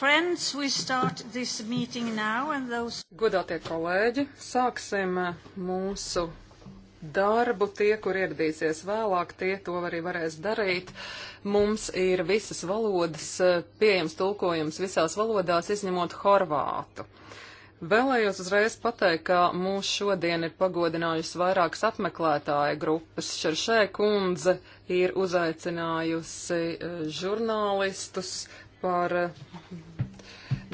Friends, we start this meeting now and those... Godātie kolēģi, sāksim eh, mūsu darbu. Tie, kur ieradīsies vēlāk, tie to arī varēs darīt. Mums ir visas valodas, eh, pieejams tulkojums visās valodās, izņemot horvātu. Vēlējos uzreiz pateikt, ka mūs šodien ir pagodinājusi vairākas apmeklētāja grupas. Šeršē kundze ir uzaicinājusi eh, žurnālistus par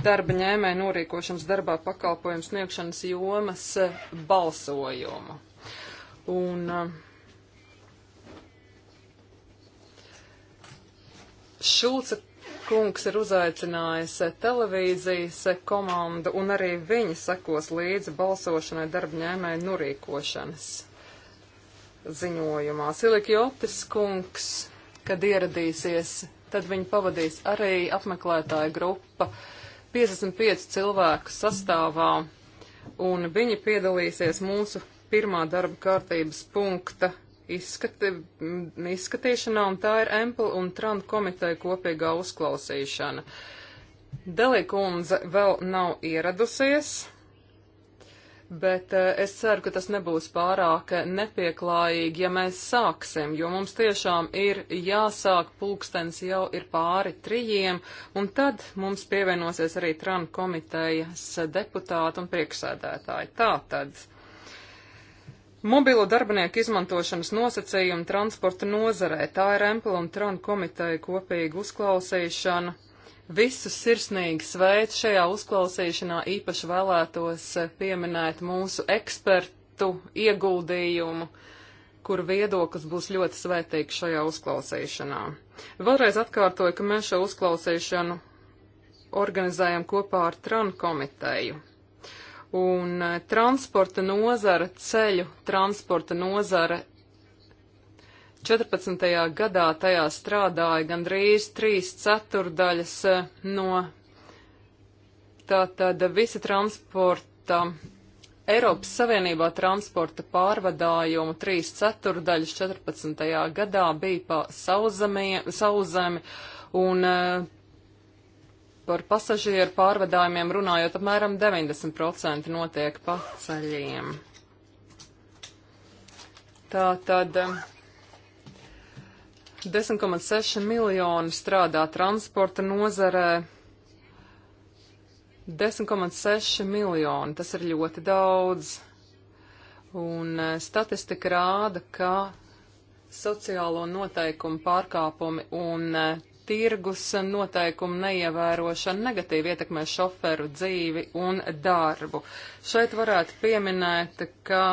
darba ņēmēja norīkošanas darbā pakalpojumu sniegšanas jomas eh, balsojumu. Un eh, Šulca kungs ir uzaicinājis eh, televīzijas komandu un arī viņi sekos līdzi balsošanai darba ņēmēja norīkošanas ziņojumā. Silikjotis kungs, kad ieradīsies, tad viņu pavadīs arī apmeklētāja grupa. Uh, 55 cilvēku sastāvā, un viņi piedalīsies mūsu pirmā darba kārtības punkta izskati, izskatīšanā, un tā ir Empel un Tran komiteja kopīgā uzklausīšana. Delikundze vēl nav ieradusies, bet eh, es ceru, ka tas nebūs pārāk nepieklājīgi, ja mēs sāksim, jo mums tiešām ir jāsāk pulkstens jau ir pāri trijiem, un tad mums pievienosies arī Tran komitejas deputāti un priekšsēdētāji. Tātad. Mobilo darbinieku izmantošanas nosacījumi transporta nozarē. Tā ir Empel un Tran komiteja kopīga uzklausīšana Visus sirsnīgi sveicu šajā uzklausīšanā, īpaši vēlētos eh, pieminēt mūsu ekspertu ieguldījumu, kur viedoklis būs ļoti svētīgs šajā uzklausīšanā. Vēlreiz atkārtoju, ka mēs šo uzklausīšanu organizējam kopā ar TRAN komiteju. Un eh, transporta nozara, ceļu transporta nozara 14. gadā tajā strādāja gandrīz 3 ceturdaļas eh, no tātad visa transporta, Eiropas Savienībā transporta pārvadājumu 3 ceturdaļas 14. gadā bija pa sauzemie, sauzemi un eh, par pasažieru pārvadājumiem runājot apmēram 90% notiek pa ceļiem. Tā tad 10,6 miljoni strādā transporta nozarē. 10,6 miljoni, tas ir ļoti daudz. Un e, statistika rāda, ka sociālo noteikumu pārkāpumi un e, tirgus noteikumu neievērošana negatīvi ietekmē šoferu dzīvi un darbu. Šeit varētu pieminēt, ka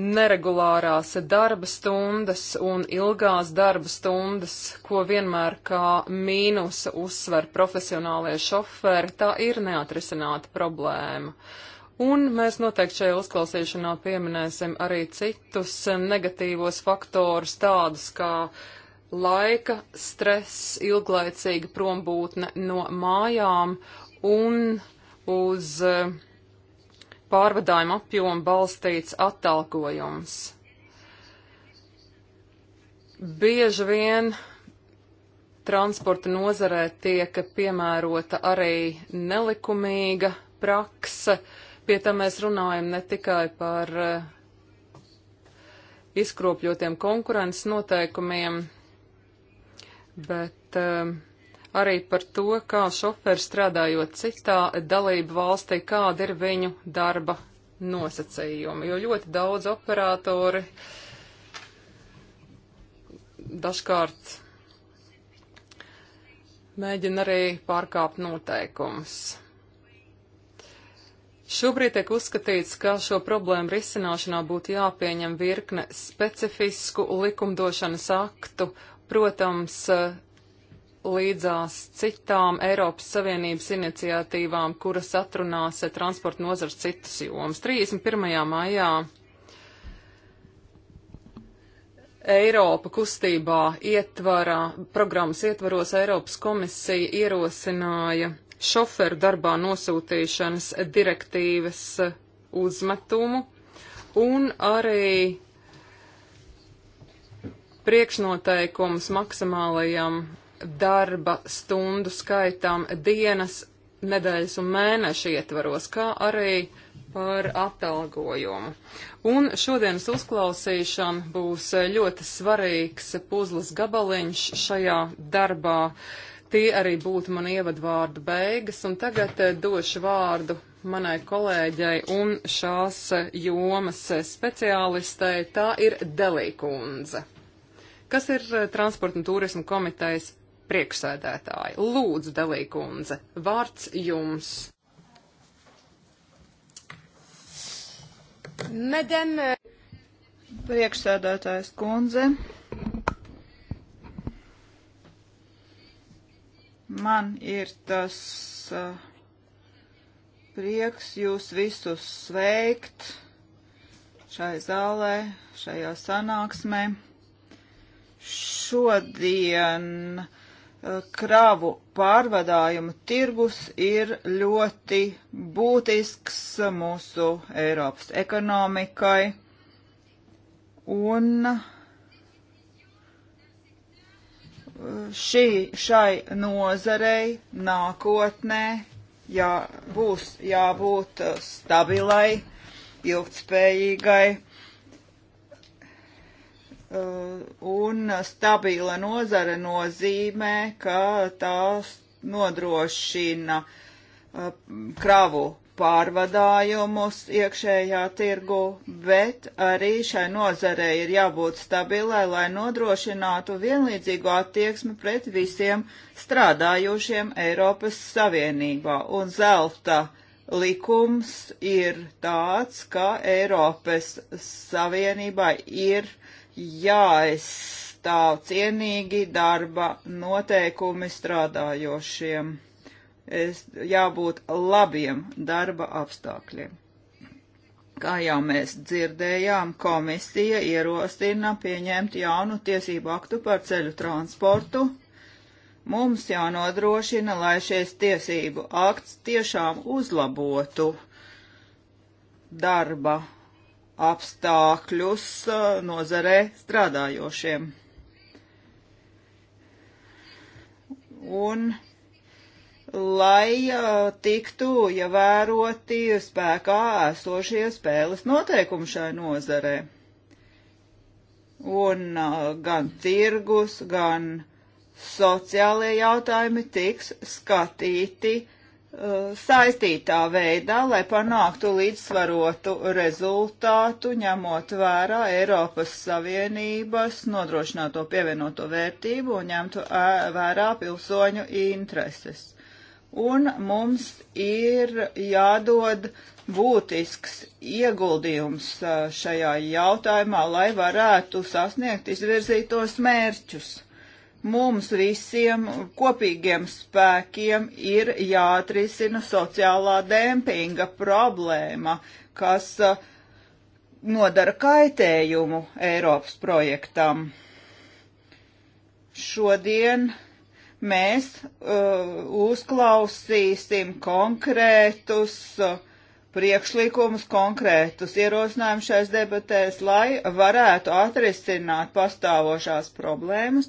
neregulārās darba stundas un ilgās darba stundas, ko vienmēr kā mīnusa uzsver profesionālie šoferi, tā ir neatrisināta problēma. Un mēs noteikti šajā uzklausīšanā pieminēsim arī citus negatīvos faktorus, tādus kā laika, stress, ilglaicīga prombūtne no mājām un uz uh, pārvadājuma apjoma balstīts atalgojums. Bieži vien transporta nozarē tiek piemērota arī nelikumīga prakse. Pie tam mēs runājam ne tikai par eh, izkropļotiem konkurences noteikumiem, bet uh, arī par to, kā šoferi strādājot citā dalību valstī, kāda ir viņu darba nosacījumi, jo ļoti daudz operatori dažkārt mēģina arī pārkāpt noteikumus. Šobrīd tiek uzskatīts, ka šo problēmu risināšanā būtu jāpieņem virkne specifisku likumdošanas aktu. Protams, līdzās citām Eiropas Savienības iniciatīvām, kuras atrunās transporta nozars citas jomas. 31. maijā Eiropa kustībā ietvarā, programmas ietvaros Eiropas komisija ierosināja šoferu darbā nosūtīšanas direktīvas uzmetumu un arī priekšnoteikums maksimālajam darba stundu skaitam dienas, nedēļas un mēneša ietvaros, kā arī par atalgojumu. Un šodienas uzklausīšana būs ļoti svarīgs puzles gabaliņš šajā darbā. Tie arī būtu man ievadvārdu beigas, un tagad eh, došu vārdu manai kolēģei un šās jomas speciālistei. Tā ir Delīkundze, kas ir eh, Transporta un Tūrisma komitejas priekšsēdētāja. Lūdzu, Delīkundze, vārds jums. Madame. Eh, priekšsēdētājs kundze. Man ir tas uh, prieks jūs visus sveikt šai zālē, šajā sanāksmē. Šodien uh, kravu pārvadājumu tirgus ir ļoti būtisks mūsu Eiropas ekonomikai un šī, šai nozarei nākotnē jā, būs jābūt stabilai, ilgtspējīgai Uh, un stabila nozare nozīmē, ka tās nodrošina uh, kravu pārvadājumus iekšējā tirgu, bet arī šai nozarei ir jābūt stabilai, lai nodrošinātu vienlīdzīgu attieksmi pret visiem strādājošiem Eiropas Savienībā. Un zelta likums ir tāds, ka Eiropas Savienībā ir uh, jāaizstāv cienīgi darba noteikumi strādājošiem. Es, jābūt labiem darba apstākļiem. Kā jau mēs dzirdējām, komisija ierosina pieņemt jaunu tiesību aktu par ceļu transportu. Mums jānodrošina, lai šies tiesību akts tiešām uzlabotu darba apstākļus uh, nozarē strādājošiem. Un lai uh, tiktu ievēroti ja spēkā esošie spēles noteikumi šai nozarē. Un uh, gan tirgus, gan sociālie jautājumi tiks skatīti uh, saistītā veidā, lai panāktu līdzsvarotu rezultātu, ņemot vērā Eiropas Savienības nodrošināto pievienoto vērtību un ņemtu vērā pilsoņu intereses. Un mums ir jādod būtisks ieguldījums šajā jautājumā, lai varētu sasniegt izvirzītos mērķus mums visiem kopīgiem spēkiem ir jāatrisina sociālā dempinga problēma, kas nodara kaitējumu Eiropas projektam. Šodien mēs uh, uzklausīsim konkrētus uh, priekšlikumus, konkrētus ierosinājumus šais debatēs, lai varētu atrisināt pastāvošās problēmas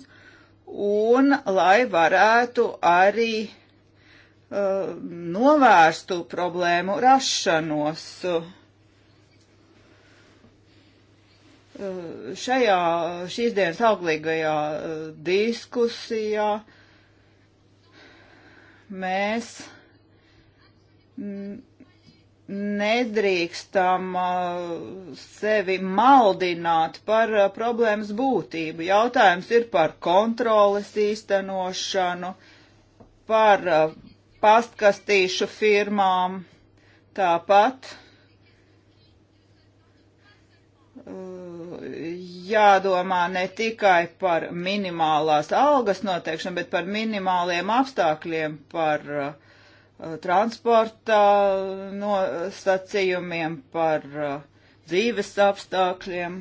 un lai varētu arī uh, novērstu problēmu rašanos. Uh, šajā šīs dienas auglīgajā uh, diskusijā mēs mm, nedrīkstam uh, sevi maldināt par uh, problēmas būtību. Jautājums ir par kontroles īstenošanu, par uh, pastkastīšu firmām, tāpat jādomā ne tikai par minimālās algas noteikšanu, bet par minimāliem apstākļiem, par uh, Eh, transporta nosacījumiem, par eh, dzīves apstākļiem.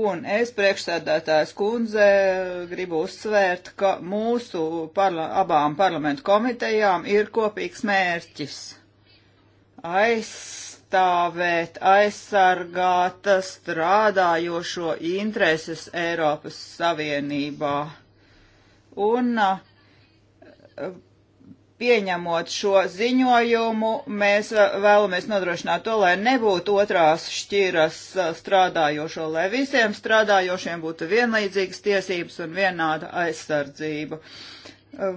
Un es priekšsēdētājs kundze gribu uzsvērt, ka mūsu parla abām parlamentu komitejām ir kopīgs mērķis aizstāvēt, aizsargāt strādājošo intereses Eiropas Savienībā. Un uh, pieņemot šo ziņojumu, mēs vēlamies nodrošināt to, lai nebūtu otrās šķiras strādājošo, lai visiem strādājošiem būtu vienlīdzīgas tiesības un vienāda aizsardzība.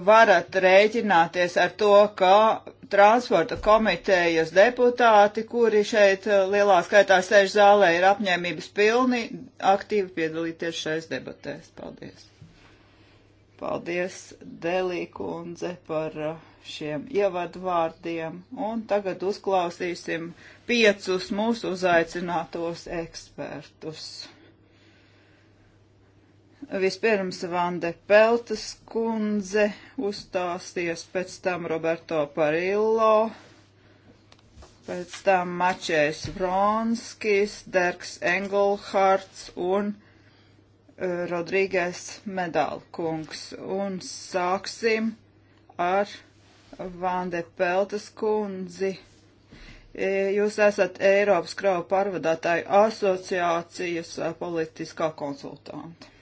Varat rēķināties ar to, ka transporta komitejas deputāti, kuri šeit lielā skaitā sēž zālē, ir apņēmības pilni aktīvi piedalīties šais debatēs. Paldies! Paldies, Delī kundze, par uh, šiem ievadvārdiem, un tagad uzklausīsim piecus mūsu uzaicinātos ekspertus. Vispirms Vande Peltas kundze uzstāsies, pēc tam Roberto Parillo, pēc tam Mačējs Vronskis, Derks Engelhards un eh, Rodrīgais Medalkungs. Un sāksim ar Vande Peltas kundzi. E, jūs esat Eiropas kravu pārvadātāju asociācijas e, politiskā konsultante.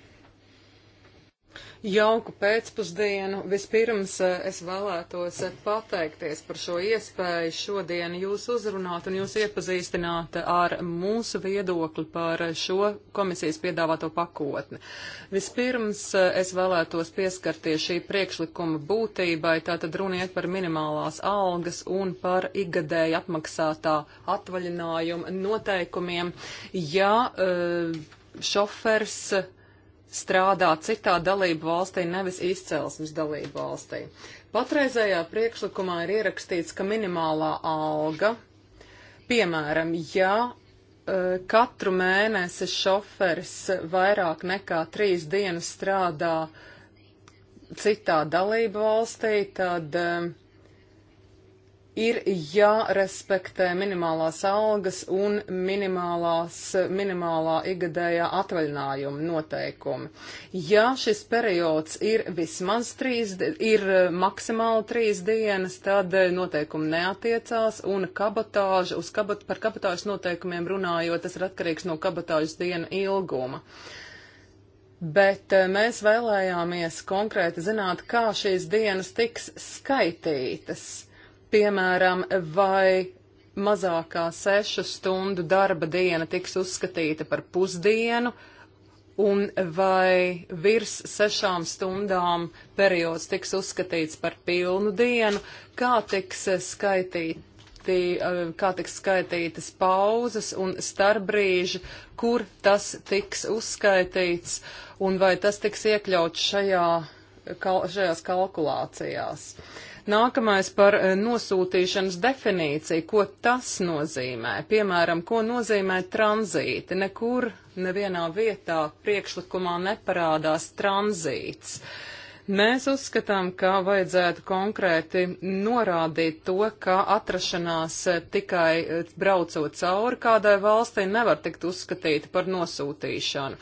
Jauku pēcpusdienu. Vispirms eh, es vēlētos eh, pateikties par šo iespēju šodien jūs uzrunāt un jūs iepazīstināt eh, ar mūsu viedokli par šo komisijas piedāvāto pakotni. Vispirms es vēlētos pieskarties šī priekšlikuma būtībai, tātad runiet par minimālās algas un par igadēji apmaksātā atvaļinājuma noteikumiem, ja šofers strādā citā dalību valstī, nevis izcelsmes dalību valstī. Patreizējā priekšlikumā ir ierakstīts, ka minimālā alga, piemēram, ja e, katru mēnesi šoferis vairāk nekā trīs dienas strādā citā dalību valstī, tad uh, ir jārespektē minimālās algas un minimālās, minimālā igadējā atvaļinājuma noteikumi. Ja šis periods ir vismaz trīs, ir e, maksimāli trīs dienas, tad e, noteikumi neatiecās un kabatāža, uz kabat, par kabatāžas noteikumiem runājot, tas ir atkarīgs no kabatāžas dienu ilguma. Bet e, mēs vēlējāmies konkrēti zināt, kā šīs dienas tiks skaitītas piemēram, vai mazākā sešu stundu darba diena tiks uzskatīta par pusdienu, un vai virs sešām stundām periods tiks uzskatīts par pilnu dienu, kā tiks skaitīti. Eh, kā tiks skaitītas pauzes un starpbrīži, kur tas tiks uzskaitīts un vai tas tiks iekļauts šajā, šajās kalkulācijās. Uh, Nākamais par eh, nosūtīšanas definīciju, ko tas nozīmē. Piemēram, ko nozīmē tranzīti. Nekur nevienā vietā priekšlikumā neparādās tranzīts. Uh, Mēs uzskatām, ka vajadzētu konkrēti norādīt to, ka atrašanās tikai eh, braucot cauri kādai valstī nevar tikt uzskatīta par nosūtīšanu.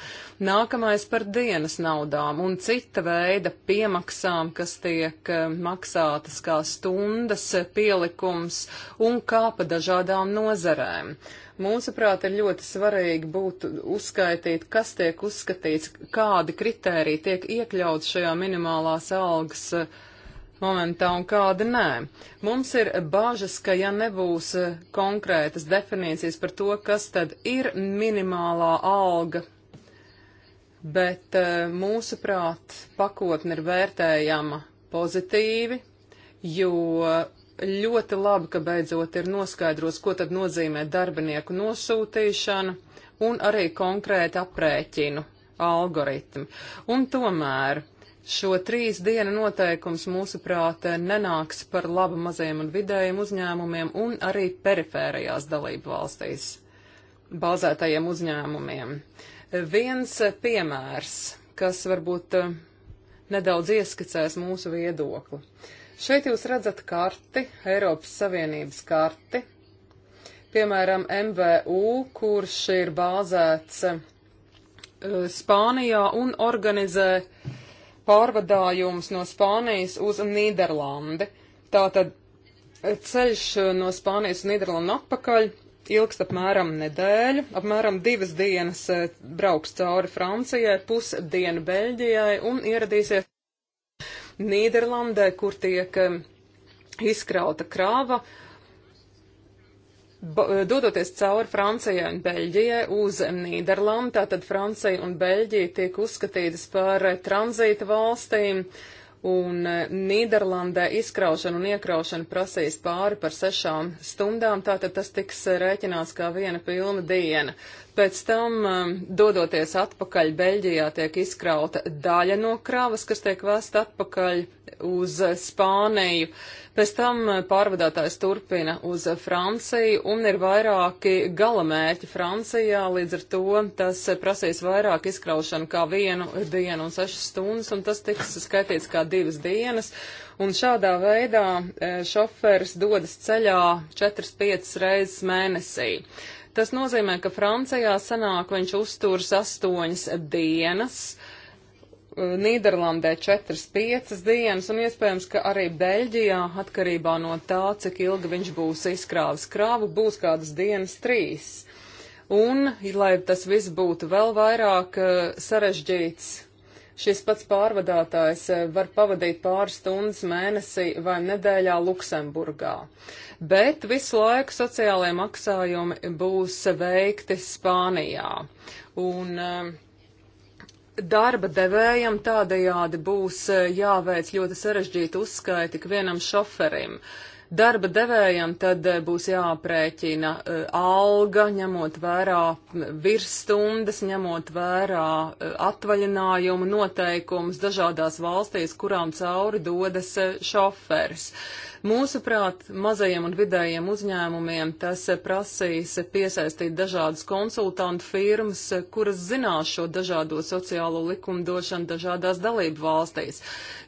Nākamais par dienas naudām un cita veida piemaksām, kas tiek eh, maksātas kā stundas pielikums un kā pa dažādām nozerēm. Mūsuprāt, ir ļoti svarīgi būt uzskaitīt, kas tiek uzskatīts, kādi kritēriji tiek iekļauts šajā minimālās algas eh, momentā un kāda nē. Mums ir bažas, ka ja nebūs eh, konkrētas definīcijas par to, kas tad ir minimālā alga, bet eh, mūsuprāt pakotne ir vērtējama pozitīvi, jo Ļoti labi, ka beidzot ir noskaidros, ko tad nozīmē darbinieku nosūtīšana un arī konkrēti aprēķinu algoritmi. Un tomēr šo trīs dienu noteikums mūsuprāt nenāks par labu mazajiem un vidējiem uzņēmumiem un arī perifērajās dalību valstīs bāzētajiem uzņēmumiem. Viens piemērs, kas varbūt eh, nedaudz ieskicēs mūsu viedokli. Uh, Šeit jūs redzat karti, Eiropas Savienības karti, piemēram, MVU, kurš ir bāzēts eh, Spānijā un organizē pārvadājumus no Spānijas uz Nīderlandi. Tātad eh, ceļš eh, no Spānijas uz Nīderlandi atpakaļ ilgst apmēram nedēļu, apmēram divas dienas brauks cauri Francijai, pusdienu Beļģijai un ieradīsies Nīderlandē, kur tiek izkrauta krāva, e, dodoties cauri Francijai un Beļģijai uz Nīderlandi, tātad Francija un Beļģija tiek uzskatītas par e, tranzīta valstīm, un e, Nīderlandē izkraušana un iekraušana prasīs pāri par sešām stundām, tātad tas tiks rēķināts kā viena pilna diena. Uh, Pēc tam, um, dodoties atpakaļ, Beļģijā tiek izkrauta daļa no kravas, kas tiek vēsta atpakaļ uz Spāniju. Pēc tam uh, pārvadātājs turpina uz Franciju un ir vairāki galamērķi Francijā, līdz ar to tas prasīs vairāk izkraušanu kā vienu dienu un sešas stundas, un tas tiks skaitīts kā divas dienas. Un šādā veidā eh, šoferis dodas ceļā 4-5 reizes mēnesī. Tas nozīmē, ka Francijā sanāk viņš uzturs astoņas dienas. Eh, Nīderlandē 4-5 dienas, un iespējams, ka arī Beļģijā, atkarībā no tā, cik ilgi viņš būs izkrāvis kravu, būs kādas dienas 3. Un, lai tas viss būtu vēl vairāk eh, sarežģīts šis pats pārvadātājs eh, var pavadīt pāris stundas mēnesī vai nedēļā Luksemburgā. Bet visu laiku sociālajie maksājumi būs veikti Spānijā. Un, eh, Darba devējam tādējādi būs eh, jāveic ļoti sarežģīti uzskaiti ikvienam šoferim. Uh, darba devējam tad eh, būs jāprēķina eh, alga, ņemot vērā virsstundas, ņemot vērā eh, atvaļinājumu noteikumus dažādās valstīs, kurām cauri dodas šoferis. Uh, Mūsuprāt, mazajiem un vidējiem uzņēmumiem tas prasīs piesaistīt dažādas konsultantu firmas, kuras zinās šo dažādo sociālo likumdošanu dažādās dalību valstīs,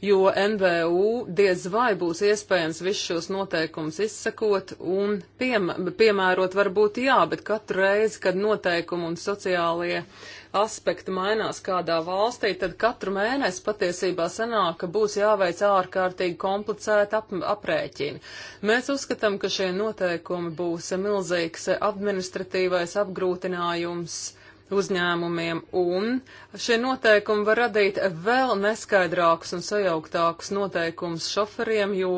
jo MVU diez vai būs iespējams visus šos noteikumus izsakot un piem piemērot varbūt jā, bet katru reizi, kad noteikumi un sociālie aspekti mainās kādā valstī, tad katru mēnesi patiesībā sanāk, ka būs jāveic ārkārtīgi komplicēti ap, aprēķini. Mēs uzskatām, ka šie noteikumi būs milzīgs administratīvais apgrūtinājums uzņēmumiem, un šie noteikumi var radīt vēl neskaidrākus un sajauktākus noteikumus šoferiem, jo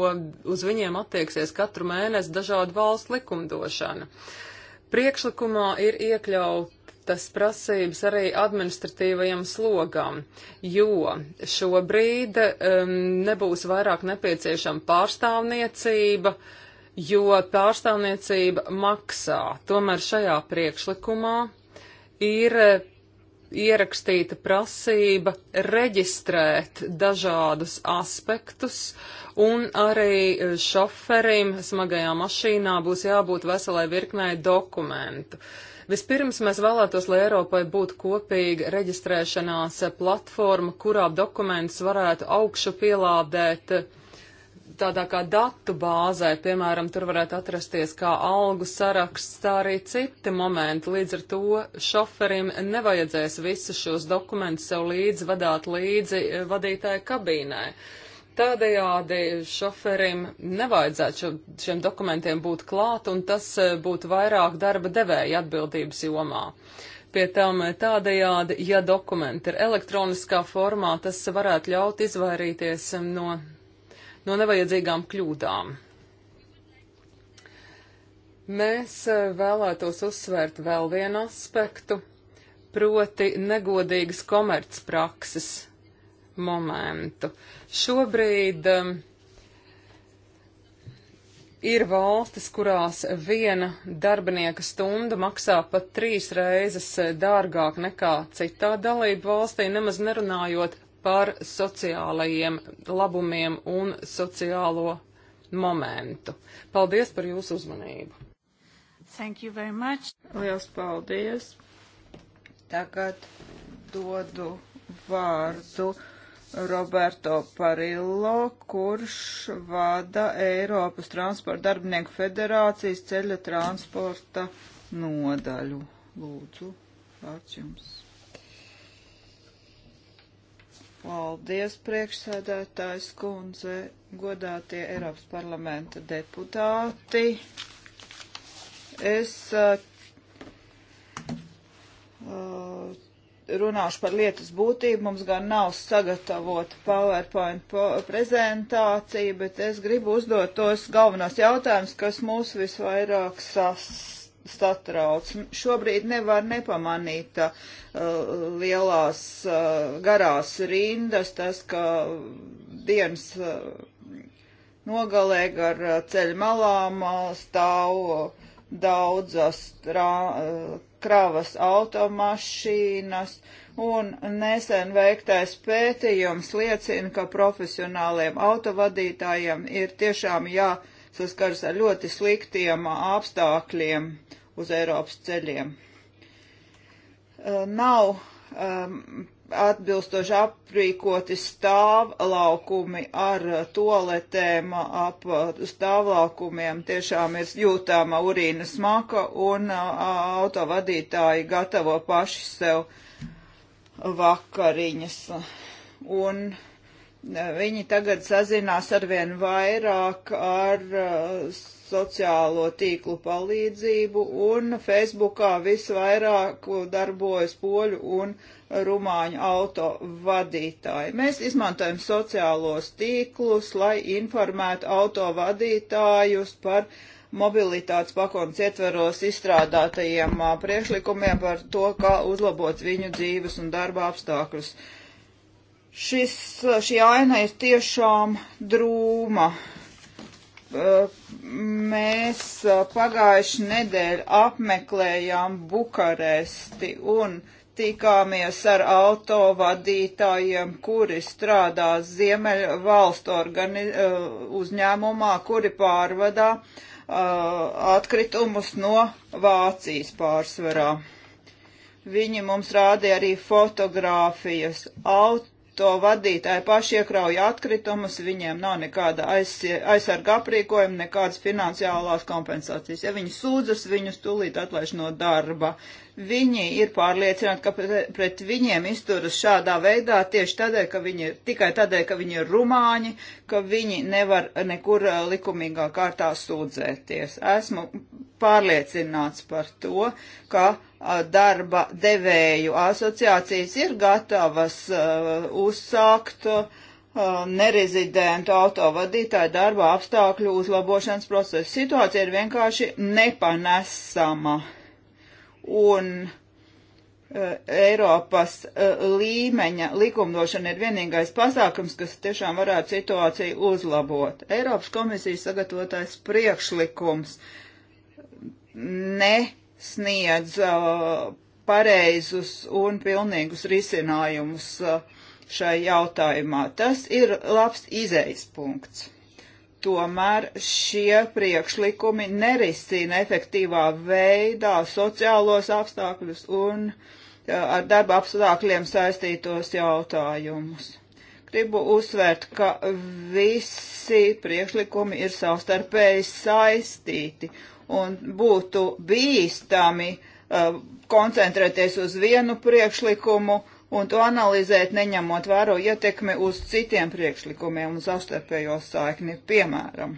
uz viņiem attieksies katru mēnesi dažādu valstu likumdošana. Priekšlikumā ir iekļaut citas prasības arī administratīvajam slogam, jo šobrīd um, nebūs vairāk nepieciešama pārstāvniecība, jo pārstāvniecība maksā. Tomēr šajā priekšlikumā ir uh, ierakstīta prasība reģistrēt dažādus aspektus, un arī uh, šoferim smagajā mašīnā būs jābūt veselai virknei dokumentu. Vispirms mēs vēlētos, lai Eiropai būtu kopīga reģistrēšanās platforma, kurā dokumentus varētu augšu pielādēt tādā kā datu bāzē, piemēram, tur varētu atrasties kā algu saraksts, tā arī citi momenti. Līdz ar to šoferim nevajadzēs visus šos dokumentus sev līdzi vadāt līdzi eh, vadītāja kabīnē. Uh, Tādējādi šoferim nevajadzētu šo, šiem dokumentiem būt klāt, un tas eh, būtu vairāk darba devēja atbildības jomā. Pie tam eh, tādējādi, ja dokumenti ir elektroniskā formā, tas varētu ļaut izvairīties eh, no, no nevajadzīgām kļūdām. Mēs vēlētos uzsvērt vēl vienu aspektu, proti negodīgas komercprakses momentu. Šobrīd um, ir valstis, kurās viena darbinieka stunda maksā pat trīs reizes dārgāk nekā citā dalība valstī, nemaz nerunājot par sociālajiem labumiem un sociālo momentu. Paldies par jūsu uzmanību. Thank you very much. Liels paldies. Tagad dodu vārdu Roberto Parillo, kurš vada Eiropas transporta darbinieku federācijas ceļa transporta nodaļu. Lūdzu, vārds jums. Paldies, priekšsēdētājs kundze, godātie Eiropas parlamenta deputāti. Es uh, runāšu par lietas būtību. Mums gan nav sagatavota PowerPoint prezentācija, bet es gribu uzdot tos galvenos jautājumus, kas mūs visvairāk sastrauc. Šobrīd nevar nepamanīt uh, lielās uh, garās rindas, tas, ka dienas uh, nogalē gar uh, ceļu malām uh, stāv uh, daudzas kravas automašīnas, un nesen veiktais pētījums liecina, ka profesionāliem autovadītājiem ir tiešām jāsaskars ar ļoti sliktiem apstākļiem uz Eiropas ceļiem. Nav um, atbilstoši aprīkoti stāvlaukumi ar toaletēm ap stāvlaukumiem. Tiešām ir jūtāma urīna smaka un uh, autovadītāji gatavo paši sev vakariņas. Un uh, viņi tagad sazinās arvien vairāk ar uh, sociālo tīklu palīdzību, un Facebookā visvairāk darbojas poļu un rumāņu auto vadītāji. Mēs izmantojam sociālos tīklus, lai informētu auto vadītājus par mobilitātes pakotnes ietveros izstrādātajiem priekšlikumiem par to, kā uzlabot viņu dzīves un darba apstākļus. Šis, šī aina ir tiešām drūma Mēs pagājuši nedēļu apmeklējām Bukaresti un tikāmies ar autovadītājiem, kuri strādā Ziemeļa valstu organi, uzņēmumā, kuri pārvadā uh, atkritumus no Vācijas pārsvarā. Viņi mums rādīja arī fotogrāfijas auto to vadītāji paši iekrauja atkritumus, viņiem nav nekāda aizsarga aprīkojuma, nekādas finansiālās kompensācijas. Ja viņi sūdzas, viņus tūlīt atlaiž no darba. Viņi ir pārliecināti, ka pret, pret viņiem izturas šādā veidā tieši tādēļ, ka viņi ir, tikai tādēļ, ka viņi ir rumāņi, ka viņi nevar nekur uh, likumīgā kārtā sūdzēties. Esmu pārliecināts par to, ka darba devēju asociācijas ir gatavas uh, uzsākt uh, nerezidentu autovadītāju darba apstākļu uzlabošanas procesu. Situācija ir vienkārši nepanesama. Un uh, Eiropas līmeņa likumdošana ir vienīgais pasākums, kas tiešām varētu situāciju uzlabot. Eiropas komisijas sagatavotais priekšlikums ne sniedz uh, pareizus un pilnīgus risinājumus uh, šai jautājumā. Tas ir labs izejas punkts. Tomēr šie priekšlikumi nerisina efektīvā veidā sociālos apstākļus un uh, ar darba apstākļiem saistītos jautājumus gribu uzsvērt, ka visi priekšlikumi ir savstarpēji saistīti, un būtu bīstami uh, koncentrēties uz vienu priekšlikumu un to analizēt, neņemot vēro ietekmi uz citiem priekšlikumiem un savstarpējo saikni, piemēram.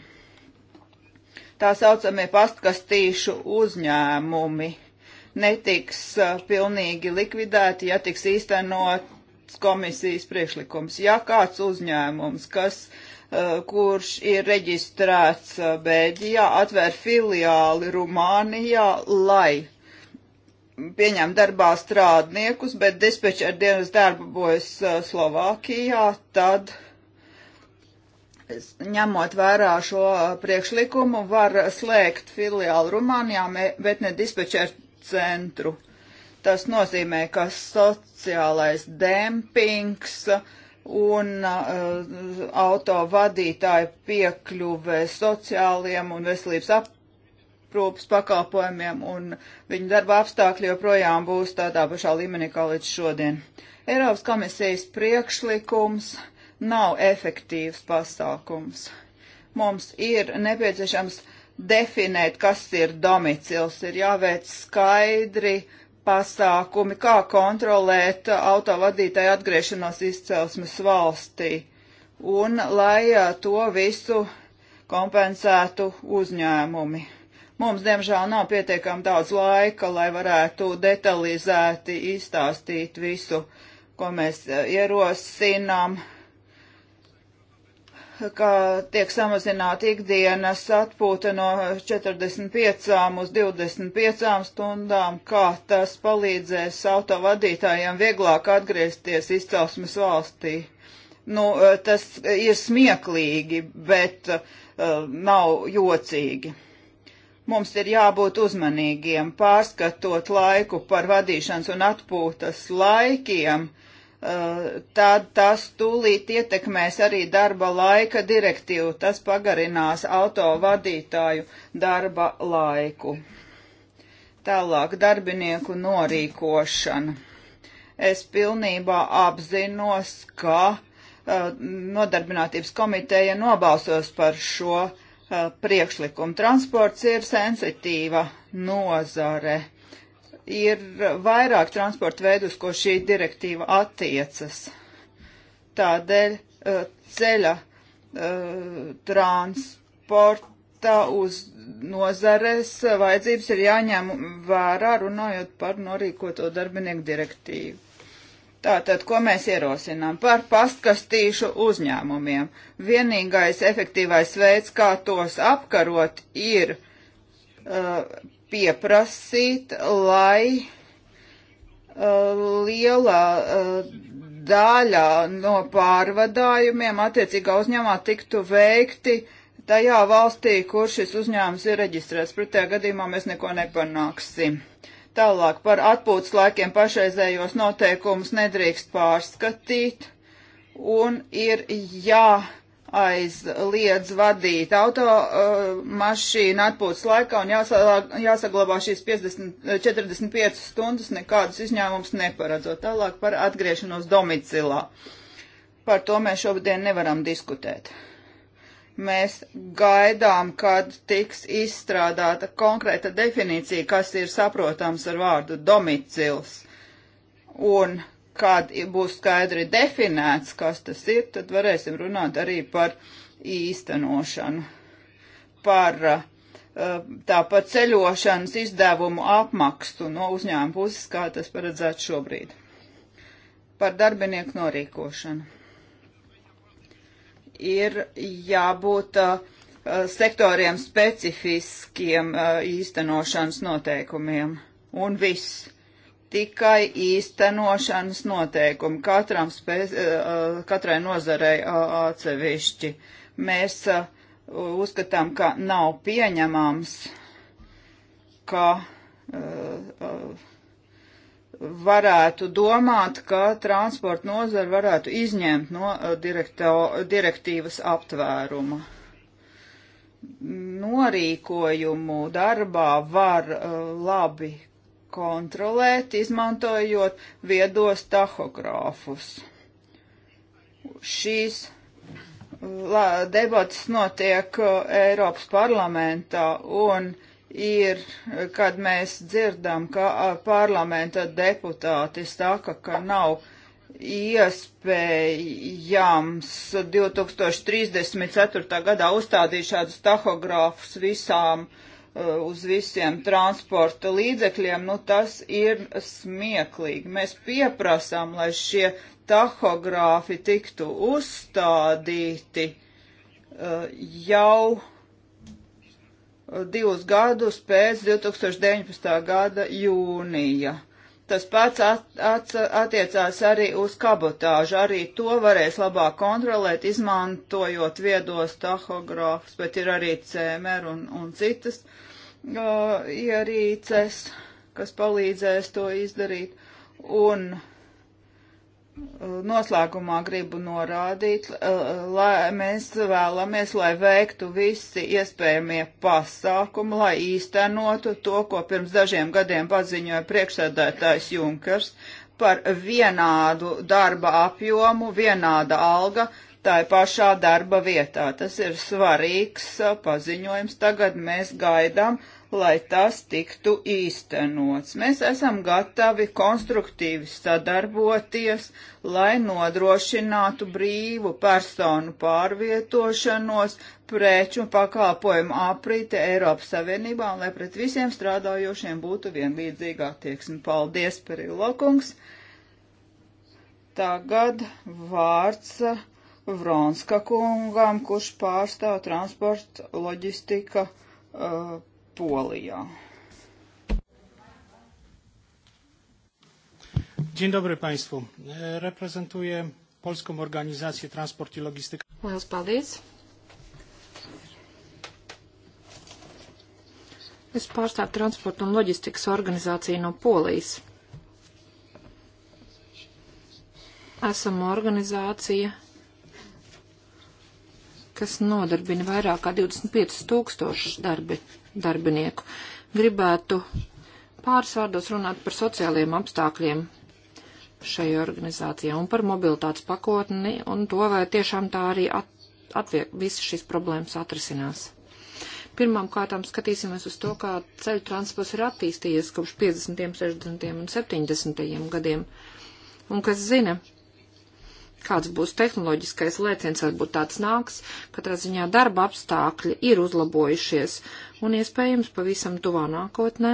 Tā saucamie pastkastīšu uzņēmumi netiks uh, pilnīgi likvidēti, ja tiks īstenot komisijas priekšlikums. Ja kāds uzņēmums, kas uh, Eh, kurš ir reģistrēts eh, Bēļģijā, atvēr filiāli Rumānijā, lai pieņem darbā strādniekus, bet dispečer dienas darbojas eh, Slovākijā, tad ņemot vērā šo priekšlikumu, var slēgt filiāli Rumānijā, bet ne dispečer centru. Tas nozīmē, ka sociālais dempings uh, un uh, auto vadītāju piekļuvē sociāliem un veselības aprūpas pakalpojumiem, un viņu darba apstākļi joprojām būs tādā pašā līmenī kā līdz šodien. Eiropas komisijas priekšlikums nav efektīvs pasākums. Mums ir nepieciešams definēt, kas ir domicils, ir jāveic skaidri pasākumi, kā kontrolēt autovadītāju atgriešanos izcelsmes valstī, un lai to visu kompensētu uzņēmumi. Mums, diemžēl, nav pietiekami daudz laika, lai varētu detalizēti izstāstīt visu, ko mēs ierosinām. Uh, ka tiek samazināta ikdienas atpūta no 45 uz 25 stundām, kā tas palīdzēs autovadītājiem vieglāk atgriezties izcelsmes valstī. Nu, eh, tas ir smieklīgi, bet uh, nav jocīgi. Mums ir jābūt uzmanīgiem, pārskatot laiku par vadīšanas un atpūtas laikiem. Uh, Eh, tad tas tūlīt ietekmēs arī darba laika direktīvu. Tas pagarinās auto vadītāju darba laiku. Tālāk darbinieku norīkošana. Es pilnībā apzinos, ka uh, nodarbinātības komiteja nobalsos par šo uh, priekšlikumu. Transports ir sensitīva nozare ir vairāk transporta veidus, ko šī direktīva attiecas. Tādēļ eh, ceļa eh, transporta uz nozares vajadzības ir jāņem vērā, runājot par norīkoto darbinieku direktīvu. Tātad, ko mēs ierosinām par pastkastīšu uzņēmumiem? Vienīgais efektīvais veids, kā tos apkarot, ir uh, pieprasīt, lai uh, lielā uh, daļā no pārvadājumiem attiecīgā uzņēmumā tiktu veikti tajā valstī, kur šis uzņēmums ir reģistrēts. Pretējā gadījumā mēs neko nepanāksim. Tālāk par atpūtas laikiem pašreizējos noteikumus nedrīkst pārskatīt un ir jā. Ja aizliedz vadīt automašīnu uh, atpūtas laikā un jāsaglabā šīs 50, 45 eh, stundas, nekādus izņēmumus neparedzot. Tālāk par atgriešanos domicilā. Par to mēs šobrīd nevaram diskutēt. Mēs gaidām, kad tiks izstrādāta konkrēta definīcija, kas ir saprotams ar vārdu domicils. Un kad būs skaidri definēts, kas tas ir, tad varēsim runāt arī par īstenošanu, par eh, tāpat ceļošanas izdevumu apmakstu no uzņēmuma puses, kā tas paredzēts šobrīd, par darbinieku norīkošanu. Ir jābūt eh, sektoriem specifiskiem eh, īstenošanas noteikumiem un viss tikai īstenošanas noteikumi katram spē, eh, eh, katrai nozarei atsevišķi. Mēs uzskatām, ka nav pieņemams, ka eh, varētu domāt, ka transporta nozara varētu izņemt no direkto, direktīvas aptvēruma norīkojumu darbā var uh, labi kontrolēt, izmantojot viedos tahogrāfus. Šīs debats notiek uh, Eiropas parlamentā un ir, kad mēs dzirdam, ka uh, parlamenta deputāti saka, ka nav iespējams 2034. gadā uzstādīt šādus tahogrāfus visām uh, Uh, uz visiem transporta līdzekļiem, nu tas ir smieklīgi. Mēs pieprasām, lai šie tahogrāfi tiktu uzstādīti uh, jau divus gadus pēc 2019. gada jūnija. Tas pats at, at, attiecās arī uz kabotāžu. Arī to varēs labāk kontrolēt, izmantojot viedos tahogrāfus, bet ir arī CMR un, un citas uh, ierīces, kas palīdzēs to izdarīt. Un uh, noslēgumā gribu norādīt, lai mēs vēlamies, lai veiktu visi iespējamie pasākumi, lai īstenotu to, ko pirms dažiem gadiem paziņoja priekšsēdētājs Junkers par vienādu darba apjomu, vienāda alga tā pašā darba vietā. Tas ir svarīgs paziņojums. Tagad mēs gaidām lai tas tiktu īstenots. Mēs esam gatavi konstruktīvi sadarboties, lai nodrošinātu brīvu personu pārvietošanos, preču un pakalpojumu aprīte Eiropas Savienībā un lai pret visiem strādājošiem būtu vienlīdzīga attieksme. Paldies, Perilokungs! Tagad vārds Vronska kungam, kurš pārstāv transporta loģistika uh, Polijā. Dzień dobry Państwu. Reprezentuję Polską Organizację Transport i Logistyka. Lielas paldies. Es pārstāvu transporta un loģistikas organizāciju no Polijas. Esam organizācija, kas nodarbina vairāk kā 25 tūkstošus darbi darbinieku. Gribētu pāris vārdos runāt par sociālajiem apstākļiem šai organizācijai un par mobilitātes pakotni un to, vai tiešām tā arī at, atviek, visas šīs problēmas atrisinās. Pirmām kārtām skatīsimies uz to, kā ceļu transports ir attīstījies kopš 50., 60. un 70. gadiem. Un kas zina, kāds būs tehnoloģiskais lēciens, varbūt tāds nāks. Katrā ziņā darba apstākļi ir uzlabojušies un iespējams pavisam tuvā nākotnē.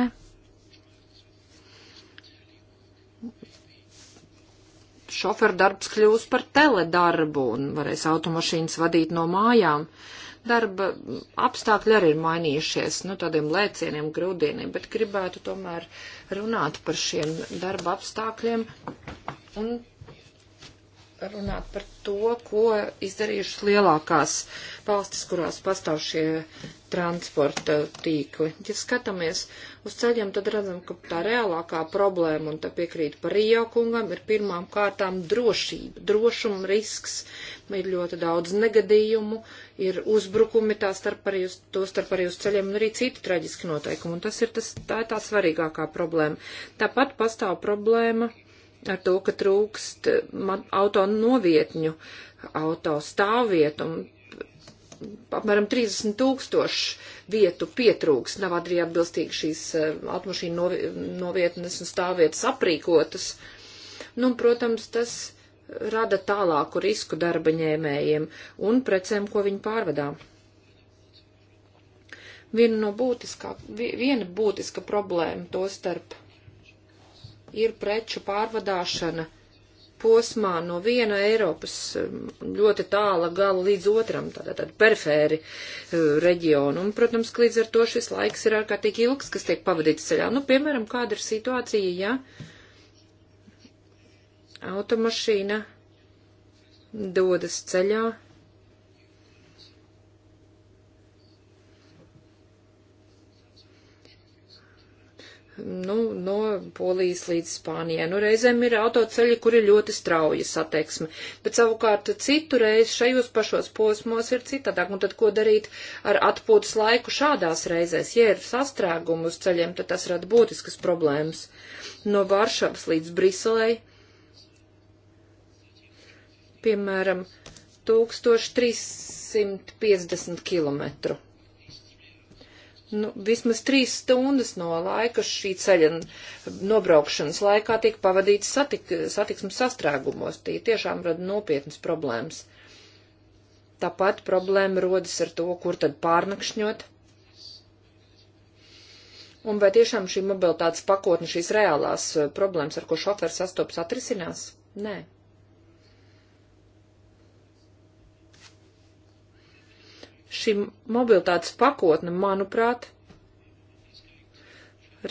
Šoferu darbs kļūs par teledarbu un varēs automašīnas vadīt no mājām. Darba apstākļi arī ir mainījušies, nu, tādiem lēcieniem, grūdieniem, bet gribētu tomēr runāt par šiem darba apstākļiem un runāt par to, ko izdarījušas lielākās valstis, kurās pastāv šie transporta tīkli. Ja skatāmies uz ceļiem, tad redzam, ka tā reālākā problēma, un te piekrīt par Rio kungam, ir pirmām kārtām drošība, drošuma risks, ir ļoti daudz negadījumu, ir uzbrukumi tā starp arī uz, to starp arī uz ceļiem, un arī citi traģiski noteikumi, un tas ir tas, tā ir tā svarīgākā problēma. Tāpat pastāv problēma ar to, ka trūkst auto novietņu, auto stāvvietu un apmēram 30 tūkstošu vietu pietrūks. Nav arī atbilstīgi šīs eh, automašīnu novietnes un stāvvietas aprīkotas. Nu, protams, tas rada tālāku risku darba ņēmējiem un precēm, ko viņi pārvedā. Viena no būtiskā, viena būtiska problēma to starp ir preču pārvadāšana posmā no viena Eiropas um, ļoti tāla gala līdz otram, tātad tā, tā, perifēri uh, reģionu. Un, protams, ka līdz ar to šis laiks ir ārkārtīgi ilgs, kas tiek pavadīts ceļā. Nu, piemēram, kāda ir situācija, ja automašīna dodas ceļā nu, no Polijas līdz Spānijai. Nu, reizēm ir autoceļi, kur ir ļoti strauja sateiksme, bet savukārt citu reizi šajos pašos posmos ir citādāk. Un tad, ko darīt ar atpūtas laiku šādās reizēs? Ja ir sastrēgumu uz ceļiem, tad tas rada būtiskas problēmas. No Varšavas līdz Briselei, piemēram, 1350 kilometru nu, vismaz trīs stundas no laika šī ceļa nobraukšanas laikā tiek pavadīts satik, satiksmes sastrēgumos. Tie tiešām rada nopietnas problēmas. Tāpat problēma rodas ar to, kur tad pārnakšņot. Un vai tiešām šī mobilitātes pakotne, šīs reālās eh, problēmas, ar ko šofers sastopas, atrisinās? Nē. Šī mobilitātes pakotne, manuprāt,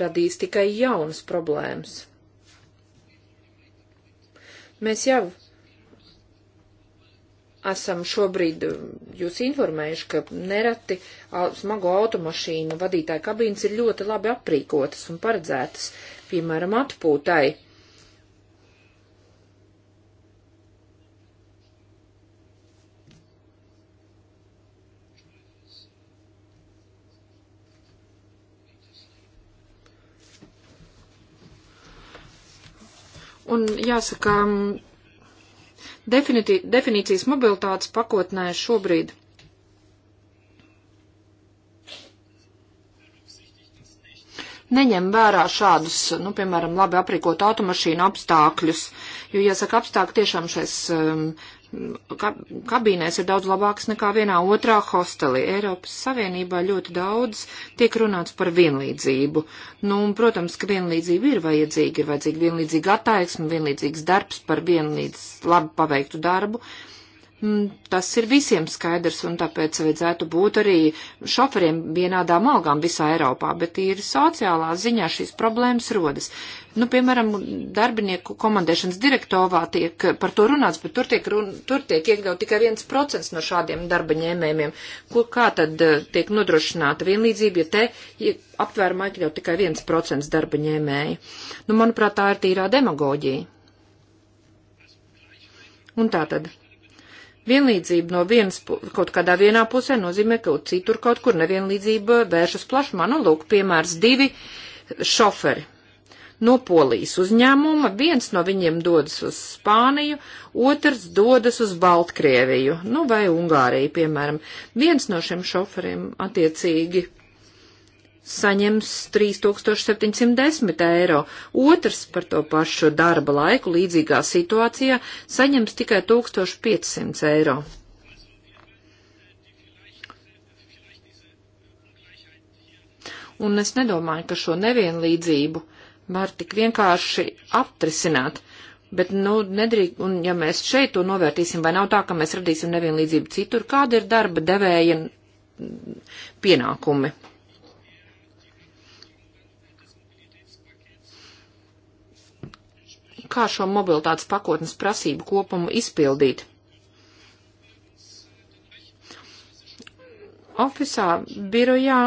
radīs tikai jaunas problēmas. Mēs jau esam šobrīd jūs informējuši, ka nereti smago automašīnu vadītāju kabīnes ir ļoti labi aprīkotas un paredzētas, piemēram, atpūtai Un jāsaka, definīcijas mobilitātes pakotnē šobrīd. Neņem vērā šādus, nu, piemēram, labi aprīkot automašīnu apstākļus, jo, ja saka, apstākļi tiešām šais um, kabīnēs ir daudz labāks nekā vienā otrā hostelī. Eiropas Savienībā ļoti daudz tiek runāts par vienlīdzību. Nu, un, protams, ka vienlīdzība ir vajadzīga, ir vajadzīga vienlīdzīga attaiksme, vienlīdzīgs darbs par vienlīdz labi paveiktu darbu. Uh, Mm, tas ir visiem skaidrs, un tāpēc vajadzētu būt arī šoferiem vienādām algām visā Eiropā, bet ir sociālā ziņā šīs problēmas rodas. Nu, piemēram, darbinieku komandēšanas direktorā tiek par to runāts, bet tur tiek, run, tur tiek iekļaut tikai viens procents no šādiem darba ņēmējiem. Kur kā tad eh, tiek nodrošināta vienlīdzība, ja te ja aptvērumā iekļaut tikai viens procents darba ņēmēji? Nu, manuprāt, tā ir tīrā demagoģija. Un tā tad Vienlīdzība no vienas kaut kādā vienā pusē nozīmē, ka citur kaut kur nevienlīdzība vēršas plašumā. Nu, lūk, piemērs divi šoferi. No polijas uzņēmuma viens no viņiem dodas uz Spāniju, otrs dodas uz Baltkrieviju, nu vai Ungāriju, piemēram. Viens no šiem šoferiem attiecīgi saņems 3710 eiro, otrs par to pašu darba laiku līdzīgā situācijā saņems tikai 1500 eiro. Un es nedomāju, ka šo nevienlīdzību var tik vienkārši aptrisināt. Bet, nu, nedrīk, un ja mēs šeit to novērtīsim, vai nav tā, ka mēs radīsim nevienlīdzību citur, kāda ir darba devēja pienākumi? kā šo mobilitātes pakotnes prasību kopumu izpildīt. Ofisā, birojā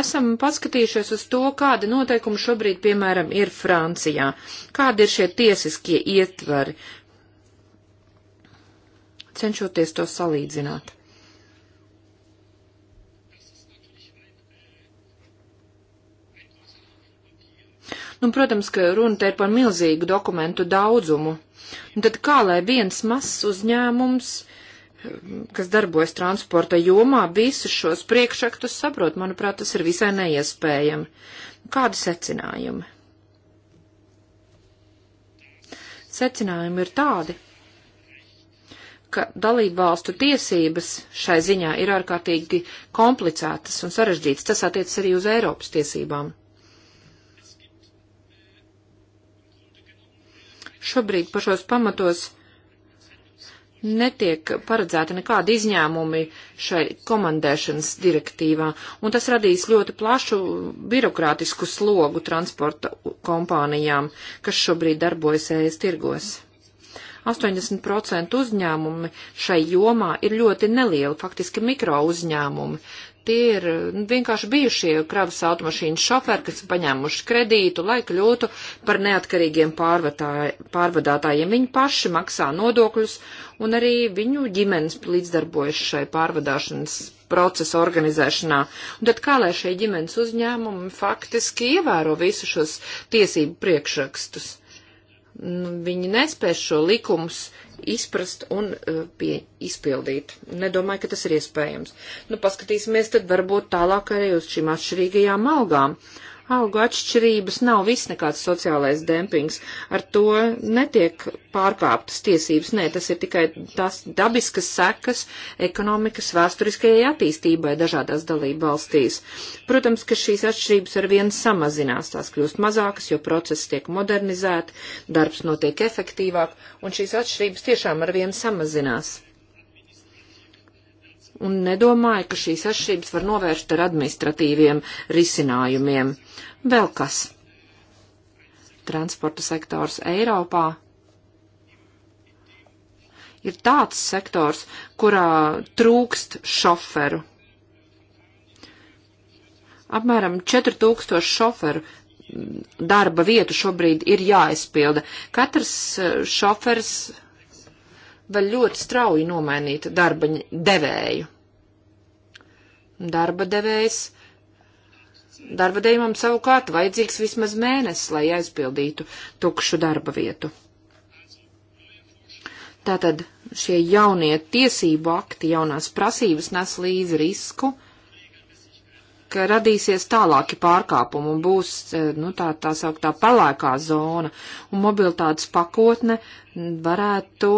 esam paskatījušies uz to, kāda noteikuma šobrīd, piemēram, ir Francijā, kādi ir šie tiesiskie ietvari, cenšoties to salīdzināt. Nu, protams, ka runa te ir par milzīgu dokumentu daudzumu. Un nu, tad kā lai viens mazs uzņēmums, kas darbojas transporta jomā, visus šos priekšaktus saprot, manuprāt, tas ir visai neiespējami. Kādi secinājumi? Secinājumi ir tādi, ka dalībvalstu tiesības šai ziņā ir ārkārtīgi komplicētas un sarežģītas. Tas attiec arī uz Eiropas tiesībām. šobrīd pašos pamatos netiek paredzēta nekāda izņēmumi šai komandēšanas direktīvā, un tas radīs ļoti plašu birokrātisku slogu transporta kompānijām, kas šobrīd darbojas ēst tirgos. 80% uzņēmumi šai jomā ir ļoti nelieli, faktiski mikro uzņēmumi, tie ir nu, vienkārši bijušie kravas automašīnu šoferi, kas paņēmuši kredītu, lai kļūtu par neatkarīgiem pārvadātājiem. Viņi paši maksā nodokļus un arī viņu ģimenes līdzdarbojas šai pārvadāšanas procesa organizēšanā. Un tad kā lai šie ģimenes uzņēmumi faktiski ievēro visu šos tiesību priekšrakstus? Nu, viņi nespēs šo likumus izprast un eh, pie, izpildīt. Nedomāju, ka tas ir iespējams. Nu, paskatīsimies tad varbūt tālāk arī uz šīm atšķirīgajām algām. Uh, Augu atšķirības nav viss nekāds sociālais dempings. Ar to netiek pārkāptas tiesības. Nē, tas ir tikai tās dabiskas sekas ekonomikas vēsturiskajai attīstībai dažādās dalību valstīs. Protams, ka šīs atšķirības ar vienu samazinās, tās kļūst mazākas, jo process tiek modernizēti, darbs notiek efektīvāk, un šīs atšķirības tiešām ar vienu samazinās un nedomāju, ka šīs atšķirības var novērst ar administratīviem risinājumiem. Vēl kas? Transporta sektors Eiropā ir tāds sektors, kurā trūkst šoferu. Apmēram 4000 šoferu darba vietu šobrīd ir jāizpilda. Katrs eh, šofers var ļoti strauji nomainīt darba devēju. Darba devējs. Darba devējumam savukārt vajadzīgs vismaz mēnesis, lai aizpildītu tukšu darba vietu. Tātad šie jaunie tiesību akti, jaunās prasības nes līdzi risku, ka radīsies tālāki pārkāpumi un būs e, nu, tā, tā sauktā pelēkā zona, un mobilitātes pakotne varētu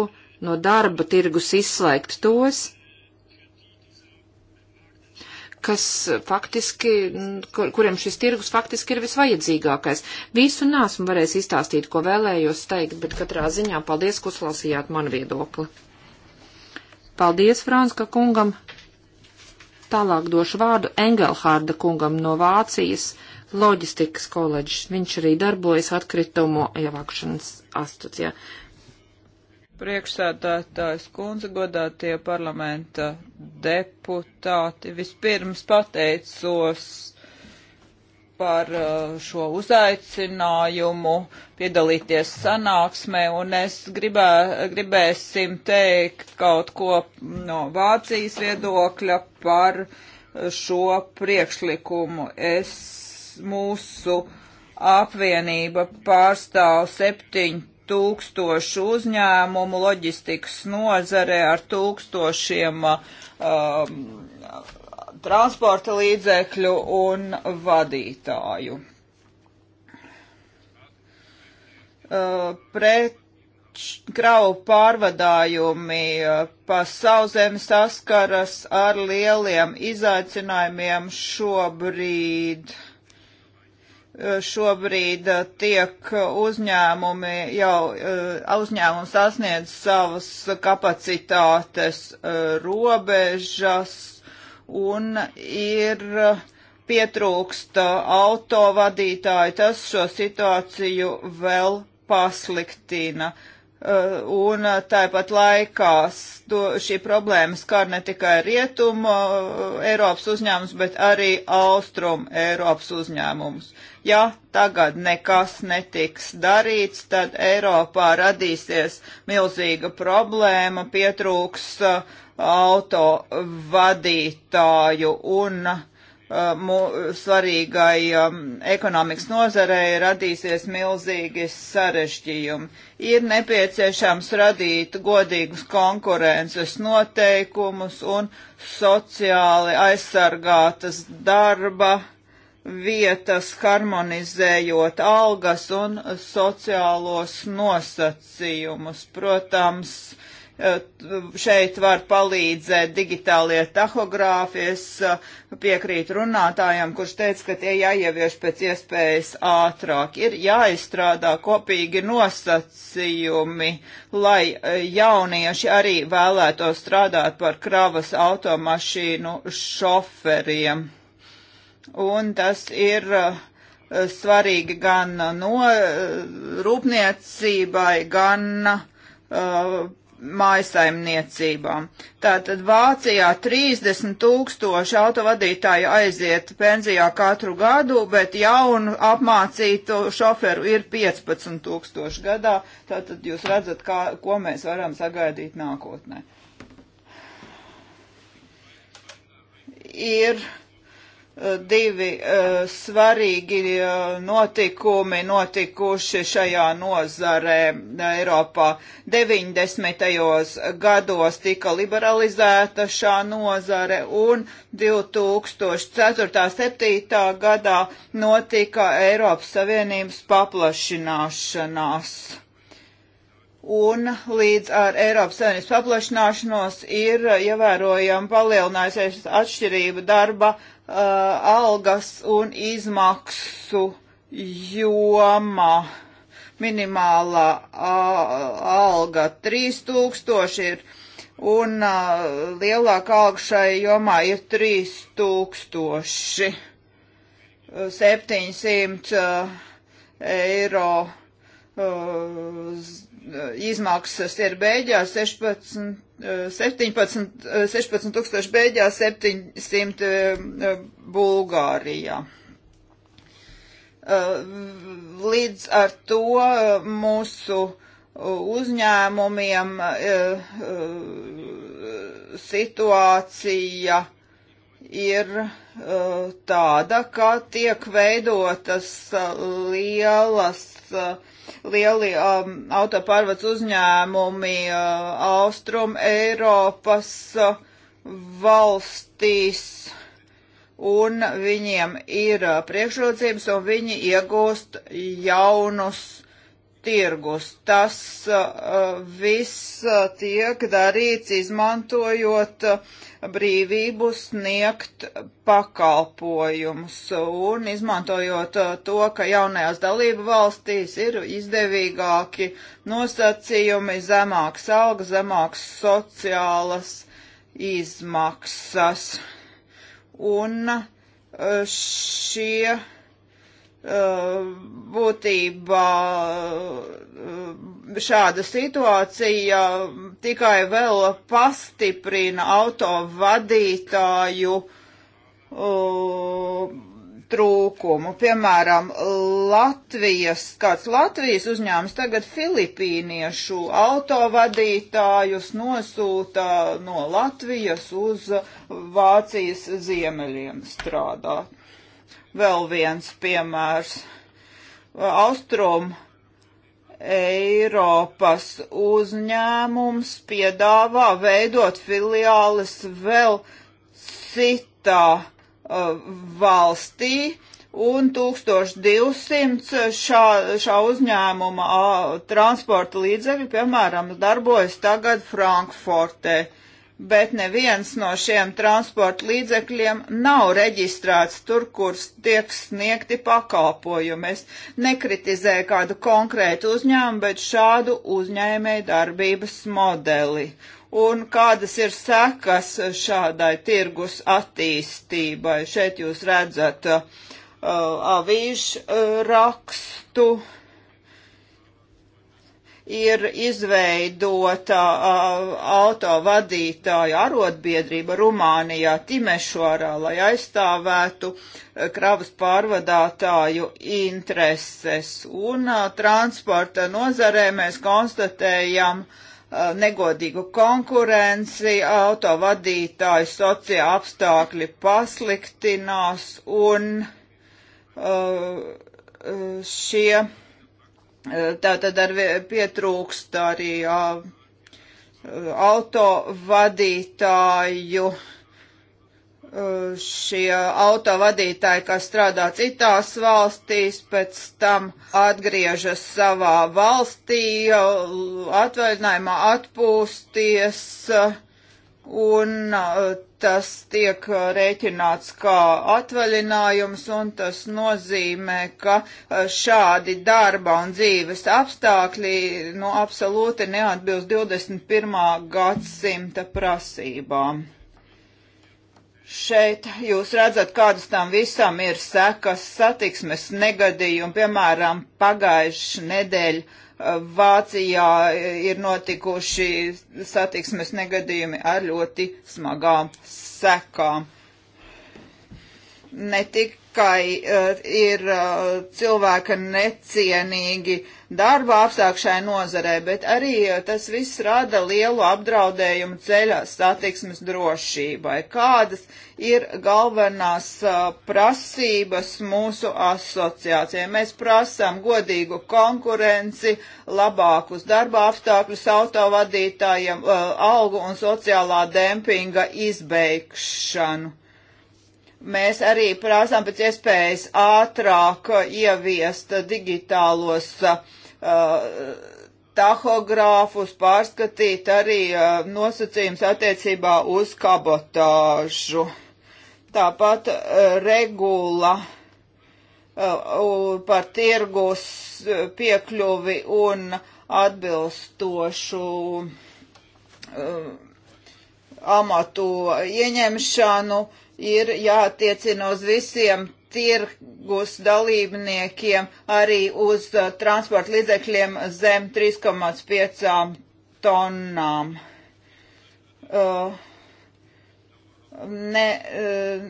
no darba tirgus izslēgt tos, kas faktiski, kur, kuriem šis tirgus faktiski ir visvajadzīgākais. Visu nesmu varējis izstāstīt, ko vēlējos teikt, bet katrā ziņā paldies, ka uzklausījāt manu viedokli. Paldies, Franska kungam. Tālāk došu vārdu Engelhārda kungam no Vācijas loģistikas koledžas. Viņš arī darbojas atkritumu ievākšanas asociācijā priekšsēdētājs kundze, godātie parlamenta deputāti. Vispirms pateicos par uh, šo uzaicinājumu piedalīties sanāksmē, un es gribē, gribēsim teikt kaut ko no Vācijas viedokļa par šo priekšlikumu. Es mūsu apvienība pārstāv 7 tūkstošu uzņēmumu loģistikas nozare ar tūkstošiem um, transporta līdzekļu un vadītāju. Uh, pret kravu pārvadājumi uh, pa sauzemi saskaras ar lieliem izaicinājumiem šobrīd. Uh, šobrīd eh, tiek uzņēmumi jau, eh, uzņēmumi sasniedz savas kapacitātes eh, robežas un ir pietrūksta autovadītāji, tas šo situāciju vēl pasliktina. Uh, Eh, un eh, tāpat laikā to, šī problēma skar ne tikai rietumu eh, Eiropas uzņēmumus, bet arī austrumu Eiropas uzņēmumus. Ja tagad nekas netiks darīts, tad Eiropā radīsies milzīga problēma, pietrūks auto vadītāju un uh, Uh, svarīgai um, ekonomikas nozarei radīsies milzīgi sarežģījumi. Ir nepieciešams radīt godīgus konkurences noteikumus un sociāli aizsargātas darba vietas, harmonizējot algas un sociālos nosacījumus. Protams, uh, Šeit var palīdzēt digitālie tahogrāfi. Es piekrītu runātājam, kurš teica, ka tie jāievieš pēc iespējas ātrāk. Ir jāizstrādā kopīgi nosacījumi, lai e, jaunieši arī vēlēto strādāt par kravas automašīnu šoferiem. Un tas ir uh, svarīgi gan no e, rūpniecībai, gan uh, mājasaimniecībām. Tātad Vācijā 30 tūkstoši autovadītāju aiziet pensijā katru gadu, bet jaunu apmācītu šoferu ir 15 tūkstoši gadā. Tātad jūs redzat, kā, ko mēs varam sagaidīt nākotnē. Ir divi eh, svarīgi eh, notikumi notikuši šajā nozarē Eiropā. 90. gados tika liberalizēta šā nozare un 2004.7. gadā notika Eiropas Savienības paplašināšanās un līdz ar Eiropas Savienības paplašināšanos ir eh, ievērojami palielinājusies atšķirība darba Uh, algas un izmaksu joma minimālā alga 3000 ir un lielākā alga šai jomā ir 3000. 700 eiro Eh, izmaksas ir Bēļģijā 16, 17, 16 tūkstoši Bēļģijā, 700 eh, Bulgārijā. Eh, līdz ar to mūsu uzņēmumiem situācija ir tāda, ka tiek veidotas lielas uh, lieli um, autopārvads uzņēmumi uh, Austrum Eiropas uh, valstīs un viņiem ir uh, priekšrocības, un viņi iegūst jaunus tirgus. Tas uh, viss uh, tiek darīts izmantojot uh, brīvību sniegt pakalpojumus un izmantojot uh, to, ka jaunajās dalību valstīs ir izdevīgāki nosacījumi, zemāks algas, zemāks sociālas izmaksas. Un šie Eh, būtībā eh, šāda situācija tikai vēl pastiprina auto vadītāju uh, eh, trūkumu. Piemēram, Latvijas, kāds Latvijas uzņēmums tagad filipīniešu autovadītājus nosūta no Latvijas uz Vācijas ziemeļiem strādāt vēl viens piemērs. Austrum Eiropas uzņēmums piedāvā veidot filiālis vēl citā uh, valstī, un 1200 šā, šā uzņēmuma uh, transporta līdzekļi, piemēram, darbojas tagad Frankfurtē. Uh, bet neviens no šiem transporta līdzekļiem nav reģistrēts tur, kur tiek sniegti pakalpojumi. Es nekritizēju kādu konkrētu uzņēmumu, bet šādu uzņēmēju darbības modeli. Un kādas ir sekas šādai tirgus attīstībai? Šeit jūs redzat uh, avīžu uh, rakstu. Uh, ir izveidota uh, autovadītāju arotbiedrība Rumānijā Timešorā, lai aizstāvētu uh, kravas pārvadātāju intereses. Un uh, transporta nozarē mēs konstatējam uh, negodīgu konkurenci, autovadītāju sociāla apstākļi pasliktinās un uh, uh, šie Tā tad ar pietrūkst arī auto vadītāju šie autovadītāji, kas strādā citās valstīs, pēc tam atgriežas savā valstī, atvaļinājumā atpūsties, un uh, tas tiek uh, rēķināts kā atvaļinājums, un tas nozīmē, ka uh, šādi darba un dzīves apstākļi nu, absolūti neatbilst 21. gadsimta prasībām. Šeit jūs redzat, kādas tam visam ir sekas satiksmes negadījumi, piemēram, pagājuši nedēļu Vācijā ir notikuši satiksmes negadījumi ar ļoti smagām sekām ne tikai uh, ir uh, cilvēka necienīgi darba apstākšai nozarē, bet arī uh, tas viss rada lielu apdraudējumu ceļa satiksmes drošībai. Kādas ir galvenās uh, prasības mūsu asociācijai? Mēs prasām godīgu konkurenci, labākus darba apstākļus autovadītājiem, uh, algu un sociālā dempinga izbeigšanu mēs arī prasām pēc iespējas ātrāk ieviest digitālos uh, tahogrāfus, pārskatīt arī uh, nosacījums attiecībā uz kabotāžu. Tāpat uh, regula uh, par tirgus piekļuvi un atbilstošu uh, amatu ieņemšanu ir jātiecina uz visiem tirgus dalībniekiem, arī uz uh, transporta līdzekļiem zem 3,5 tonnām. Uh, ne, uh,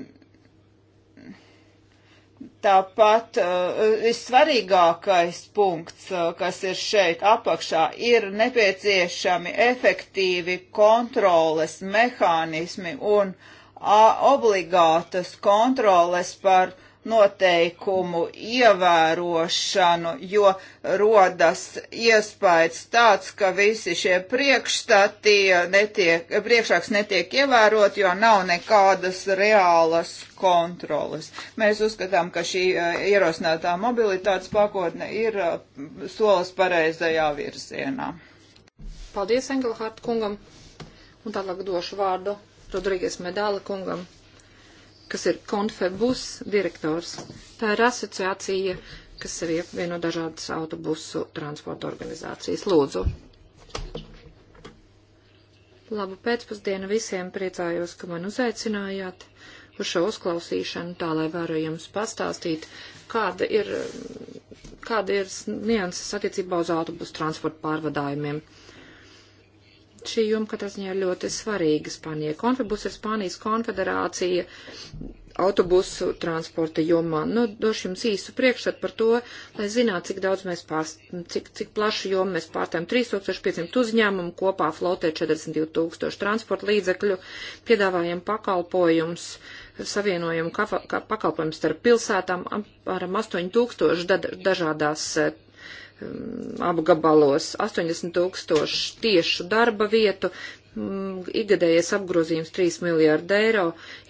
Tāpat uh, eh, vissvarīgākais punkts, uh, kas ir šeit apakšā, ir nepieciešami efektīvi kontroles mehānismi un uh, obligātas kontroles par uh, noteikumu ievērošanu, jo rodas iespējas tāds, ka visi šie priekšstati netiek, priekšraks netiek ievērot, jo nav nekādas reālas kontrolas. Mēs uzskatām, ka šī e, ierosinātā mobilitātes pakotne ir e, solis pareizajā virzienā. Paldies Engelhārt kungam, un tālāk došu vārdu Rodrīgas medāla kungam kas ir Konfebus direktors. Tā ir asociācija, kas sev apvieno dažādas autobusu transporta organizācijas. Lūdzu. Labu pēcpusdienu visiem, priecājos, ka man uzaicinājāt uz šo uzklausīšanu, tā lai varu jums pastāstīt, kāda ir, kāda ir nianses attiecībā uz autobusu transporta pārvadājumiem šī joma katrā ziņā ir ļoti svarīga Spānijai. Konfibus ir Spānijas konfederācija autobusu transporta jomā. Nu, došu jums īsu priekšstatu par to, lai zinātu, cik daudz mēs pār, cik, cik plašu jomu mēs pārtēm 3500 uzņēmumu, kopā flotē 42 tūkstoši transporta līdzekļu, piedāvājam pakalpojums, savienojam ka, pakalpojums starp pilsētām, apmēram 8000 dažādās eh, Mm, apgabalos 80 tūkstoši tiešu darba vietu, mm, igadējais apgrozījums 3 miljārdi eiro,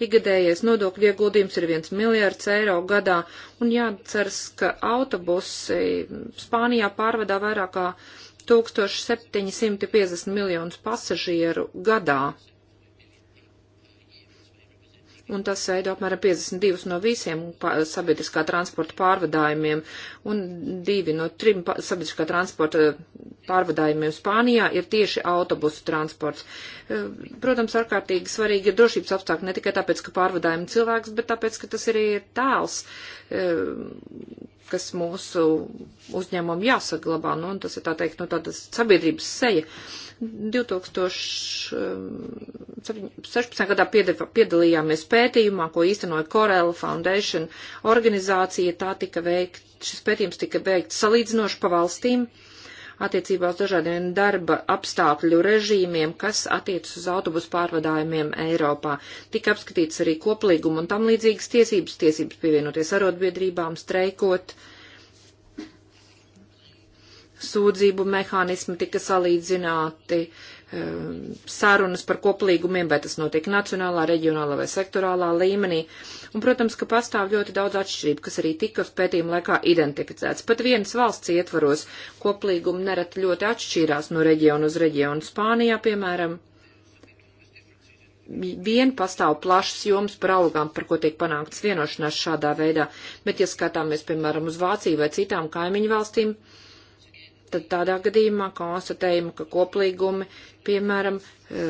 igadējais nodokļu ieguldījums ir 1 miljārds eiro gadā, un jāceras, ka autobusi Spānijā pārvedā vairāk kā 1750 miljonus pasažieru gadā un tas veido apmēram 52 no visiem sabiedriskā transporta pārvadājumiem, un divi no trim sabiedriskā transporta eh, pārvadājumiem Spānijā ir tieši autobusu transports. Eh, protams, ārkārtīgi svarīgi ir drošības apstākļi ne tikai tāpēc, ka pārvadājumi cilvēks, bet tāpēc, ka tas arī ir tēls Eh, kas mūsu uzņēmumu jāsaglabā, nu, un tas ir tā teikt, nu, tādas sabiedrības seja. 2016. Eh, gadā piedalījāmies pētījumā, ko īstenoja Corella Foundation organizācija. Tā tika veikt, šis pētījums tika veikts salīdzinoši pa valstīm. Uh, attiecībā uz dažādiem darba apstākļu režīmiem, kas attiecas uz autobusu pārvadājumiem Eiropā. Tika apskatīts arī koplīguma un tam līdzīgas tiesības, tiesības pievienoties arotbiedrībām, streikot. Sūdzību mehānismi tika salīdzināti, uh, Um, sarunas par koplīgumiem, vai tas notiek nacionālā, reģionālā vai sektorālā līmenī. Un, protams, ka pastāv ļoti daudz atšķirību, kas arī tika pētījuma laikā identificēts. Pat vienas valsts ietvaros koplīgumi nereti ļoti atšķīrās no reģiona uz reģionu. Spānijā, piemēram, vien pastāv plašas jomas par algām, par ko tiek panākts vienošanās šādā veidā, bet, ja skatāmies, piemēram, uz Vāciju vai citām kaimiņu valstīm, tad tādā gadījumā konstatējam, ka koplīgumi, piemēram, e,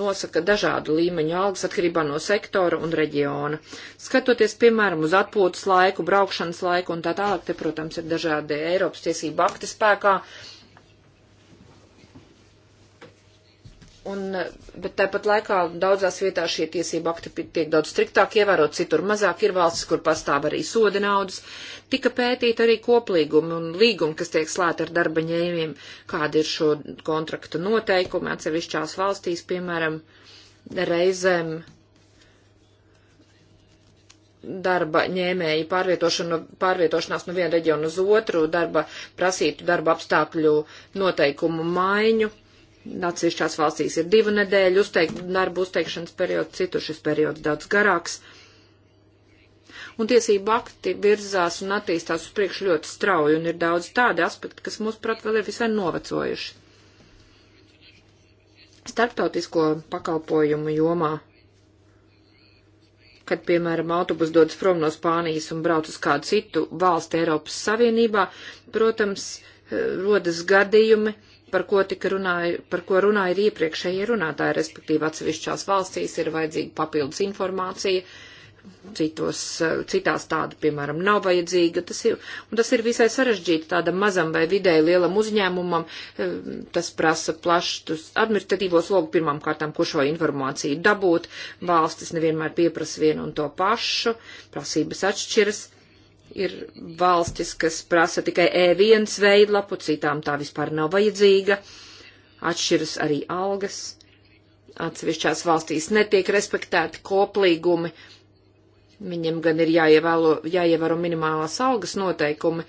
nosaka dažādu līmeņu algas atkarībā no sektora un reģiona. Skatoties, piemēram, uz atpūtas laiku, braukšanas laiku un tā tālāk, te, protams, ir dažādi Eiropas tiesība akti spēkā, Un, bet tāpat laikā daudzās vietās šie tiesību akti tiek daudz striktāk ievērot, citur mazāk ir valstis, kur pastāv arī soda naudas. Tika pētīt arī koplīgumi un līgumi, kas tiek slēti ar darba ņēmiem, kāda ir šo kontraktu noteikumi atsevišķās valstīs, piemēram, reizēm darba ņēmēji pārvietošanās no viena reģiona uz otru, darba prasītu darba apstākļu noteikumu maiņu Atsevišķās valstīs ir divu nedēļu uzteik, darbu uzteikšanas periods, citur šis periods daudz garāks. Un tiesība akti virzās un attīstās uz priekšu ļoti strauji, un ir daudz tādi aspekti, kas mūs prat vēl ir visai novecojuši. Starptautisko pakalpojumu jomā kad, piemēram, autobus dodas prom no Spānijas un brauc uz kādu citu valstu Eiropas Savienībā, protams, eh, rodas gadījumi, par ko, runāja, par ko runāja arī iepriekšējie runātāji, respektīvi atsevišķās valstīs ir vajadzīga papildus informācija, citos, eh, citās tāda, piemēram, nav vajadzīga. Tas ir, un tas ir visai sarežģīti tādam mazam vai vidēji lielam uzņēmumam. Eh, tas prasa plašus administratīvos logu pirmām kārtām, kur šo informāciju dabūt. Valstis nevienmēr pieprasa vienu un to pašu, prasības atšķiras. Ir valstis, kas prasa tikai E1 veidlapu, citām tā vispār nav vajadzīga. Atšķiras arī algas. Atsevišķās valstīs netiek respektēti koplīgumi, Viņam gan ir jāievēlo, jāievēro minimālās algas noteikumi,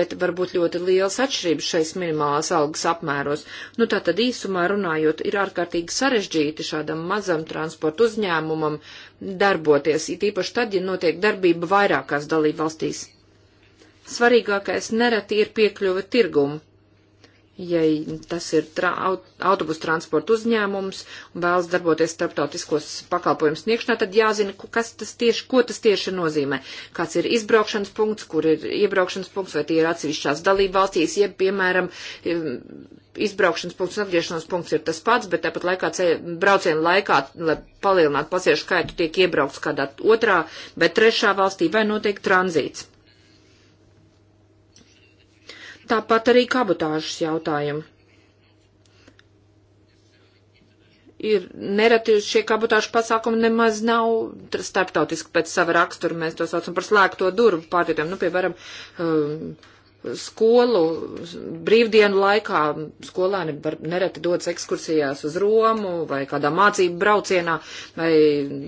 bet varbūt ļoti liels atšķirības šais minimālās algas apmēros. Nu, tā tad īsumā runājot, ir ārkārtīgi sarežģīti šādam mazam transportu uzņēmumam darboties, it īpaši tad, ja notiek darbība vairākās dalībvalstīs. Svarīgākais nereti ir piekļuve tirgumu ja tas ir tra autobusu transporta uzņēmums un vēlas darboties starptautiskos pakalpojumu sniegšanā, tad jāzina, kas tas tieši, ko tas tieši nozīmē. Kāds ir izbraukšanas punkts, kur ir iebraukšanas punkts, vai tie ir atsevišķās dalība valstīs, ja, piemēram, izbraukšanas punkts un atgriešanās punkts ir tas pats, bet tāpat laikā brauciena laikā, lai palielinātu pasiešu skaitu, tiek iebraukts kādā otrā, bet trešā valstī vai notiek tranzīts. Tāpat arī kabotāžas jautājumu. Ir nereti šie kabotāžu pasākumi nemaz nav starptautiski pēc sava rakstura, mēs to saucam par slēgto durvu pārvietojumu, nu, piemēram, um, skolu brīvdienu laikā skolēni var, nereti dodas ekskursijās uz Romu vai kādā mācību braucienā, vai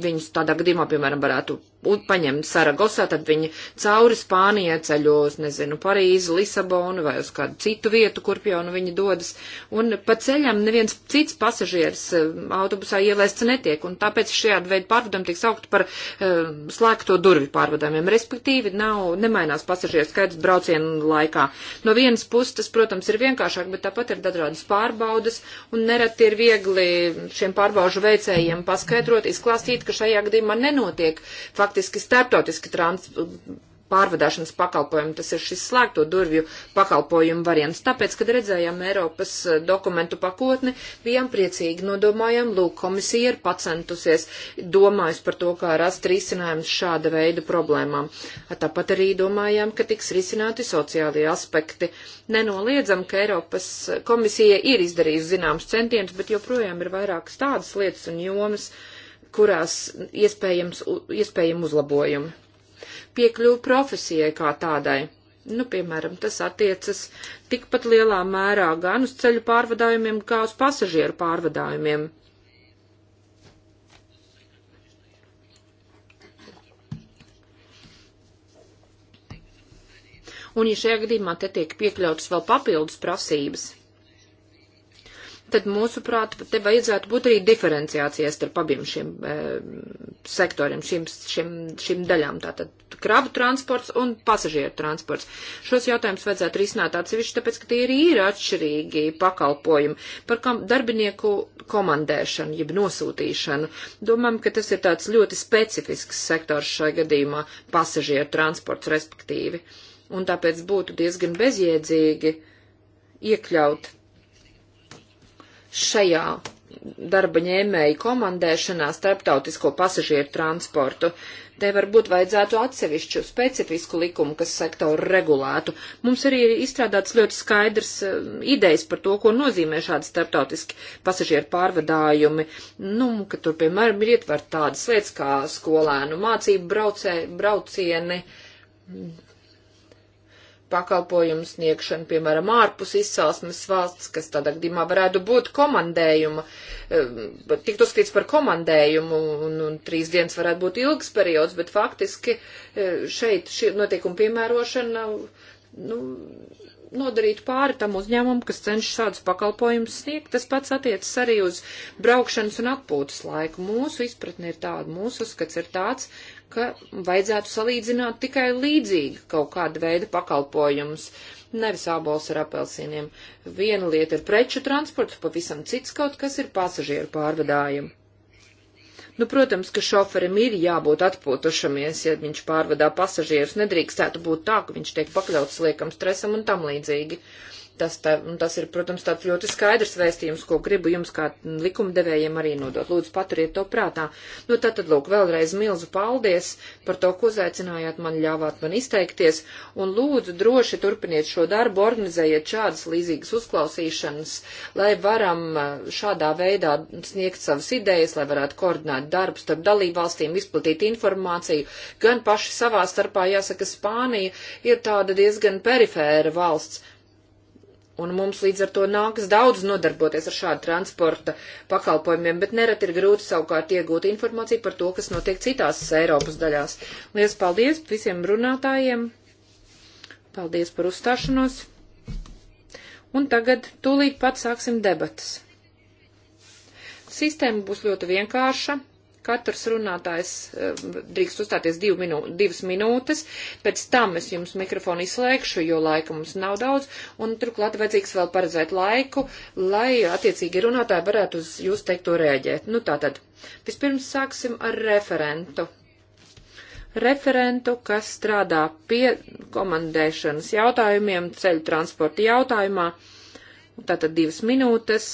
viņus tādā gadījumā, piemēram, varētu paņemt Saragosā, tad viņi cauri Spānijai ceļos, nezinu, Parīzi, Lisabonu vai uz kādu citu vietu, kurp jau nu viņi dodas. Un pa ceļam neviens cits pasažieris eh, autobusā ielaists netiek, un tāpēc šajādi veidi pārvadājumi tiek saukti par uh, slēgto durvi pārvadājumiem. Respektīvi, nav, nemainās pasažieru skaits braucienu laikā. No vienas puses tas, protams, ir vienkāršāk, bet tāpat ir dažādas pārbaudas, un nereti ir viegli šiem pārbaužu veicējiem paskaidrot, izklāstīt, ka šajā gadījumā nenotiek. Fakt faktiski starptautiski trans pārvadāšanas pakalpojumu, tas ir šis slēgto durvju pakalpojumu variants. Tāpēc, kad redzējām Eiropas eh, dokumentu pakotni, bijām priecīgi nodomājām, lūk, komisija ir pacentusies, domājis par to, kā rast risinājums šāda veida problēmām. Tāpat arī domājām, ka tiks risināti sociālie aspekti. Nenoliedzam, ka Eiropas komisija ir izdarījusi zināms centienus, bet joprojām ir vairākas tādas lietas un jomas, uh, kurās iespējams, iespējami uzlabojumi. Piekļuvu profesijai kā tādai. Nu, piemēram, tas attiecas tikpat lielā mērā gan uz ceļu pārvadājumiem, kā uz pasažieru pārvadājumiem. Un, ja šajā gadījumā te tiek piekļautas vēl papildus prasības, tad mūsuprāt, te vajadzētu būt arī diferenciācijas starp abiem šiem e, sektoriem, šīm, šīm, šīm daļām, tātad kravu transports un pasažieru transports. Šos jautājumus vajadzētu risināt atsevišķi, tāpēc, ka tie arī ir atšķirīgi pakalpojumi par kam darbinieku komandēšanu, jeb nosūtīšanu. Domājam, ka tas ir tāds ļoti specifisks sektors šai gadījumā - pasažieru transports respektīvi. Un tāpēc būtu diezgan bezjēdzīgi iekļaut šajā darba ņēmēju komandēšanā starptautisko pasažieru transportu. Te varbūt vajadzētu atsevišķu specifisku likumu, kas sektoru regulētu. Mums arī ir izstrādāts ļoti skaidrs eh, idejas par to, ko nozīmē šādi starptautiski pasažieru pārvadājumi. Nu, ka tur, piemēram, ir ietvert tādas lietas kā skolēnu mācību braucē, braucieni, pakalpojumu sniegšanu, piemēram, ārpus izcelsmes valsts, kas tādā gadījumā varētu būt komandējuma, eh, tikt uzskatīts par komandējumu, un, un trīs dienas varētu būt ilgs periods, bet faktiski eh, šeit šī notiekuma piemērošana nu, nodarītu pāri tam uzņēmumam, kas cenšas šādus pakalpojumus sniegt. Tas pats attiecas arī uz braukšanas un atpūtas laiku. Mūsu izpratne ir tāda, mūsu uzskats ir tāds, ka vajadzētu salīdzināt tikai līdzīgi kaut kāda veida pakalpojumus, nevis ābols ar apelsīniem. Viena lieta ir preču transports, pavisam cits kaut kas ir pasažieru pārvadājumi. Nu, protams, ka šoferim ir jābūt atpūtušamies, ja viņš pārvadā pasažierus. Nedrīkstētu būt tā, ka viņš tiek pakļauts liekam stresam un tam līdzīgi. Uh, Tas, tā, tas ir, protams, tāds ļoti skaidrs vēstījums, ko gribu jums kā likumdevējiem arī nodot. Lūdzu, paturiet to prātā. Nu, tad, tad lūk, vēlreiz milzu paldies par to, ko uzaicinājāt man, ļāvāt man izteikties, un lūdzu, droši turpiniet šo darbu, organizējiet šādas līdzīgas uzklausīšanas, lai varam uh, šādā veidā sniegt savas idejas, lai varētu koordinēt darbu starp dalībvalstīm, izplatīt informāciju. Gan paši savā starpā, jāsaka, Spānija ir tāda diezgan perifēra valsts Un mums līdz ar to nākas daudz nodarboties ar šādu transporta pakalpojumiem, bet nerad ir grūti savukārt iegūt informāciju par to, kas notiek citās Eiropas daļās. Lielas paldies visiem runātājiem. Paldies par uzstāšanos. Un tagad tūlīt pat sāksim debatas. Sistēma būs ļoti vienkārša katrs runātājs eh, drīkst uzstāties divu minū, divas minūtes, pēc tam es jums mikrofonu izslēgšu, jo laika mums nav daudz, un turklāt vajadzīgs vēl paredzēt laiku, lai attiecīgi runātāji varētu uz jūs teikto rēģēt. Nu tātad, vispirms sāksim ar referentu. Referentu, kas strādā pie komandēšanas jautājumiem ceļu transporta jautājumā. Tātad divas minūtes.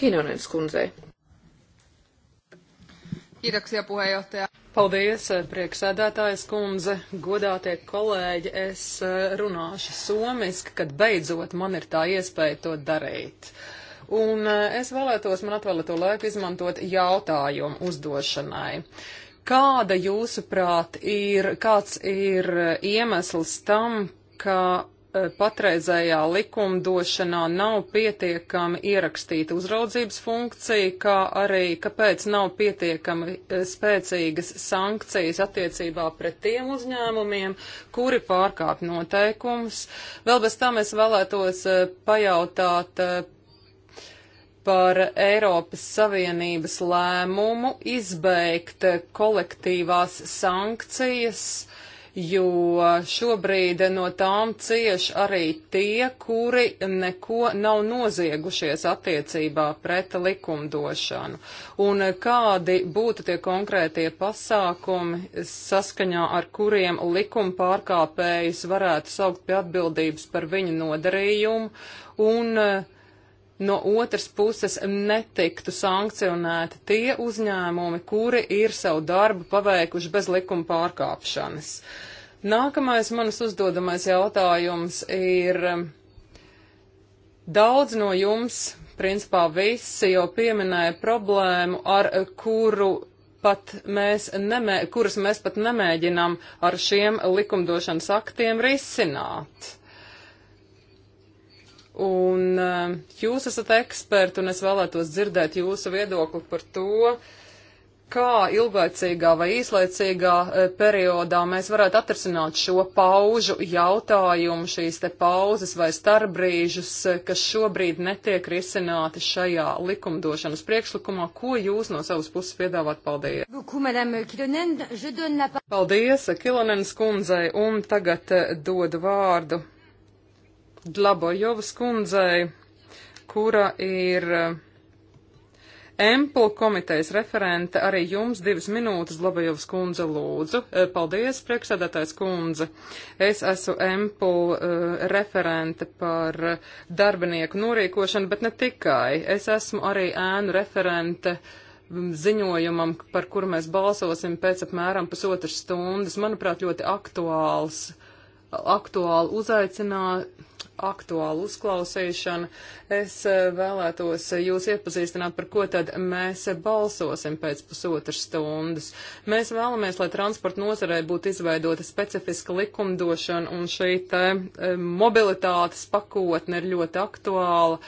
Kinonens kundzei. Kiitoksia puheenjohtaja. Paldies, eh, prieksēdētājs kundze, godātie kolēģi, es eh, runāšu somiski, kad beidzot man ir tā iespēja to darīt. Un eh, es vēlētos man atvēlēto laiku izmantot jautājumu uzdošanai. Kāda jūsuprāt ir, kāds ir iemesls tam, ka Eh, patreizējā likumdošanā nav pietiekami ierakstīta uzraudzības funkcija, kā arī kāpēc nav pietiekami eh, spēcīgas sankcijas attiecībā pret tiem uzņēmumiem, kuri pārkāp noteikumus. Vēl bez tam es vēlētos eh, pajautāt par Eiropas Savienības lēmumu izbeigt kolektīvās sankcijas jo šobrīd no tām cieš arī tie, kuri neko nav noziegušies attiecībā pret likumdošanu. Un kādi būtu tie konkrētie pasākumi, saskaņā ar kuriem likuma pārkāpējus varētu saukt pie atbildības par viņu nodarījumu? Un, uh, no otras puses netiktu sankcionēti tie uzņēmumi, kuri ir savu darbu paveikuši bez likuma pārkāpšanas. Nākamais manas uzdodamais jautājums ir. Um, daudz no jums, principā visi, jau pieminēja problēmu, ar kuru pat mēs nemē, kuras mēs pat nemēģinām ar šiem likumdošanas aktiem risināt. Un eh, jūs esat eksperti, un es vēlētos dzirdēt jūsu viedokli par to, kā ilglaicīgā vai īslaicīgā eh, periodā mēs varētu atrisināt šo paužu jautājumu, šīs te pauzes vai starbrīžus, eh, kas šobrīd netiek risināti šajā likumdošanas priekšlikumā. Ko jūs no savas puses piedāvāt? Paldies! Paldies, Kilonenes kundzei, un tagad dodu vārdu Dlabojovas kundzei, kura ir eh, Emplu komitejas referente. Arī jums divas minūtes, Dlabojovas kundze, lūdzu. Eh, paldies, priekšsēdētājs kundze. Es esmu Emplu uh, eh, referente par darbinieku norīkošanu, bet ne tikai. Es esmu arī ēnu referente ziņojumam, par kuru mēs balsosim pēc apmēram pusotras stundas. Manuprāt, ļoti aktuāls, aktuāli uzaicinājums aktuālu uzklausīšanu. Es eh, vēlētos eh, jūs iepazīstināt, par ko tad mēs eh, balsosim pēc pusotras stundas. Mēs vēlamies, lai transporta nozarē būtu izveidota specifiska likumdošana, un šī te mobilitātes pakotne ir ļoti aktuāla,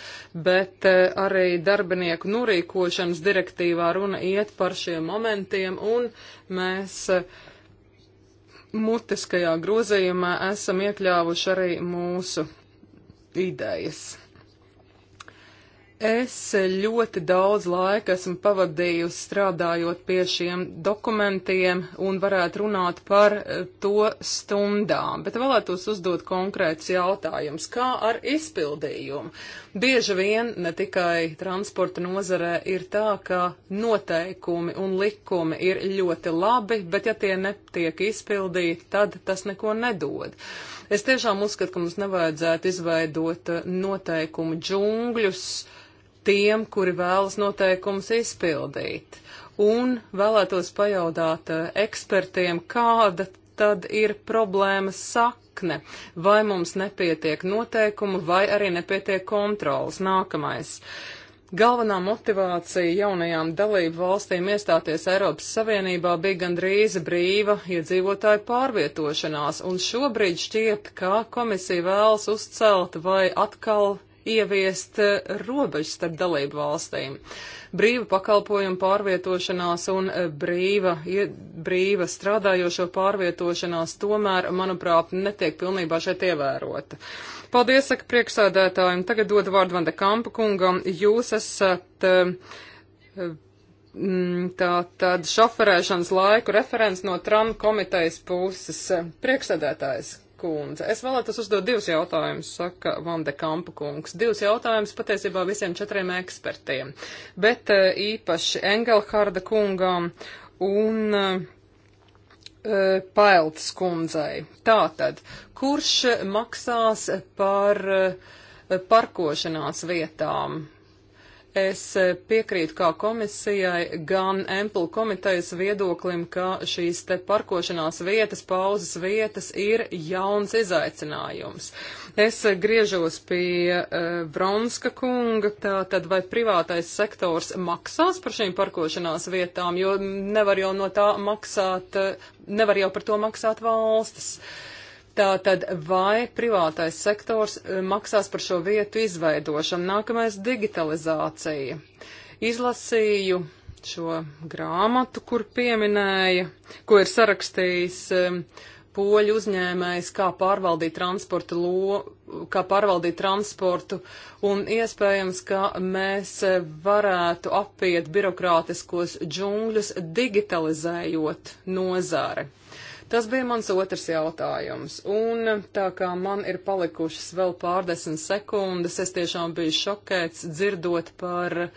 bet arī darbinieku norīkošanas direktīvā runa iet par šiem momentiem, un mēs mutiskajā grozījumā esam iekļāvuši arī mūsu idejas. Es ļoti daudz laika esmu pavadījusi strādājot pie šiem dokumentiem un varētu runāt par eh, to stundām, bet vēlētos uzdot konkrēts jautājums, kā ar izpildījumu. Bieži vien ne tikai transporta nozarē ir tā, ka noteikumi un likumi ir ļoti labi, bet ja tie netiek izpildīti, tad tas neko nedod. Es tiešām uzskatu, ka mums nevajadzētu izveidot eh, noteikumu džungļus tiem, kuri vēlas noteikumus izpildīt. Un vēlētos pajautāt eh, ekspertiem, kāda tad ir problēmas sakne. Vai mums nepietiek noteikumu, vai arī nepietiek kontrolas. Nākamais. Uh, Galvenā motivācija jaunajām dalību valstīm iestāties Eiropas Savienībā bija gandrīz brīva iedzīvotāju pārvietošanās, un šobrīd šķiet, ka komisija vēlas uzcelt vai atkal ieviest eh, robežas starp dalību valstīm. Brīva pakalpojuma pārvietošanās un eh, brīva, brīva strādājošo pārvietošanās tomēr, manuprāt, netiek pilnībā šeit ievērota. Uh, Paldies, saka priekšsēdētājiem. Tagad dod vārdu Vanda Kampa kungam. Jūs esat eh, mm, tā tad šoferēšanas laiku referents no tram komitejas puses. Priekšsēdētājs kundze. Es vēlētos uzdot divus jautājumus, saka Vande Kampa kungs. Divus jautājumus patiesībā visiem četriem ekspertiem, bet eh, īpaši Engelharda kungam un eh, E, Paeltas kundzei. Tātad, kurš maksās par e, parkošanās vietām? Es piekrītu kā komisijai, gan Emplu komitejas viedoklim, ka šīs te parkošanās vietas, pauzes vietas ir jauns izaicinājums. Uh, Es griežos pie uh, Bronska kunga, tā tad vai privātais sektors maksās par šīm parkošanās vietām, jo nevar jau no tā maksāt, eh, nevar jau par to maksāt valstis. Tātad, vai privātais sektors eh, maksās par šo vietu izveidošanu? Nākamais - digitalizācija. Izlasīju šo grāmatu, kur pieminēja, ko ir sarakstījis uh, poļu uzņēmējs, kā pārvaldīt transportu, lo, kā pārvaldīt transportu, un iespējams, ka mēs varētu apiet birokrātiskos džungļus digitalizējot nozāri. Tas bija mans otrs jautājums, un tā kā man ir palikušas vēl pārdesmit sekundes, es tiešām biju šokēts dzirdot par uh,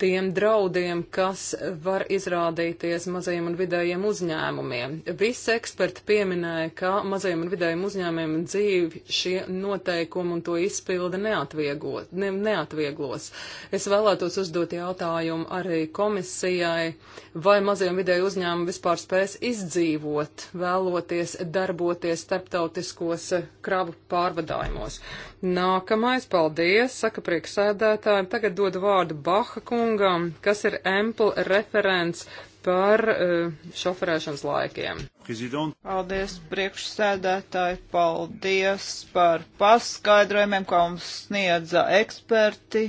tiem draudiem, kas var izrādīties mazajiem un vidējiem uzņēmumiem. Visi eksperti pieminēja, ka mazajiem un vidējiem uzņēmumiem dzīvi šie noteikumi un to izpilda ne, neatvieglos. Es vēlētos uzdot jautājumu arī komisijai, vai maziem vidēju uzņēmumi vispār spēs izdzīvot, vēloties darboties starptautiskos eh, kravu pārvadājumos. Nākamais, paldies, saka prieksēdētājiem, tagad dodu vārdu Baha kungam, kas ir Empl referents par eh, šoferēšanas laikiem. Prezident. Paldies priekšsēdētāji, paldies par paskaidrojumiem, ko mums sniedza eksperti.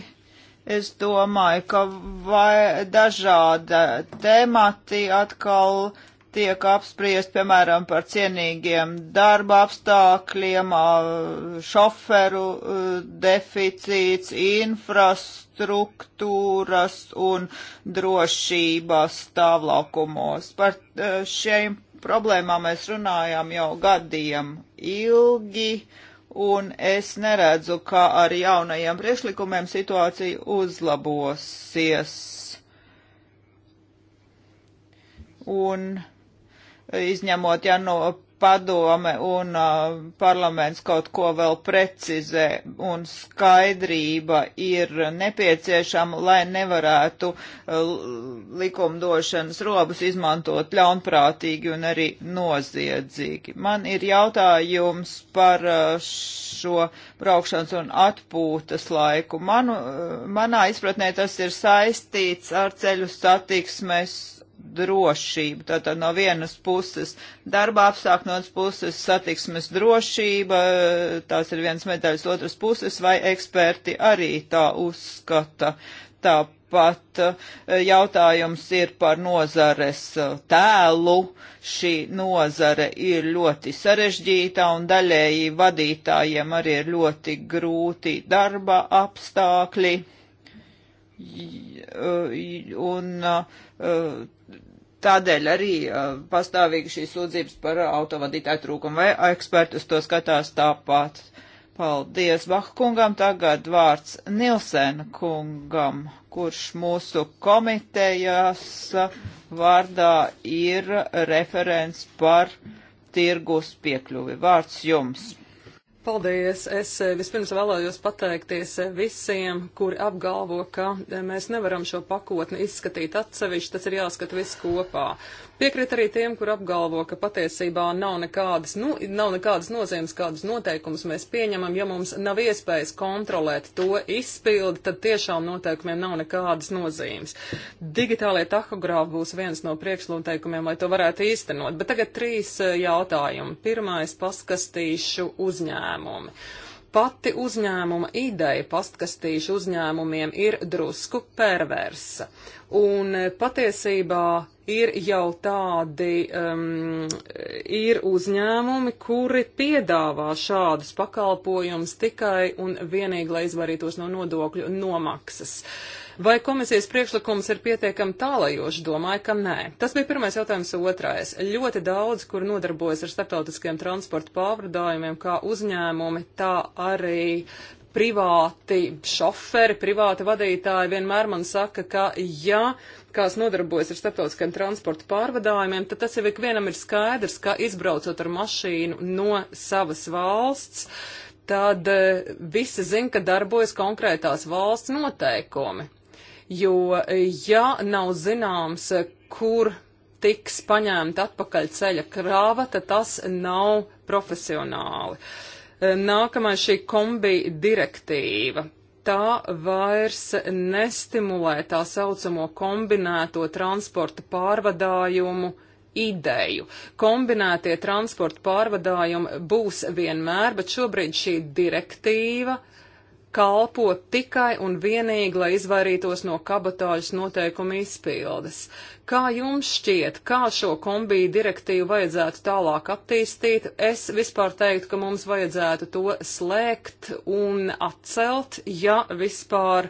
Es domāju, ka vai dažāda temati atkal tiek apspriest, piemēram, par cienīgiem darba apstākļiem, šoferu deficīts, infrastruktūras un drošības stāvlaukumos. Par šiem problēmām mēs runājām jau gadiem ilgi un es neredzu, ka ar jaunajiem priekšlikumiem situācija uzlabosies. Un izņemot, ja no padome un uh, parlaments kaut ko vēl precizē, un skaidrība ir nepieciešama, lai nevarētu uh, likumdošanas robus izmantot ļaunprātīgi un arī noziedzīgi. Man ir jautājums par uh, šo braukšanas un atpūtas laiku. Manu, uh, manā izpratnē tas ir saistīts ar ceļu satiksmes drošību. Tātad no vienas puses darba apstākļi, no otras puses satiksmes drošība, tās ir viens medaļas otras puses, vai eksperti arī tā uzskata. Tāpat eh, jautājums ir par nozares eh, tēlu. Šī nozare ir ļoti sarežģīta un daļēji vadītājiem arī ir ļoti grūti darba apstākļi Uh, un uh, Tādēļ arī uh, pastāvīgi šīs sūdzības par autovadītāju trūkumu vai eksperti uz to skatās tāpat. Paldies Bahkungam, tagad vārds Nilsēna kungam, kurš mūsu komitejas vārdā ir referents par tirgus piekļuvi. Vārds jums. Paldies! Es eh, vispirms vēlējos pateikties eh, visiem, kuri apgalvo, ka eh, mēs nevaram šo pakotni izskatīt atsevišķi, tas ir jāskata viss kopā. Piekrīt arī tiem, kur apgalvo, ka patiesībā nav nekādas, nu, nav nekādas nozīmes, kādas noteikumus mēs pieņemam. Ja mums nav iespējas kontrolēt to izpildi, tad tiešām noteikumiem nav nekādas nozīmes. Digitālie tahogrāfi būs viens no priekšnoteikumiem, lai to varētu īstenot. Bet tagad trīs eh, jautājumi. Pirmais - paskastīšu uzņēmumi pati uzņēmuma ideja pastkastīšu uzņēmumiem ir drusku perversa. Un eh, patiesībā ir jau tādi, um, ir uzņēmumi, kuri piedāvā šādus pakalpojumus tikai un vienīgi, lai izvairītos no nodokļu nomaksas. Vai komisijas priekšlikums ir pietiekami tālajoši? Domāju, ka nē. Tas bija pirmais jautājums. Otrais. Ļoti daudz, kur nodarbojas ar starptautiskiem transporta pārvadājumiem, kā uzņēmumi, tā arī privāti šoferi, privāti vadītāji vienmēr man saka, ka ja kas nodarbojas ar starptautiskiem transporta pārvadājumiem, tad tas jau ikvienam ir skaidrs, ka izbraucot ar mašīnu no savas valsts, tad e, visi zina, ka darbojas konkrētās valsts noteikumi. Jo, e, ja nav zināms, e, kur tiks paņemta atpakaļ ceļa krāva, tad tas nav profesionāli. Nākamais šī kombi direktīva tā vairs nestimulē tā saucamo kombinēto transporta pārvadājumu ideju. Kombinētie transporta pārvadājumi būs vienmēr, bet šobrīd šī direktīva uh, kalpo tikai un vienīgi, lai izvairītos no kabatāžas noteikumu izpildes. Kā jums šķiet, kā šo kombiju direktīvu vajadzētu tālāk attīstīt? Es vispār teiktu, ka mums vajadzētu to slēgt un atcelt, ja vispār,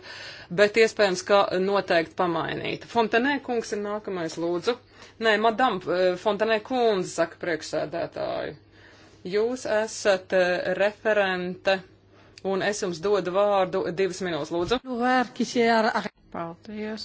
bet iespējams, ka noteikti pamainīt. Fontenē kungs ir nākamais, lūdzu. Nē, madam, eh, Fontenē kundze saka priekšsēdētāju. Jūs esat eh, referente Un es jums dodu vārdu divas minūtes, lūdzu. Paldies.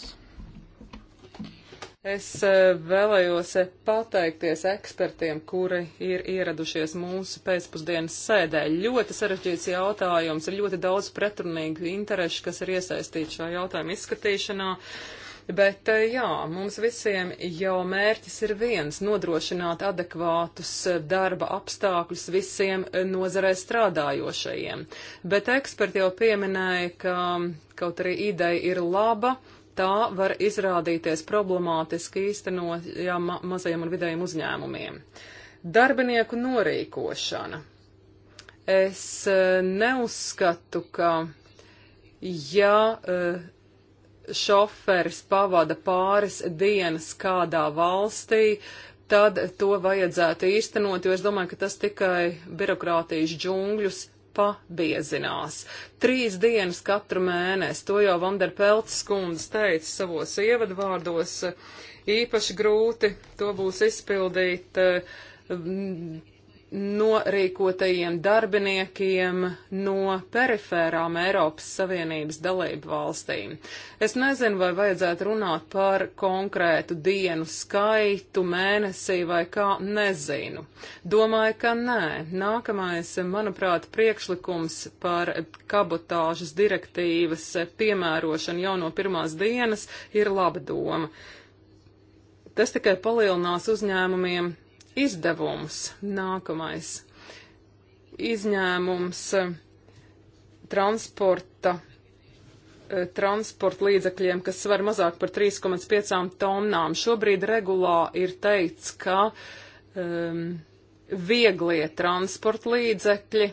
Es eh, vēlējos eh, pateikties ekspertiem, kuri ir ieradušies mūsu pēcpusdienas sēdē. Ļoti sarežģīts jautājums, ir ļoti daudz pretrunīgu interešu, kas ir iesaistīti šā jautājuma izskatīšanā. Uh, Bet eh, jā, mums visiem jau mērķis ir viens - nodrošināt adekvātus eh, darba apstākļus visiem eh, nozarē strādājošajiem. Bet eksperti jau pieminēja, ka mm, kaut arī ideja ir laba tā var izrādīties problemātiski īstenojama mazajiem un vidējiem uzņēmumiem. Darbinieku norīkošana. Es neuzskatu, ka ja šoferis pavada pāris dienas kādā valstī, tad to vajadzētu īstenot, jo es domāju, ka tas tikai birokrātijas džungļus pabiezinās. Trīs dienas katru mēnesi, to jau Vanderpelts skundze teica savos ievadvārdos, īpaši grūti to būs izpildīt eh, norīkotajiem darbiniekiem no perifērām Eiropas Savienības dalību valstīm. Es nezinu, vai vajadzētu runāt par konkrētu dienu skaitu, mēnesī vai kā, nezinu. Domāju, ka nē. Nākamais, manuprāt, priekšlikums par kabotāžas direktīvas piemērošanu jau no pirmās dienas ir laba doma. Tas tikai palielinās uzņēmumiem izdevums. Nākamais izņēmums eh, transporta eh, transporta līdzekļiem, kas svar mazāk par 3,5 tonnām. Šobrīd regulā ir teikts, ka um, vieglie transporta līdzekļi,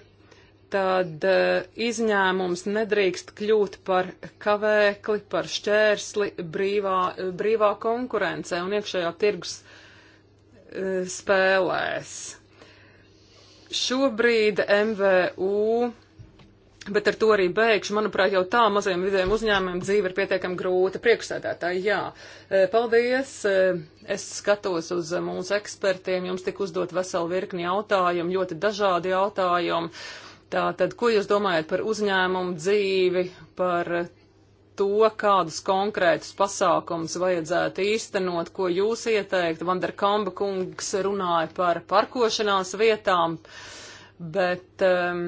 tad uh, izņēmums nedrīkst kļūt par kavēkli, par šķērsli brīvā, brīvā konkurencē un iekšējā tirgus uh, Eh, spēlēs. Šobrīd MVU, bet ar to arī beigšu, manuprāt, jau tā mazajiem vidējiem uzņēmumiem dzīve ir pietiekami grūta. Priekšsēdētāji, jā, eh, paldies. Eh, es skatos uz mūsu ekspertiem, jums tik uzdot veselu virkni jautājumu, ļoti dažādi jautājumi. Tātad, ko jūs domājat par uzņēmumu dzīvi, par to, kādus konkrētus pasākumus vajadzētu īstenot, ko jūs ieteikt. Vanderkamba kungs runāja par parkošanās vietām, bet um,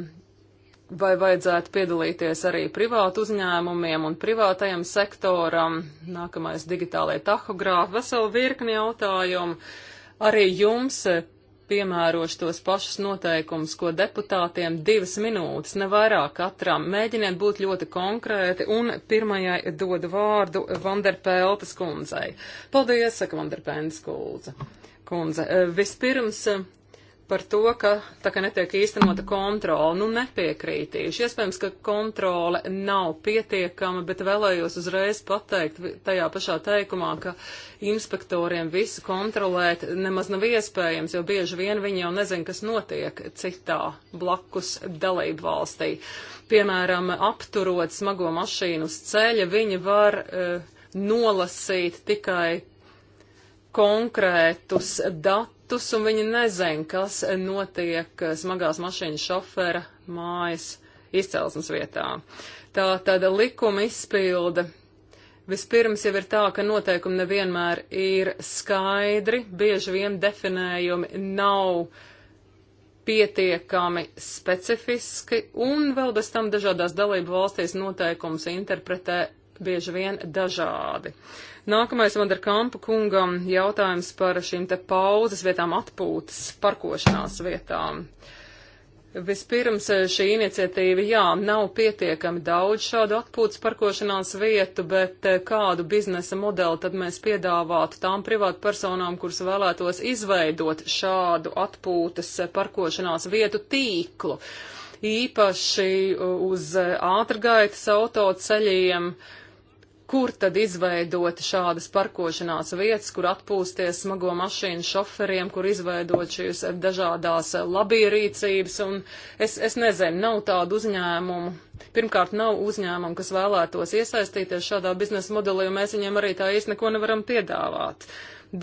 vai vajadzētu piedalīties arī privātu uzņēmumiem un privātajam sektoram? Nākamais digitālajai tahogrāfi, veselu virkni jautājumu. Arī jums piemērošu tos pašus noteikumus, ko deputātiem divas minūtes, ne vairāk katram. Mēģiniet būt ļoti konkrēti un pirmajai dodu vārdu Vanderpēltas kundzei. Paldies, saka Vanderpēltas kundze. Kundze, eh, vispirms eh, par to, ka tā kā netiek īstenota kontrola, nu nepiekrītīšu. Iespējams, ka kontrole nav pietiekama, bet vēlējos uzreiz pateikt tajā pašā teikumā, ka inspektoriem visu kontrolēt nemaz nav iespējams, jo bieži vien viņi jau nezin, kas notiek citā blakus dalību valstī. Piemēram, apturot smago mašīnu uz ceļa, viņi var uh, nolasīt tikai konkrētus datus datus, un viņi nezina, kas notiek smagās mašīnas šofera mājas izcelsmes vietā. Tā tāda likuma izpilda. Vispirms jau ir tā, ka noteikumi nevienmēr ir skaidri, bieži vien definējumi nav pietiekami specifiski, un vēl bez tam dažādās dalību valstīs noteikums interpretē bieži vien dažādi. Nākamais Vanderkampa kungam jautājums par šīm te pauzes vietām atpūtas parkošanās vietām. Vispirms eh, šī iniciatīva, jā, nav pietiekami daudz šādu atpūtas parkošanās vietu, bet eh, kādu biznesa modeli tad mēs piedāvātu tām privātpersonām, kuras vēlētos izveidot šādu atpūtas eh, parkošanās vietu tīklu? Īpaši uz ātrgaitas autoceļiem. Uh, kur tad izveidot šādas parkošanās vietas, kur atpūsties smago mašīnu šoferiem, kur izveidot šīs dažādās labierīcības, un es, es nezinu, nav tādu uzņēmumu. Pirmkārt, nav uzņēmumu, kas vēlētos iesaistīties šādā biznesa modelī, un mēs viņiem arī tā īsti neko nevaram piedāvāt.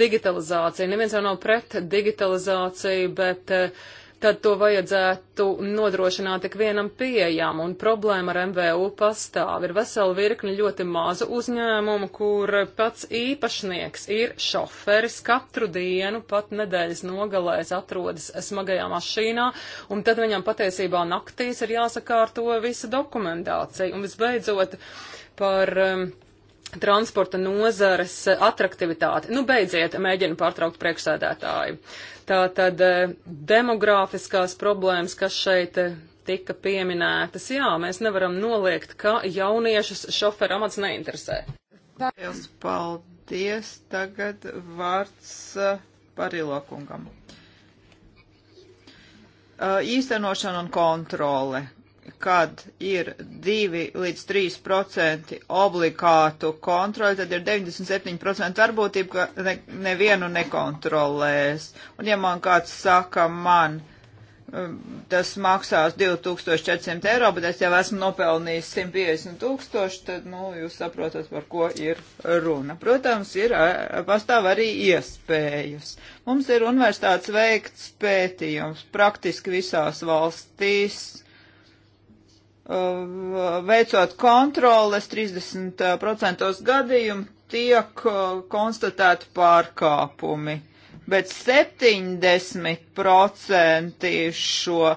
Digitalizācija, neviens jau nav pret digitalizāciju, bet uh, tad to vajadzētu nodrošināt tik vienam pieejam, un problēma ar MVU pastāv. Ir vesela virkni ļoti mazu uzņēmumu, kur pats īpašnieks ir šoferis katru dienu, pat nedēļas nogalēs atrodas smagajā mašīnā, un tad viņam patiesībā naktīs ir jāsakārto visa dokumentācija. Un visbeidzot par um, transporta nozares atraktivitāti. Nu, beidziet, mēģinu pārtraukt priekšsēdētāju. Uh, Tātad eh, demogrāfiskās problēmas, kas šeit eh, tika pieminētas, jā, mēs nevaram noliegt, ka jauniešus šoferu amats neinteresē. Paldies, paldies. Tagad vārds Parilo eh, kungam īstenošana un kontrole kad ir 2 līdz 3 procenti obligātu kontroli, tad ir 97% varbūtība, ka ne, nevienu nekontrolēs. Un ja man kāds saka, man um, tas maksās 2400 eiro, bet es jau esmu nopelnījis 150 tūkstoši, tad, nu, jūs saprotat, par ko ir runa. Protams, ir, pastāv arī iespējas. Mums ir universitātes veikts pētījums praktiski visās valstīs veicot kontroles 30% gadījumu tiek konstatēti pārkāpumi, bet 70% šo uh,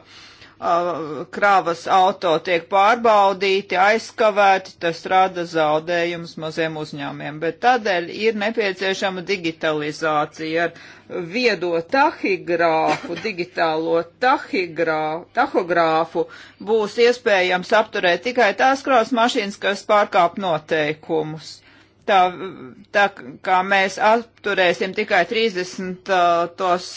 krāvas auto tiek pārbaudīti, aizskavēti, tas rada zaudējumus maziem uzņēmiem. Bet tādēļ ir nepieciešama digitalizācija ar viedo tahigrāfu, digitālo tahigrā, tahogrāfu. Būs iespējams apturēt tikai tās krāvas mašīnas, kas pārkāp noteikumus tā, tā kā mēs atturēsim tikai 30 tos,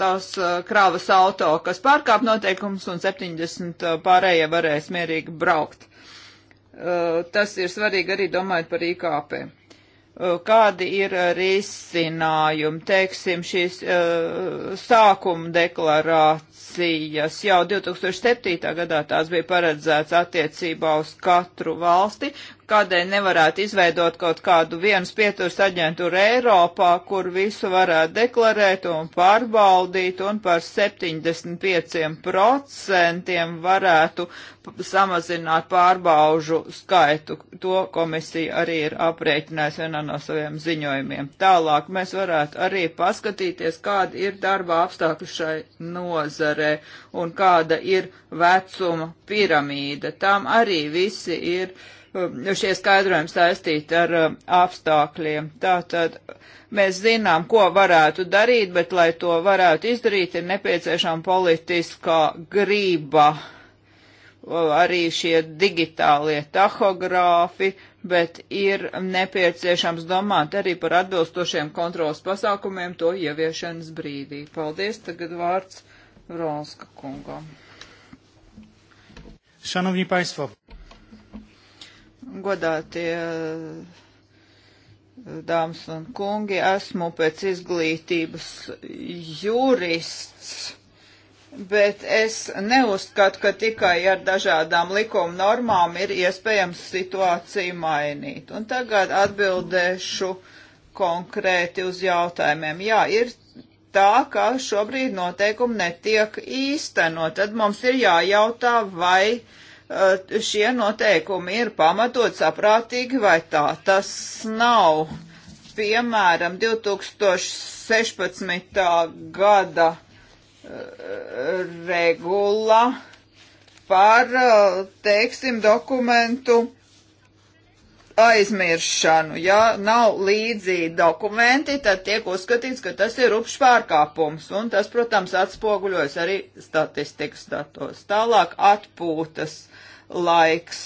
tos krāvas auto, kas pārkāp noteikums, un 70 pārējie varēs mierīgi braukt. Tas ir svarīgi arī domājot par IKP. Kādi ir risinājumi, teiksim, šīs sākuma deklarācijas? Jau 2007. gadā tās bija paredzēts attiecībā uz katru valsti, kādēļ nevarētu izveidot kaut kādu vienas pieturas aģentūru Eiropā, kur visu varētu deklarēt un pārbaudīt un par 75% varētu samazināt pārbaužu skaitu. To komisija arī ir aprēķinājusi vienā no saviem ziņojumiem. Tālāk mēs varētu arī paskatīties, kāda ir darba apstākļi šai nozarē un kāda ir vecuma piramīda. Tām arī visi ir Um, šie skaidrojumi saistīti ar um, apstākļiem. Tātad mēs zinām, ko varētu darīt, bet, lai to varētu izdarīt, ir nepieciešama politiskā grība, arī šie digitālie tahogrāfi, bet ir nepieciešams domāt arī par atbilstošiem kontrolas pasākumiem to ieviešanas brīdī. Paldies, tagad vārds Vronska kungam. Šanovņi paistvo godātie eh, dāmas un kungi, esmu pēc izglītības jurists, bet es neuzskatu, ka tikai ar dažādām likuma normām ir iespējams situāciju mainīt. Un tagad atbildēšu konkrēti uz jautājumiem. Jā, ir tā, ka šobrīd noteikumi netiek īstenot. Tad mums ir jājautā, vai uh, Eh, šie noteikumi ir pamatot saprātīgi vai tā. Tas nav, piemēram, 2016. gada eh, regula par, eh, teiksim, dokumentu aizmiršanu. Ja nav līdzīgi dokumenti, tad tiek uzskatīts, ka tas ir rupšs pārkāpums, un tas, protams, atspoguļojas arī statistikas datos. Tālāk atpūtas laiks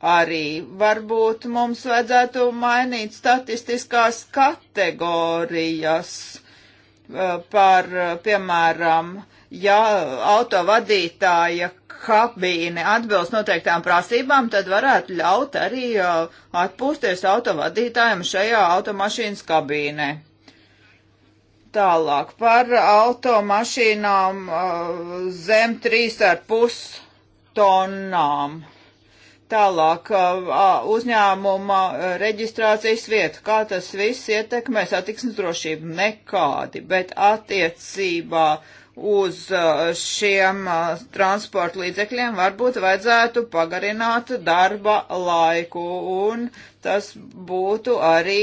arī. Varbūt mums vajadzētu mainīt statistiskās kategorijas e, par, e, piemēram, ja autovadītāja kabīne atbilst noteiktām prasībām, tad varētu ļaut arī e, atpūsties autovadītājiem šajā automašīnas kabīnē. Tālāk par automašīnām zem 3,5 tonnām. Tālāk uzņēmuma reģistrācijas vieta, kā tas viss ietekmē satiksmes drošību, nekādi, bet attiecībā uz šiem transporta līdzekļiem varbūt vajadzētu pagarināt darba laiku, un tas būtu arī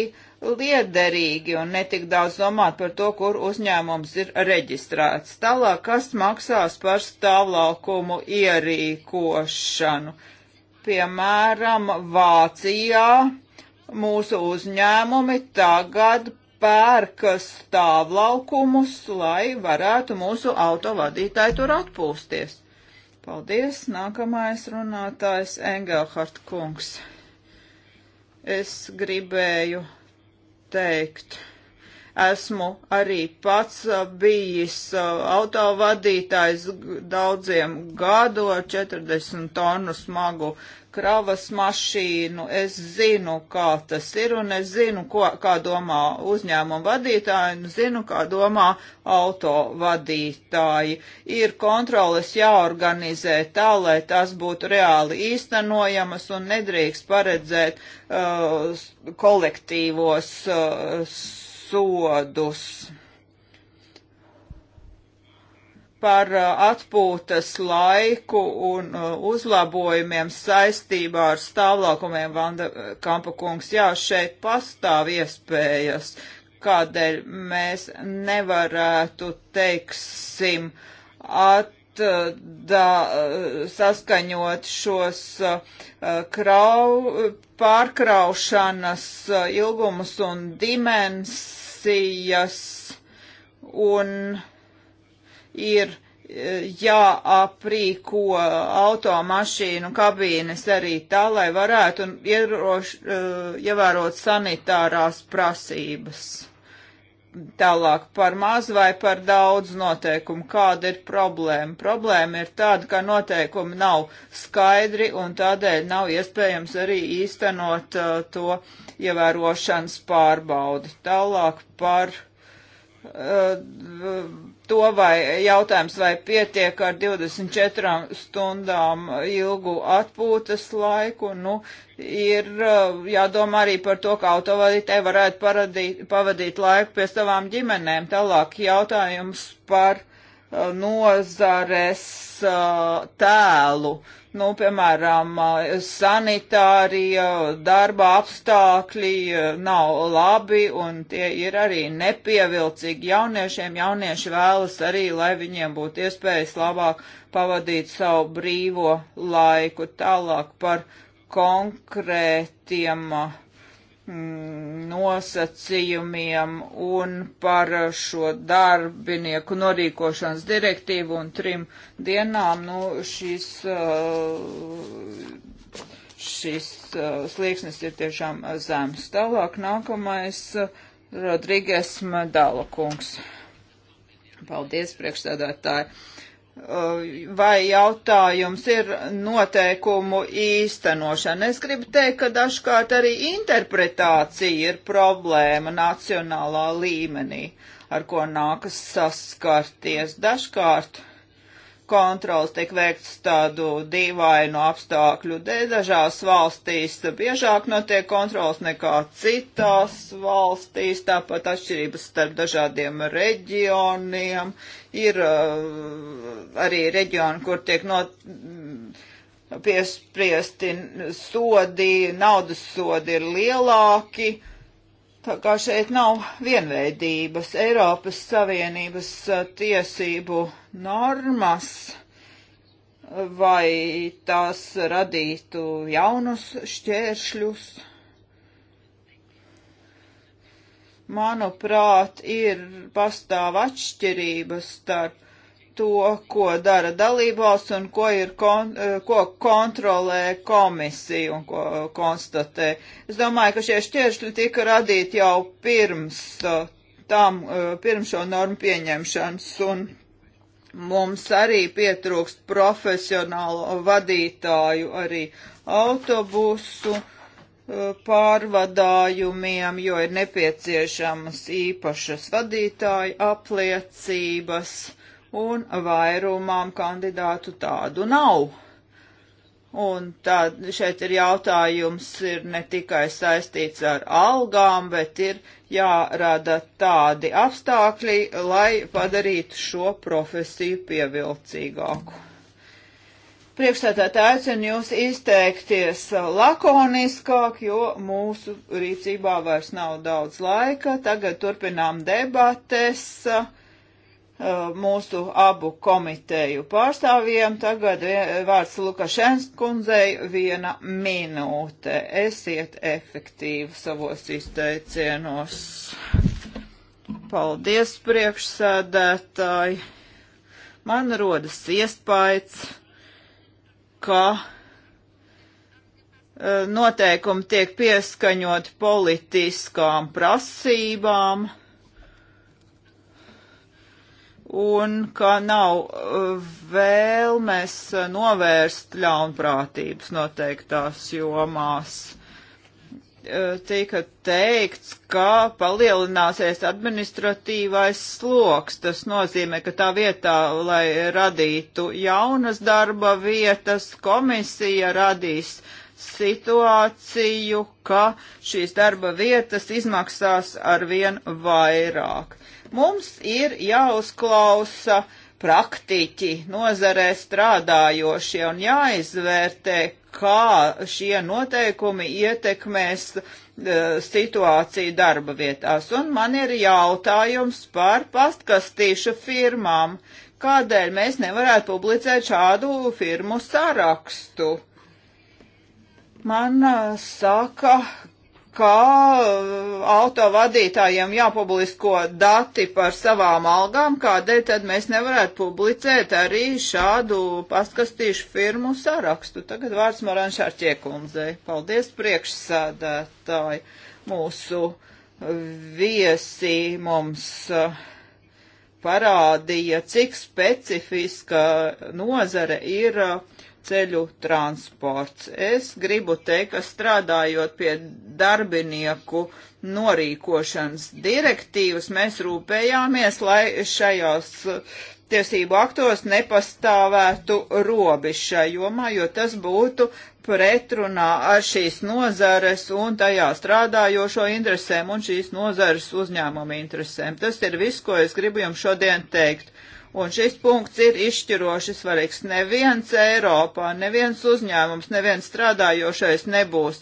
liederīgi un netik daudz domāt par to, kur uzņēmums ir reģistrēts. Tālāk, kas maksās par stāvlaukumu ierīkošanu? piemēram, Vācijā mūsu uzņēmumi tagad pērk stāvlaukumus, lai varētu mūsu autovadītāji tur atpūsties. Paldies, nākamais runātājs Engelhard kungs. Es gribēju teikt, Esmu arī pats uh, bijis uh, autovadītājs daudziem gadu ar 40 tonu smagu kravas mašīnu. Es zinu, kā tas ir, un es zinu, ko, kā domā uzņēmuma vadītāji, un zinu, kā domā autovadītāji. Ir kontroles jāorganizē tā, lai tās būtu reāli īstenojamas, un nedrīkst paredzēt uh, kolektīvos uh, sodus par uh, atpūtas laiku un uh, uzlabojumiem saistībā ar stāvlākumiem Vanda Kampa kungs. Jā, šeit pastāv iespējas, kādēļ mēs nevarētu, teiksim, at da, uh, saskaņot šos krau, pārkraušanas ilgumus un dimens sankcijas un ir eh, jāaprīko automašīnu kabīnes arī tā, lai varētu ieroš, eh, ievērot sanitārās prasības. Tālāk par maz vai par daudz noteikumu. Kāda ir problēma? Problēma ir tāda, ka noteikumi nav skaidri un tādēļ nav iespējams arī īstenot uh, to ievērošanas pārbaudi. Tālāk par uh, to, vai jautājums, vai pietiek ar 24 stundām ilgu atpūtas laiku, nu, ir eh, jādomā arī par to, kā autovadītāji varētu paradīt, pavadīt laiku pie savām ģimenēm. Tālāk jautājums par uh, nozares tēlu. Nu, piemēram, sanitārija, darba apstākļi nav labi un tie ir arī nepievilcīgi jauniešiem. Jaunieši vēlas arī, lai viņiem būtu iespējas labāk pavadīt savu brīvo laiku tālāk par konkrētiem uh, nosacījumiem un par šo darbinieku norīkošanas direktīvu un trim dienām, nu, šis, uh, šis uh, slieksnis ir tiešām zems. Tālāk nākamais Rodrīgas Medala kungs. Paldies, priekšstādātāji vai jautājums ir noteikumu īstenošana. Es gribu teikt, ka dažkārt arī interpretācija ir problēma nacionālā līmenī, ar ko nākas saskarties. Dažkārt kontrols tiek veikts tādu dīvainu apstākļu dēļ. Dažās valstīs biežāk notiek kontrols nekā citās valstīs, tāpat atšķirības starp dažādiem reģioniem. Ir uh, arī reģioni, kur tiek not, mm, piespriesti sodi, naudas sodi ir lielāki. Uh, Tā kā šeit nav vienveidības Eiropas Savienības eh, tiesību normas, vai tās radītu jaunus šķēršļus. Manuprāt, ir pastāv atšķirības starp to, ko dara dalībvalsts un ko, ir kon, eh, ko kontrolē komisija un ko eh, konstatē. Es domāju, ka šie šķēršļi tika radīti jau pirms eh, tam, pirms šo normu pieņemšanas un mums arī pietrūkst profesionālu vadītāju arī autobusu pārvadājumiem, jo ir nepieciešamas īpašas vadītāju apliecības un vairumam kandidātu tādu nav. Un tad šeit ir jautājums ir ne tikai saistīts ar algām, bet ir jārada tādi apstākļi, lai padarītu šo profesiju pievilcīgāku. Priekšstādātāji aicinu jūs izteikties lakoniskāk, jo mūsu rīcībā vairs nav daudz laika. Tagad turpinām debates. Uh, Uh, mūsu abu komiteju pārstāvjiem. Tagad vārds Lukašens kundzei viena minūte. Esiet efektīvi savos izteicienos. Paldies, priekšsēdētāji. Man rodas iespējas, ka uh, noteikumi tiek pieskaņoti politiskām prasībām un ka nav uh, vēlmes uh, novērst ļaunprātības noteiktās jomās. Uh, tika teikts, ka palielināsies administratīvais sloks. Tas nozīmē, ka tā vietā, lai radītu jaunas darba vietas, komisija radīs situāciju, ka šīs darba vietas izmaksās arvien vairāk. Uh, Mums ir jāuzklausa praktiķi, nozarē strādājošie un jāizvērtē, kā šie noteikumi ietekmēs uh, situāciju darba vietās. Un man ir jautājums par pastkastīšu firmām. Kādēļ mēs nevarētu publicēt šādu firmu sarakstu? Man uh, saka, ka uh, autovadītājiem jāpublisko dati par savām algām, kādēļ tad mēs nevarētu publicēt arī šādu pastkastīšu firmu sarakstu. Tagad vārds Maranšār Čiekundzei. Paldies priekšsādātāji mūsu viesī mums uh, parādīja, cik specifiska nozare ir uh, ceļu transports. Es gribu teikt, ka strādājot pie darbinieku norīkošanas direktīvas, mēs rūpējāmies, lai šajās uh, tiesību aktos nepastāvētu robeža šai jomā, jo tas būtu pretrunā ar šīs nozares un tajā strādājošo interesēm un šīs nozares uzņēmumu interesēm. Tas ir viss, ko es gribu jums šodien teikt. Un šis punkts ir izšķiroši svarīgs. Neviens Eiropā, neviens uzņēmums, neviens strādājošais nebūs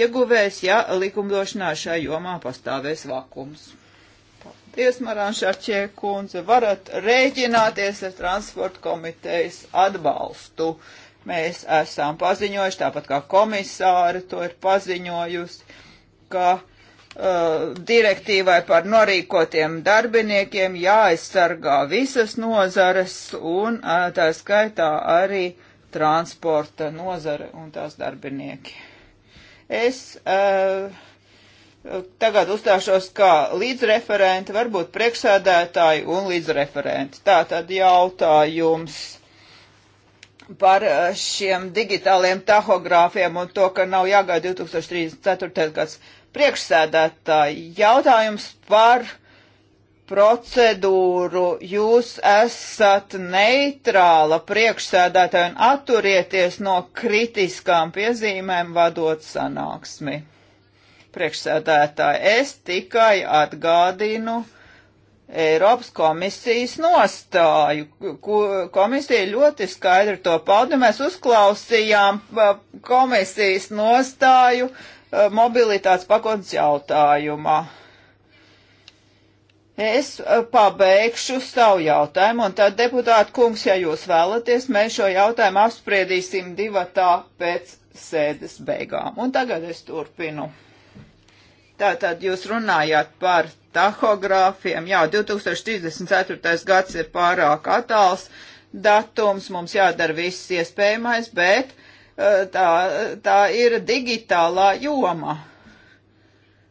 ieguvējs, ja likumdošanā šajā jomā pastāvēs vakums. Paldies, Maranšaķie kundze, varat rēķināties ar transporta komitejas atbalstu. Mēs esam paziņojuši, tāpat kā komisāri to ir paziņojusi, ka Uh, direktīvai par norīkotiem darbiniekiem jāaizsargā visas nozares un uh, tā skaitā arī transporta nozare un tās darbinieki. Es uh, tagad uzstāšos kā līdzreferenti, varbūt priekšsēdētāji un līdzreferenti. Tā tad jautājums par uh, šiem digitāliem tahogrāfiem un to, ka nav jāgaida 2034. gads Priekšsēdētāji, jautājums par procedūru. Jūs esat neitrāla priekšsēdētāja un atturieties no kritiskām piezīmēm vadot sanāksmi. Priekšsēdētāji, es tikai atgādinu. Eiropas komisijas nostāju. Komisija ļoti skaidri to pauda. Mēs uzklausījām uh, komisijas nostāju Uh, mobilitātes pakotnes jautājumā. Es uh, pabeigšu savu jautājumu, un tad, deputāti kungs, ja jūs vēlaties, mēs šo jautājumu apspriedīsim divatā pēc sēdes beigām. Un tagad es turpinu. Tātad jūs runājāt par tahogrāfiem. Jā, 2034. gads ir pārāk attāls datums, mums jādara viss iespējamais, bet tā, tā ir digitālā joma.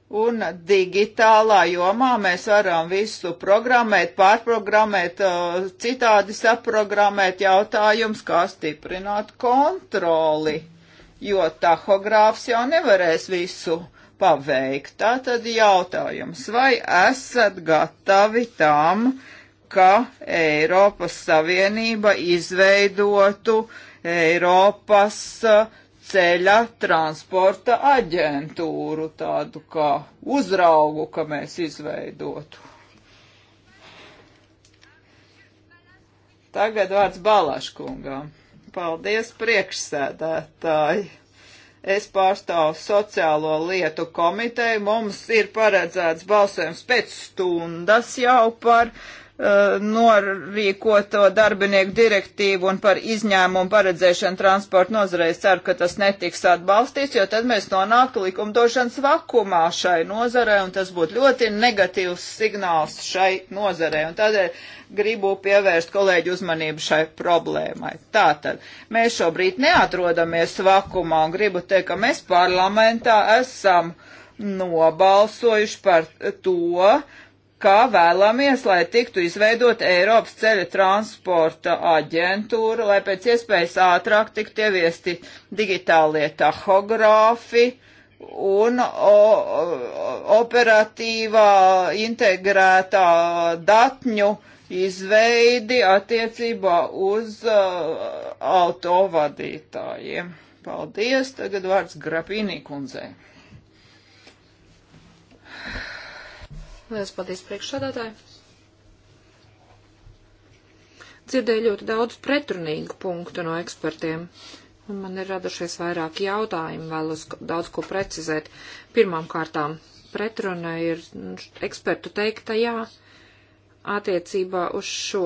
Un digitālā jomā mēs varam visu programmēt, pārprogrammēt, uh, citādi saprogrammēt jautājums, kā stiprināt kontroli, jo tahogrāfs jau nevarēs visu paveikt. Tātad jautājums, vai esat gatavi tam, ka Eiropas Savienība izveidotu uh, Eiropas uh, ceļa transporta aģentūru, tādu kā uzraugu, ka mēs izveidotu. Tagad vārds Balaškungam. Paldies, priekšsēdētāji! Es pārstāvu sociālo lietu komiteju. Mums ir paredzēts balsojums pēc stundas jau par uh, Uh, norīkoto darbinieku direktīvu un par izņēmumu paredzēšanu transporta nozarei. Es ceru, ka tas netiks atbalstīts, jo tad mēs nonāktu likumdošanas vakumā šai nozarei, un tas būtu ļoti negatīvs signāls šai nozarei. Un tādēļ gribu pievērst kolēģi uzmanību šai problēmai. Tātad, mēs šobrīd neatrodamies vakumā, un gribu teikt, ka mēs parlamentā esam nobalsojuši par to, kā vēlamies, lai tiktu izveidot Eiropas ceļa transporta aģentūra, lai pēc iespējas ātrāk tiktu ieviesti digitālie tahogrāfi un o, operatīvā integrētā datņu izveidi attiecībā uz uh, autovadītājiem. Paldies, tagad vārds Grapīnī kundzei. Lielas paldies priekšsādātāji. Dzirdēju ļoti daudz pretrunīgu punktu no ekspertiem. Un man ir radušies vairāki jautājumi, vēlos daudz ko precizēt. Pirmām kārtām pretruna ir nu, ekspertu teiktajā attiecībā uz šo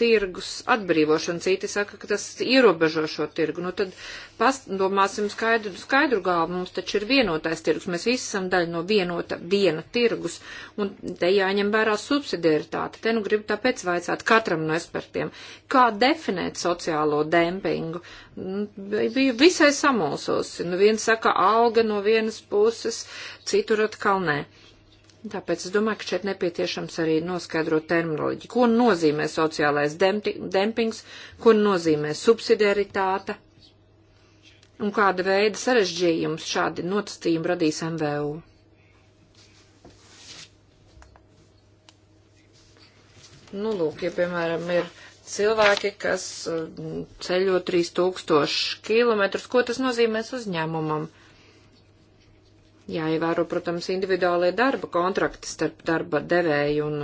tirgus atbrīvošanu, citi saka, ka tas ierobežo šo tirgu. Nu tad padomāsim skaidru, skaidru galvu, mums taču ir vienotais tirgus, mēs visi esam daļa no vienota viena tirgus, un te jāņem vērā subsidiaritāte. Te nu gribu tāpēc vaicāt katram no ekspertiem, kā definēt sociālo dempingu. Nu, Bija visai samulsos, nu viens saka alga no vienas puses, citur atkal nē. Tāpēc es domāju, ka šeit nepieciešams arī noskaidrot terminoloģiju. Ko nozīmē sociālais dempings, ko nozīmē subsidiaritāte un kāda veida sarežģījums šādi notastījumi radīs MVU. Nu, lūk, ja, piemēram, ir cilvēki, kas mm, ceļo 3000 km, ko tas nozīmēs uzņēmumam? Uh, Jāievēro, protams, individuālie darba kontrakti starp darba devēju un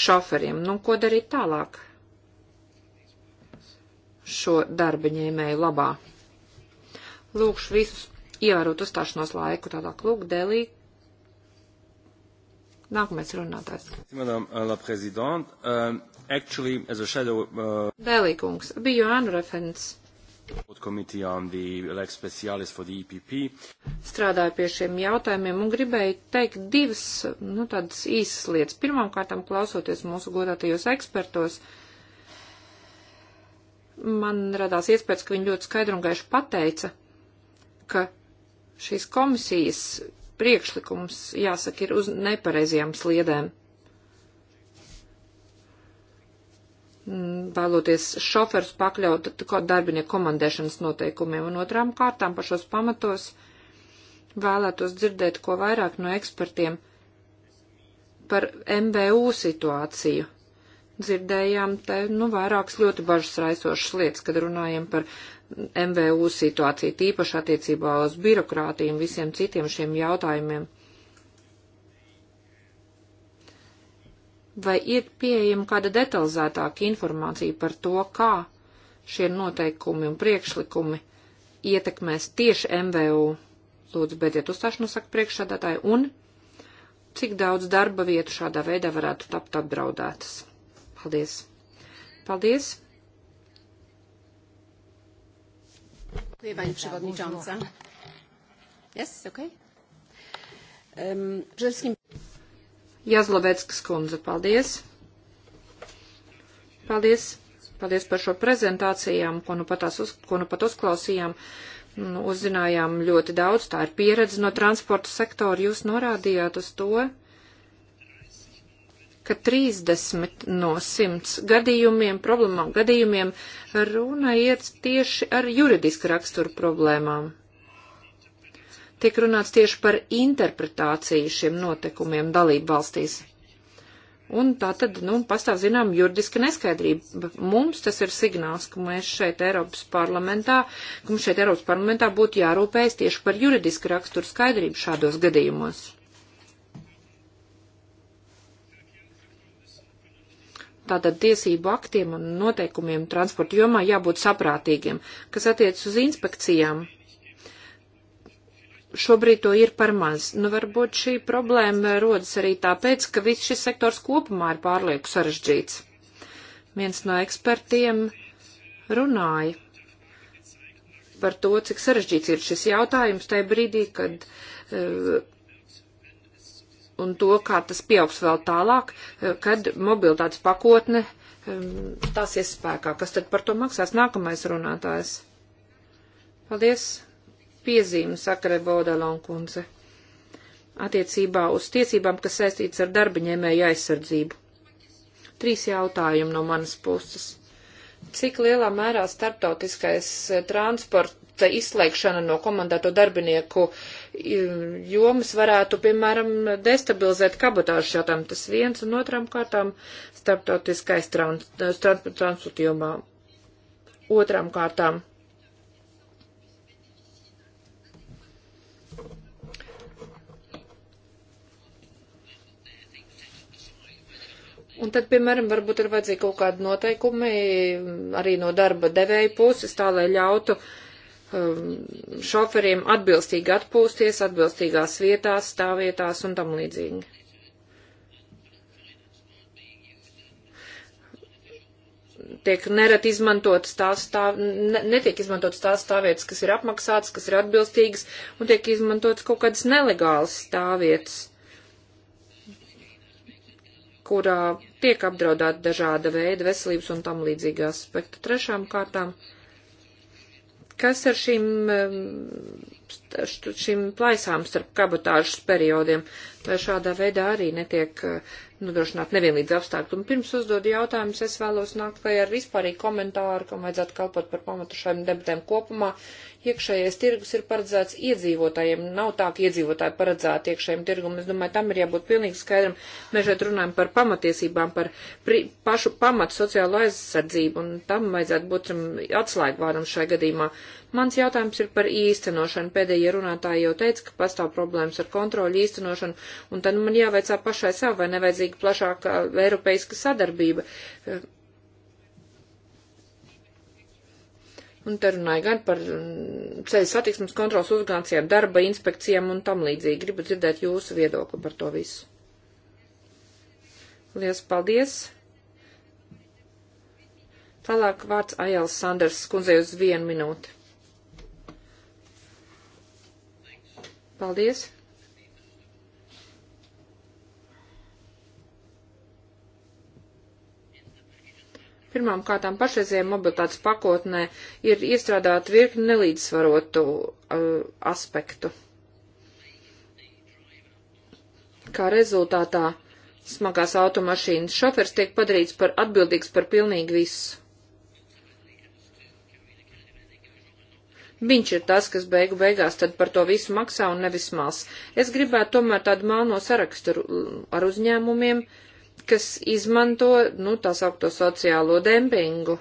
šoferiem. Nu, ko darīt tālāk šo darba ņēmēju labā? Lūkšu visus ievērot uzstāšanos laiku, tālāk lūk, Delī. Nākamais runātājs. Madam la prezident, um, euh, actually as a shadow. Uh... Delī kungs, biju ēnu referents E Strādāju pie šiem jautājumiem un gribēju teikt divas, nu, tādas īsas lietas. Pirmkārt, klausoties mūsu godātajos ekspertos, man radās iespējas, ka viņi ļoti skaidri un gaiši pateica, ka šīs komisijas priekšlikums, jāsaka, ir uz nepareizajām sliedēm. vēloties šoferus pakļaut darbinieku komandēšanas noteikumiem, un otrām kārtām par šos pamatos vēlētos dzirdēt ko vairāk no ekspertiem par MVU situāciju. Dzirdējām te, nu, vairākas ļoti bažas raisošas lietas, kad runājam par MVU situāciju, tīpaši attiecībā uz birokrātiju un visiem citiem šiem jautājumiem. vai ir pieejama kāda detalizētāka informācija par to, kā šie noteikumi un priekšlikumi ietekmēs tieši MVU. Lūdzu, beidziet uzstāšanos, saka priekšsādātāji, un cik daudz darba vietu šādā veidā varētu tapt apdraudētas. Paldies! Paldies! Pani przewodnicząca. Yes, okay. Um, Jazlovetskas kundze, paldies! Paldies! Paldies par šo prezentācijām, ko nu pat, uz, ko nu pat uzklausījām. Nu, uzzinājām ļoti daudz, tā ir pieredze no transporta sektora. Jūs norādījāt uz to, ka 30 no 100 gadījumiem, problēmām gadījumiem runa ir tieši ar juridiska rakstura problēmām tiek runāts tieši par interpretāciju šiem notikumiem dalību valstīs. Un tā tad, nu, pastāv zinām juridiska neskaidrība. Mums tas ir signāls, ka mēs šeit Eiropas parlamentā, ka mums šeit Eiropas parlamentā būtu jārūpējas tieši par juridisku raksturu skaidrību šādos gadījumos. Tātad tiesību aktiem un noteikumiem transporta jomā jābūt saprātīgiem, kas attiec uz inspekcijām šobrīd to ir par maz. Nu, varbūt šī problēma rodas arī tāpēc, ka viss šis sektors kopumā ir pārlieku sarežģīts. Viens no ekspertiem runāja par to, cik sarežģīts ir šis jautājums tajā brīdī, kad uh, un to, kā tas pieaugs vēl tālāk, eh, kad mobilitātes pakotne eh, tās iespēkā. Kas tad par to maksās nākamais runātājs? Paldies! piezīme, saka Rebaudalankunze, attiecībā uz tiesībām, kas saistīts ar darbaņēmēju aizsardzību. Trīs jautājumi no manas puses. Cik lielā mērā starptautiskais eh, transporta izslēgšana no komandēto darbinieku jomas varētu, piemēram, destabilizēt kabotāžu jautājumu? Tas viens un otram kārtām starptautiskais trans, trans, transporta jomā. Otram kārtām Un tad, piemēram, varbūt ir vajadzīgi kaut kādi noteikumi arī no darba devēja puses, tā lai ļautu um, šoferiem atbilstīgi atpūsties, atbilstīgās vietās, stāvvietās un tam līdzīgi. Tiek nereti izmantotas tās stāv, ne, netiek izmantotas tās stāvvietas, kas ir apmaksātas, kas ir atbilstīgas, un tiek izmantotas kaut kādas nelegālas stāvvietas kurā tiek apdraudēta dažāda veida veselības un tam līdzīga aspekta. Trešām kārtām, kas ar šīm, šīm plaisām starp kabatāžas periodiem, vai šādā veidā arī netiek eh, nodrošināt nevienlīdz apstākļi. Un pirms uzdod jautājumus, es vēlos nākt vai ar vispārīgu komentāru, kam vajadzētu kalpot par pamatu šiem debatēm kopumā, iekšējais tirgus ir paredzēts iedzīvotājiem, nav tā, ka iedzīvotāji paredzēti iekšējiem tirgum. Es domāju, tam ir jābūt pilnīgi skaidram. Mēs šeit runājam par pamatiesībām, par pri, pašu pamatu sociālo aizsardzību, un tam vajadzētu būt um, atslēgvārdam šai gadījumā. Mans jautājums ir par īstenošanu. Pēdējie runātāji jau teica, ka pastāv problēmas ar kontroļu īstenošanu, un tad man jāveicā pašai sev, vai nevajadzīga plašāka uh, eiropeiska sadarbība Un te runāja gan par mm, ceļu satiksmes kontrolas uzgāncijām, darba inspekcijām un tam līdzīgi. Gribu dzirdēt jūsu viedokli par to visu. Lielas paldies! Tālāk vārds Ajēls Sanders skundzei uz vienu minūti. Paldies! Pirmām kārtām pašreizējā mobilitātes pakotnē ir iestrādāt virkni nelīdzsvarotu uh, aspektu. Kā rezultātā smagās automašīnas šofers tiek padarīts par atbildīgs par pilnīgi visu. Viņš ir tas, kas beigu beigās tad par to visu maksā un nevis mals. Es gribētu tomēr tādu melno sarakstu ar uzņēmumiem, uh, kas izmanto, nu, tā saukto sociālo dempingu,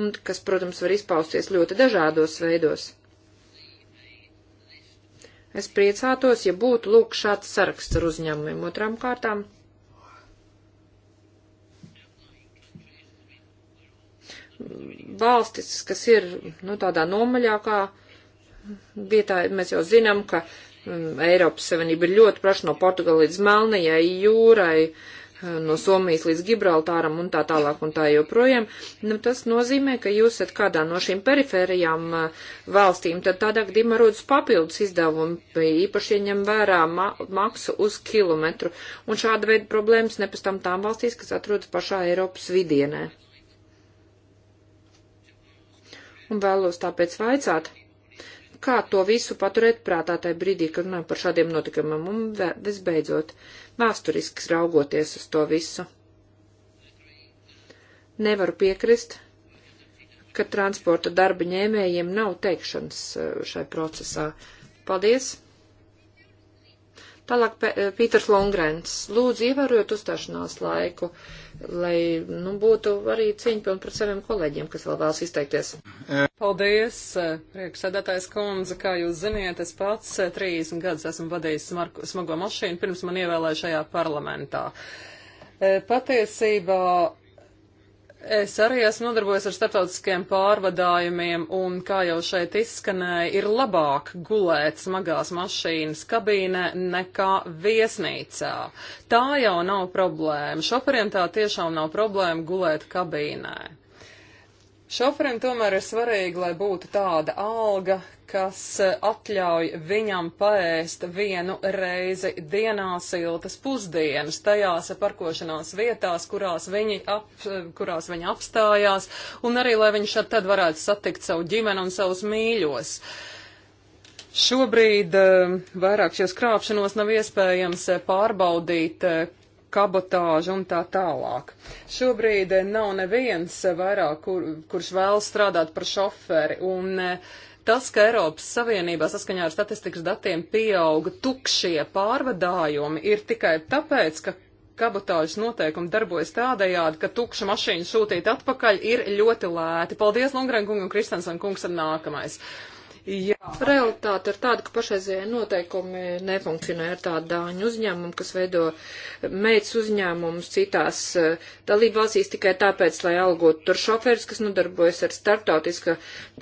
un kas, protams, var izpausties ļoti dažādos veidos. Es priecātos, ja būtu lūk šāds saraksts ar uzņēmumiem otrām kārtām. Valstis, kas ir, nu, tādā nomaļākā vietā, mēs jau zinām, ka mm, Eiropas Savienība ir ļoti plaša no Portugāla līdz Melnajai jūrai, no Somijas līdz Gibraltāram un tā tālāk un tā joprojām, nu, tas nozīmē, ka jūs esat kādā no šīm perifērijām uh, valstīm, tad tādā gadījumā rodas papildus izdevumi, īpaši ieņem vērā ma maksu uz kilometru, un šāda veida problēmas nepastam tām valstīs, kas atrodas pašā Eiropas vidienē. Un vēlos tāpēc vaicāt, kā to visu paturēt prātā tajā brīdī, kad runājam par šādiem notikumiem un visbeidzot vēsturisks raugoties uz to visu. Nevaru piekrist, ka transporta darba ņēmējiem nav teikšanas eh, šai procesā. Paldies! Tālāk eh, Pīters Longrens. Lūdzu, ievērojot uzstāšanās laiku, lai nu, būtu arī cieņpilni pret saviem kolēģiem, kas vēl vēlas izteikties. Paldies, eh, priekšsēdētājs kundze. Kā jūs ziniet, es pats 30 eh, gadus esmu vadījis smarku, smago mašīnu, pirms man ievēlēja šajā parlamentā. Patiesībā Es arī esmu nodarbojies ar starptautiskiem pārvadājumiem, un, kā jau šeit izskanēja, ir labāk gulēt smagās mašīnas kabīnē nekā viesnīcā. Tā jau nav problēma. Šoferiem tā tiešām nav problēma gulēt kabīnē. Šoferim tomēr ir svarīgi, lai būtu tāda alga, kas eh, atļauj viņam paēst vienu reizi dienā siltas pusdienas tajās parkošanās vietās, kurās viņi, ap, eh, kurās viņi apstājās, un arī, lai viņš tad varētu satikt savu ģimeni un savus mīļos. Šobrīd eh, vairāk šīs krāpšanos nav iespējams pārbaudīt kabotāžu un tā tālāk. Šobrīd eh, nav neviens eh, vairāk, kur, kurš vēl strādāt par šoferi. Un, eh, Tas, ka Eiropas Savienībā saskaņā ar statistikas datiem pieauga tukšie pārvadājumi, ir tikai tāpēc, ka kabotāžas noteikumi darbojas tādējādi, ka tukšu mašīnu sūtīt atpakaļ ir ļoti lēti. Paldies Lungrēn kungam un Kristensen kungs ir nākamais. Uh, Jā. Realitāte ir tāda, ka pašreizējie noteikumi nefunkcionē ar tādu dāņu uzņēmumu, kas veido meitas uzņēmumus citās eh, dalību valstīs tikai tāpēc, lai algotu tur šoferis, kas nodarbojas ar starptautiska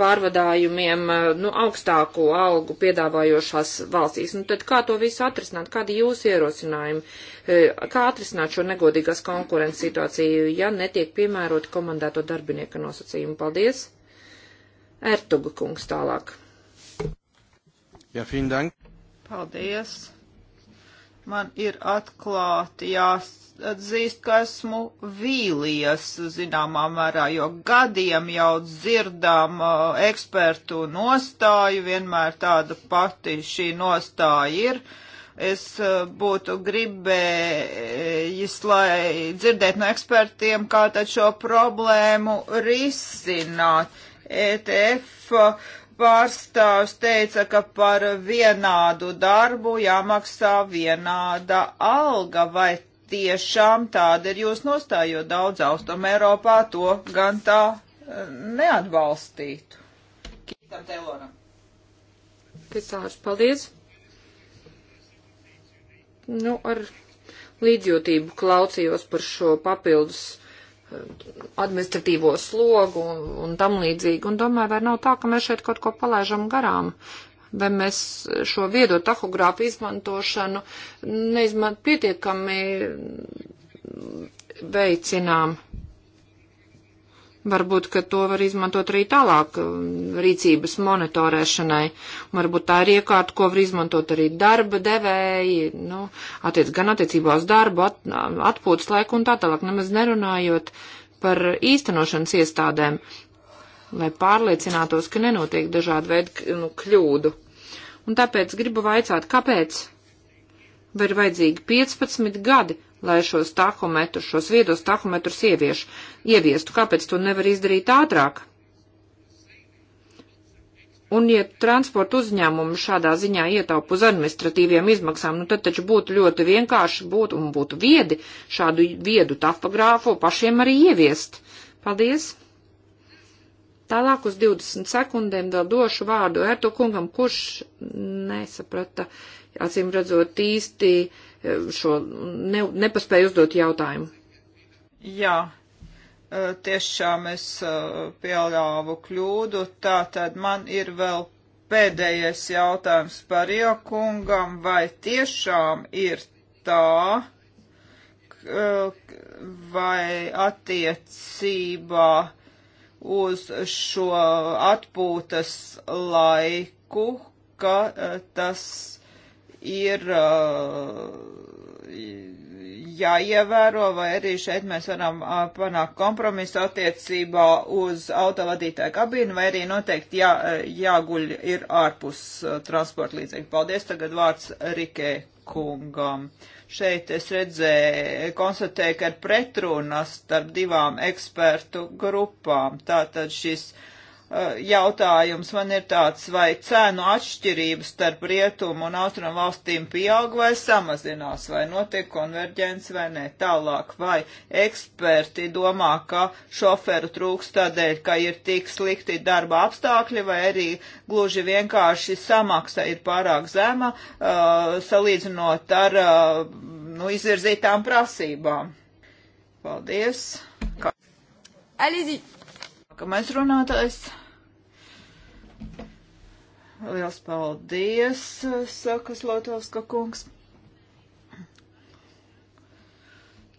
pārvadājumiem, eh, nu, augstāko algu piedāvājošās valstīs. Nu, tad kā to visu atrisināt? Kādi jūs ierosinājumi? Eh, kā atrisināt šo negodīgās konkurences situāciju, ja netiek piemēroti komandēto darbinieka nosacījumi? Paldies! Ertuga kungs tālāk. Ja, vielen Dank. Paldies. Man ir atklāti jāatzīst, ka esmu vīlies zināmā mērā, jo gadiem jau dzirdām uh, ekspertu nostāju, vienmēr tāda pati šī nostāja ir. Es uh, būtu gribējis, lai dzirdēt no ekspertiem, kā tad šo problēmu risināt. ETF uh, pārstāvs teica, ka par vienādu darbu jāmaksā vienāda alga, vai tiešām tāda ir jūs nostāja, jo daudz austrumu Eiropā to gan tā eh, neatbalstītu. Kītam Teiloram. Pisārs, paldies. Nu, ar līdzjūtību klausījos par šo papildus administratīvo slogu un, un tam līdzīgi. Un domāju, vai nav tā, ka mēs šeit kaut ko palaižam garām? Vai mēs šo viedo tahogrāfu izmantošanu neizmant pietiekami veicinām? Varbūt, ka to var izmantot arī tālāk um, rīcības monitorēšanai. Varbūt tā ir iekārta, ko var izmantot arī darba devēji, nu, attiec gan attiecībā uz darbu, at, um, atpūtas laiku un tā tālāk, nemaz nerunājot par īstenošanas iestādēm, lai pārliecinātos, ka nenotiek dažādi veidi nu, kļūdu. Un tāpēc gribu vaicāt, kāpēc vai ir vajadzīgi 15 gadi, lai šos tahometrus, šos viedos tahometrus ievieš, ieviestu. Kāpēc to nevar izdarīt ātrāk? Un, ja transporta uzņēmumu šādā ziņā ietaupu uz administratīviem izmaksām, nu tad taču būtu ļoti vienkārši būt un būtu viedi šādu viedu tahografu pašiem arī ieviest. Paldies! Tālāk uz 20 sekundēm vēl došu vārdu Erto kungam, kurš nesaprata, acīm redzot, īsti e, šo ne, nepaspēju uzdot jautājumu. Jā, e, tiešām es e, pieļāvu kļūdu, tā tad man ir vēl pēdējais jautājums par Jokungam, vai tiešām ir tā, vai attiecībā uz šo atpūtas laiku, ka e, tas ir e, jāievēro, vai arī šeit mēs varam e, panākt kompromisu attiecībā uz autovadītāju kabīnu, vai arī noteikti jā, jāguļ ir ārpus transporta līdzekļu. Paldies, tagad vārds Rikē kungam. Uh, Šeit es redzēju, konstatēju, ka ir pretrunas starp divām ekspertu grupām. Tātad šis uh, Eh, jautājums man ir tāds, vai cēnu atšķirības starp rietumu un austrumu valstīm pieaug vai samazinās, vai notiek konverģence vai nē. Tālāk, vai eksperti domā, ka šoferu trūks tādēļ, ka ir tik slikti darba apstākļi, vai arī gluži vienkārši samaksa ir pārāk zema, uh, salīdzinot ar uh, nu, izvirzītām prasībām. Paldies! Ka... Allez-y! Nākamais runātājs. Liels paldies, saka Slotovska kungs.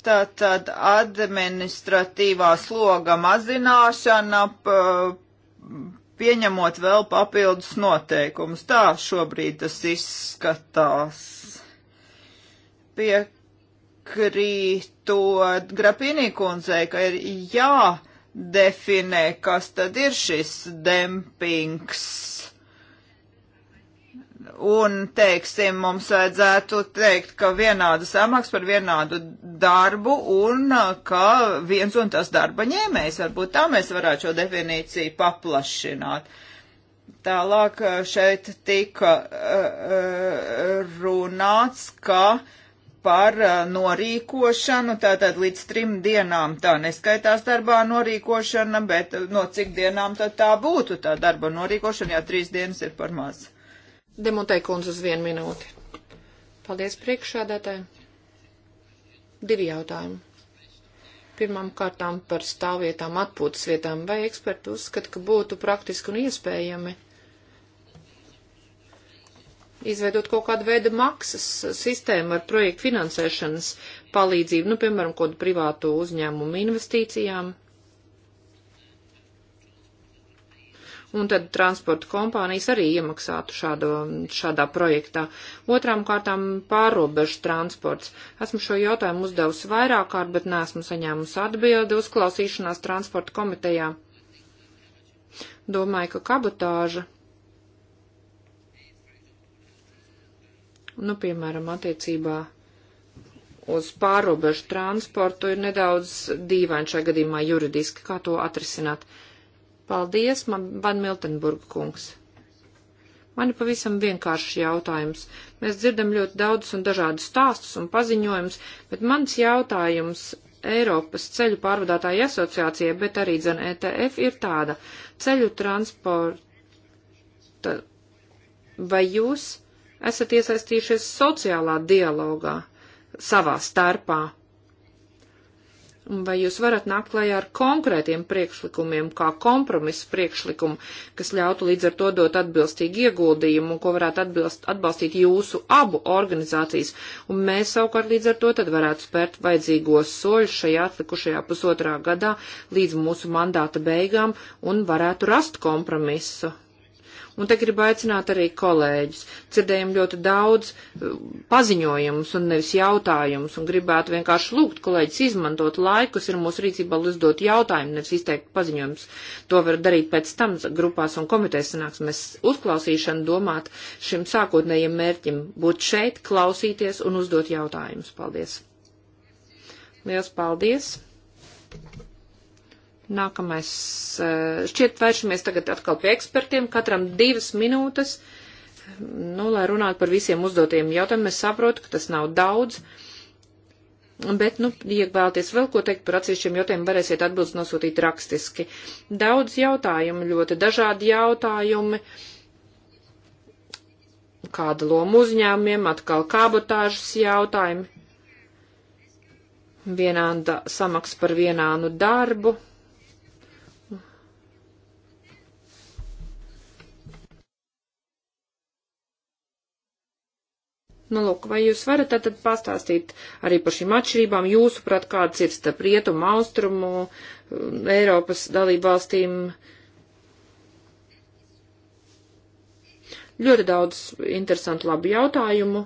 Tātad administratīvā sloga mazināšana, pieņemot vēl papildus noteikumus. Tā šobrīd tas izskatās. Piekrītu Grapinī kundzei, ka ir jā definē, kas tad ir šis dempings Un, teiksim, mums vajadzētu teikt, ka vienāda samaksa par vienādu darbu un uh, ka viens un tas darba ņēmējs, varbūt tā mēs varētu šo definīciju paplašināt. Tālāk uh, šeit tika uh, uh, runāts, ka par norīkošanu, tātad līdz trim dienām tā neskaitās darbā norīkošana, bet no cik dienām tad tā būtu tā darba norīkošana, ja trīs dienas ir par maz. Demontē kundze uz vienu minūti. Paldies priekšādātājiem. Divi jautājumi. Pirmām kārtām par stāvvietām, atpūtas vietām. Vai eksperti uzskata, ka būtu praktiski un iespējami izveidot kaut kādu veidu maksas sistēmu ar projektu finansēšanas palīdzību, nu, piemēram, kaut privātu uzņēmumu investīcijām? un tad transporta kompānijas arī iemaksātu šādo, šādā projektā. Otrām kārtām pārobežu transports. Esmu šo jautājumu uzdevusi vairāk kārt, bet neesmu saņēmusi atbildi uzklausīšanās transporta komitejā. Domāju, ka kabotāža. Nu, piemēram, attiecībā uz pārobežu transportu ir nedaudz dīvaini šajā gadījumā juridiski, kā to atrisināt. Uh, Paldies, man Van Miltenburg kungs. Man ir pavisam vienkāršs jautājums. Mēs dzirdam ļoti daudz un dažādus stāstus un paziņojumus, bet mans jautājums Eiropas ceļu pārvadātāju asociācijai, bet arī dzen ETF ir tāda. Ceļu transporta. Vai jūs esat iesaistījušies sociālā dialogā savā starpā? Vai jūs varat nākt klajā ar konkrētiem priekšlikumiem, kā kompromisu priekšlikumu, kas ļautu līdz ar to dot atbilstīgu ieguldījumu, ko varētu atbilst, atbalstīt jūsu abu organizācijas, un mēs savukārt līdz ar to tad varētu spērt vajadzīgos soļus šajā atlikušajā pusotrā gadā līdz mūsu mandāta beigām un varētu rast kompromisu Un te gribu aicināt arī kolēģis. Cirdējam ļoti daudz uh, paziņojumus un nevis jautājumus, un gribētu vienkārši lūgt kolēģis izmantot laiku, kas ir mūsu rīcībā, lai uzdot jautājumu, nevis izteikt paziņojumus. To var darīt pēc tam grupās un komitejas sanāksmēs uzklausīšanu domāt šim sākotnējiem mērķim būt šeit, klausīties un uzdot jautājumus. Paldies! Liels paldies! Nākamais, eh, šķiet, vēršamies tagad atkal pie ekspertiem, katram divas minūtes, nu, lai runātu par visiem uzdotiem jautājumiem. Es saprotu, ka tas nav daudz, bet, nu, ja vēlaties vēl ko teikt par atsevišķiem jautājumiem, varēsiet atbildes nosūtīt rakstiski. Daudz jautājumu, ļoti dažādi jautājumi kāda loma uzņēmumiem, atkal kabotāžas jautājumi, vienāda samaksa par vienādu darbu, Nu, lūk, vai jūs varat tad pastāstīt arī par šīm atšķirībām, jūsuprāt, kāds ir starp rietumu, austrumu, mm, Eiropas dalību valstīm? Ļoti daudz interesantu labu jautājumu.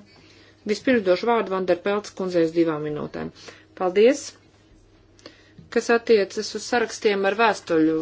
Vispirms došu vārdu Vanderpelts kundzei uz divām minūtēm. Paldies! Kas attiecas uz sarakstiem ar vēstuļu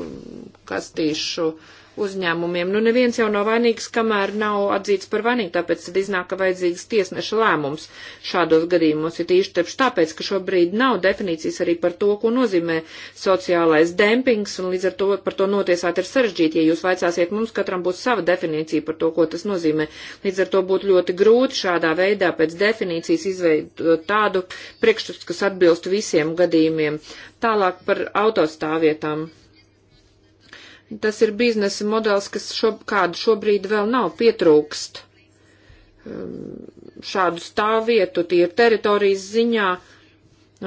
kastīšu? Uh, uzņēmumiem. Nu, neviens jau nav vainīgs, kamēr nav atzīts par vainīgu, tāpēc tad iznāk, ka vajadzīgs tiesneša lēmums šādos gadījumos, ir tīši tepš tāpēc, ka šobrīd nav definīcijas arī par to, ko nozīmē sociālais dempings, un līdz ar to par to notiesāt ir sarežģīti. Ja jūs vaicāsiet mums, katram būs sava definīcija par to, ko tas nozīmē. Līdz ar to būtu ļoti grūti šādā veidā pēc definīcijas izveidot tādu priekšstatu, kas atbilstu visiem gadījumiem. Tālāk par autostāvvietām. Tas ir biznesa modelis, kas šo, kādu šobrīd vēl nav pietrūkst. Um, šādu stāvvietu tie ir teritorijas ziņā,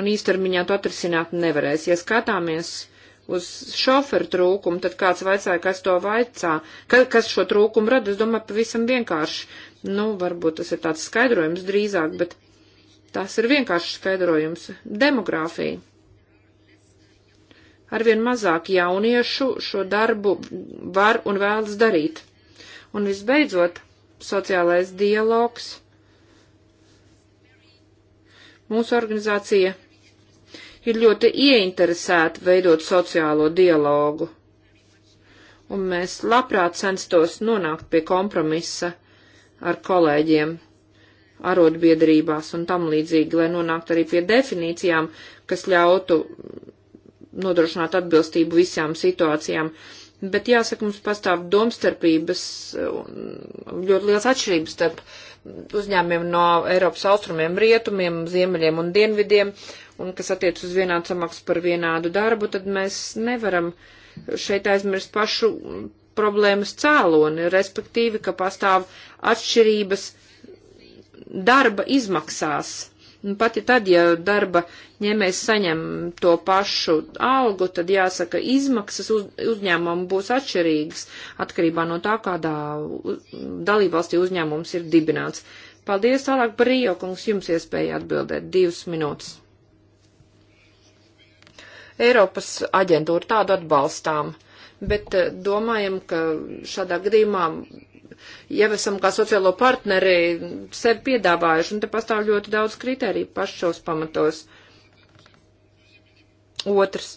un īstermiņā to atrisināt nevarēs. Ja skatāmies uz šoferu trūkumu, tad kāds vaicāja, kas to vaicā, ka, kas šo trūkumu rada, es domāju, pavisam vienkārši. Nu, varbūt tas ir tāds skaidrojums drīzāk, bet tas ir vienkārši skaidrojums. Demogrāfija arvien mazāk jauniešu šo darbu var un vēlas darīt. Un visbeidzot, sociālais dialogs. Mūsu organizācija ir ļoti ieinteresēta veidot sociālo dialogu, un mēs labprāt censtos nonākt pie kompromisa ar kolēģiem arotbiedrībās un tam līdzīgi, lai nonāktu arī pie definīcijām, kas ļautu nodrošināt atbilstību visām situācijām. Bet jāsaka, mums pastāv domstarpības, eh, ļoti liels atšķirības starp uzņēmiem no Eiropas austrumiem, rietumiem, ziemeļiem un dienvidiem, un kas attiec uz vienādu samaksu par vienādu darbu, tad mēs nevaram šeit aizmirst pašu problēmas cēloni, respektīvi, ka pastāv atšķirības darba izmaksās Nu, Pati tad, ja darba ņēmējs saņem to pašu algu, tad jāsaka, izmaksas uz, uzņēmumam būs atšķirīgas atkarībā no tā, kādā dalībvalstī uzņēmums ir dibināts. Paldies tālāk par Rio, kungs, jums iespēja atbildēt divas minūtes. Eiropas aģentūra tādu atbalstām, bet eh, domājam, ka šādā gadījumā jau esam kā sociālo partneri sevi piedāvājuši, un te pastāv ļoti daudz kritēriju pašos pamatos. Otrs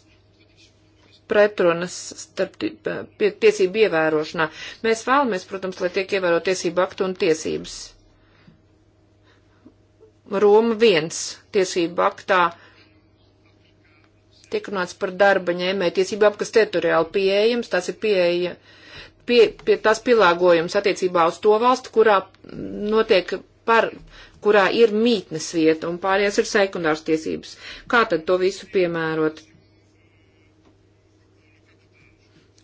pretrunas starp tiesību ievērošanā. Mēs vēlamies, protams, lai tiek ievēro tiesību aktu un tiesības. Roma 1 tiesību aktā tiek runāts par darba ņēmē tiesību apkas teritoriāli pieejams, tās ir pieeja, uh, pie, pie tas pielāgojums attiecībā uz to valstu, kurā notiek par, kurā ir mītnes vieta un pārējās ir sekundārs tiesības. Kā tad to visu piemērot?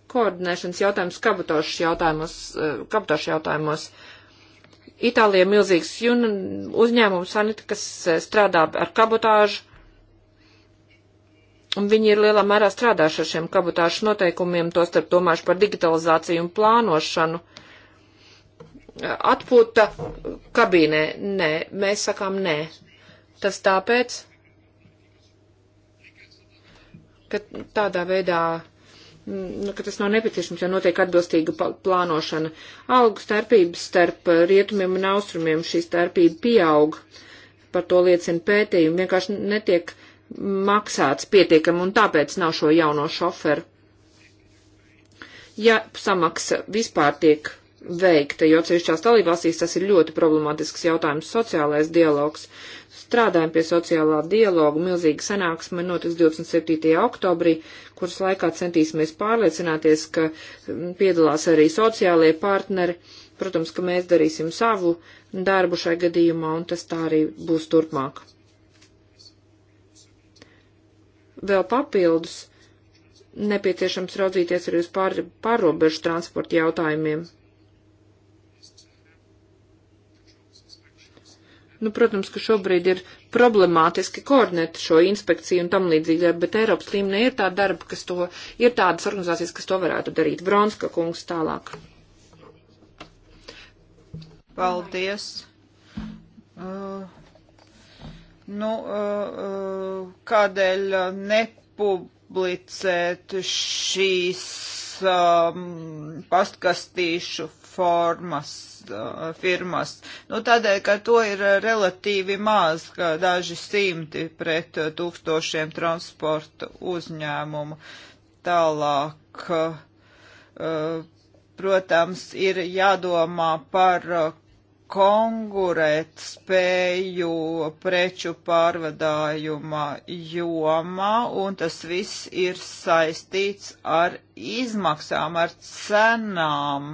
Koordinēšanas jautājums kabotošas jautājumos, eh, kabotošas jautājumos. Itālijā milzīgs uzņēmums Sanita, kas eh, strādā ar kabotāžu Un viņi ir lielā mērā strādājuši ar šiem kabotāšu noteikumiem, to starp domājuši par digitalizāciju un plānošanu. Atpūta kabīnē. Nē, mēs sakām nē. Tas tāpēc, ka tādā veidā, mm, nu, ka tas nav nepieciešams, jo notiek atbilstīga plānošana. Algu starpības starp rietumiem un austrumiem šī starpība pieaug. Par to liecina pētījumi. Vienkārši netiek maksāts pietiekami un tāpēc nav šo jauno šoferu. Ja samaksa vispār tiek veikta, jo cevišķās dalībvalstīs tas ir ļoti problemātisks jautājums - sociālais dialogs. Strādājam pie sociālā dialoga, milzīga sanāksme notiks 27. oktobrī, kuras laikā centīsimies pārliecināties, ka piedalās arī sociālie partneri. Protams, ka mēs darīsim savu darbu šai gadījumā, un tas tā arī būs turpmāk vēl papildus nepieciešams raudzīties arī uz pār, pārrobežu transporta jautājumiem. Nu, protams, ka šobrīd ir problemātiski koordinēt šo inspekciju un tam līdzīgi, bet Eiropas līmenī ir tā darba, kas to, ir tādas organizācijas, kas to varētu darīt. Bronska kungs tālāk. Paldies. Uh Nu, uh, uh, kādēļ nepublicēt šīs um, pastkastīšu formas, uh, firmas? Nu, tādēļ, ka to ir relatīvi maz, ka daži simti pret tūkstošiem transporta uzņēmumu. Tālāk. Uh, protams, ir jādomā par uh, konkurēt spēju preču pārvadājuma jomā, un tas viss ir saistīts ar izmaksām, ar cenām,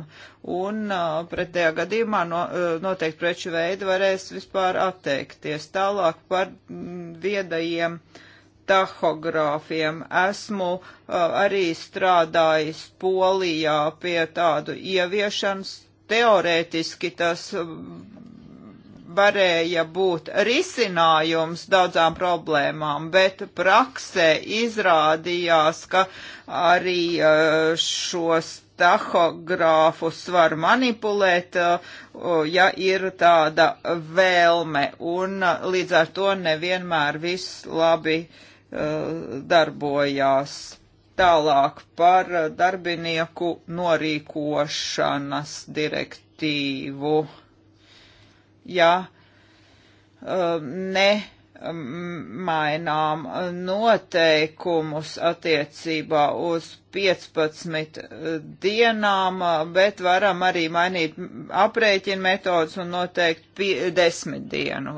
un uh, pretējā gadījumā no, uh, noteikti preču veidi varēs vispār atteikties. Tālāk par mm, viedajiem tahogrāfiem. Esmu uh, arī strādājis Polijā pie tādu ieviešanas teorētiski tas um, varēja būt risinājums daudzām problēmām, bet praksē izrādījās, ka arī uh, šos tahogrāfus var manipulēt, uh, ja ir tāda vēlme, un uh, līdz ar to nevienmēr viss labi darbojās. Tālāk par darbinieku norīkošanas direktīvu. Ja um, ne um, mainām noteikumus attiecībā uz 15 dienām, bet varam arī mainīt aprēķinu metodus un noteikt 10 dienu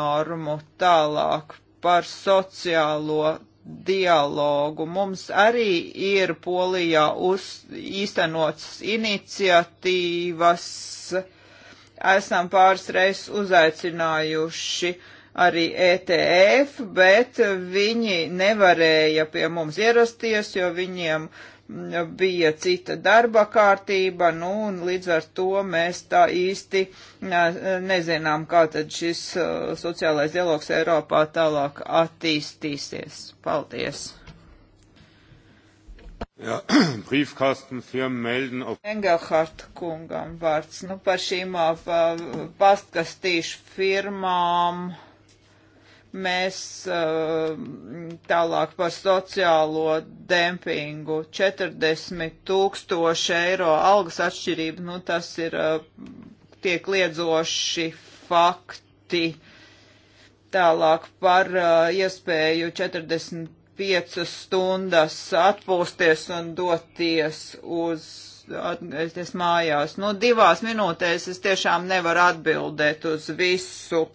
normu tālāk par sociālo dialogu. Mums arī ir Polijā uz, īstenots iniciatīvas. Esam pāris reizes uzaicinājuši arī ETF, bet viņi nevarēja pie mums ierasties, jo viņiem uh, bija cita darba kārtība, nu, un līdz ar to mēs tā īsti nezinām, kā tad šis sociālais dialogs Eiropā tālāk attīstīsies. Paldies! Ja, Briefkastenfirmen melden auf. Engelhardt kungam vārds. Nu, par šīm pastkastīšu firmām Mēs uh, tālāk par sociālo dempingu 40 tūkstoši eiro algas atšķirība, nu tas ir uh, tiek liedzoši fakti. Tālāk par uh, iespēju 45 stundas atpūsties un doties uz atgriezties mājās. Nu, divās minūtēs es tiešām nevaru atbildēt uz visu,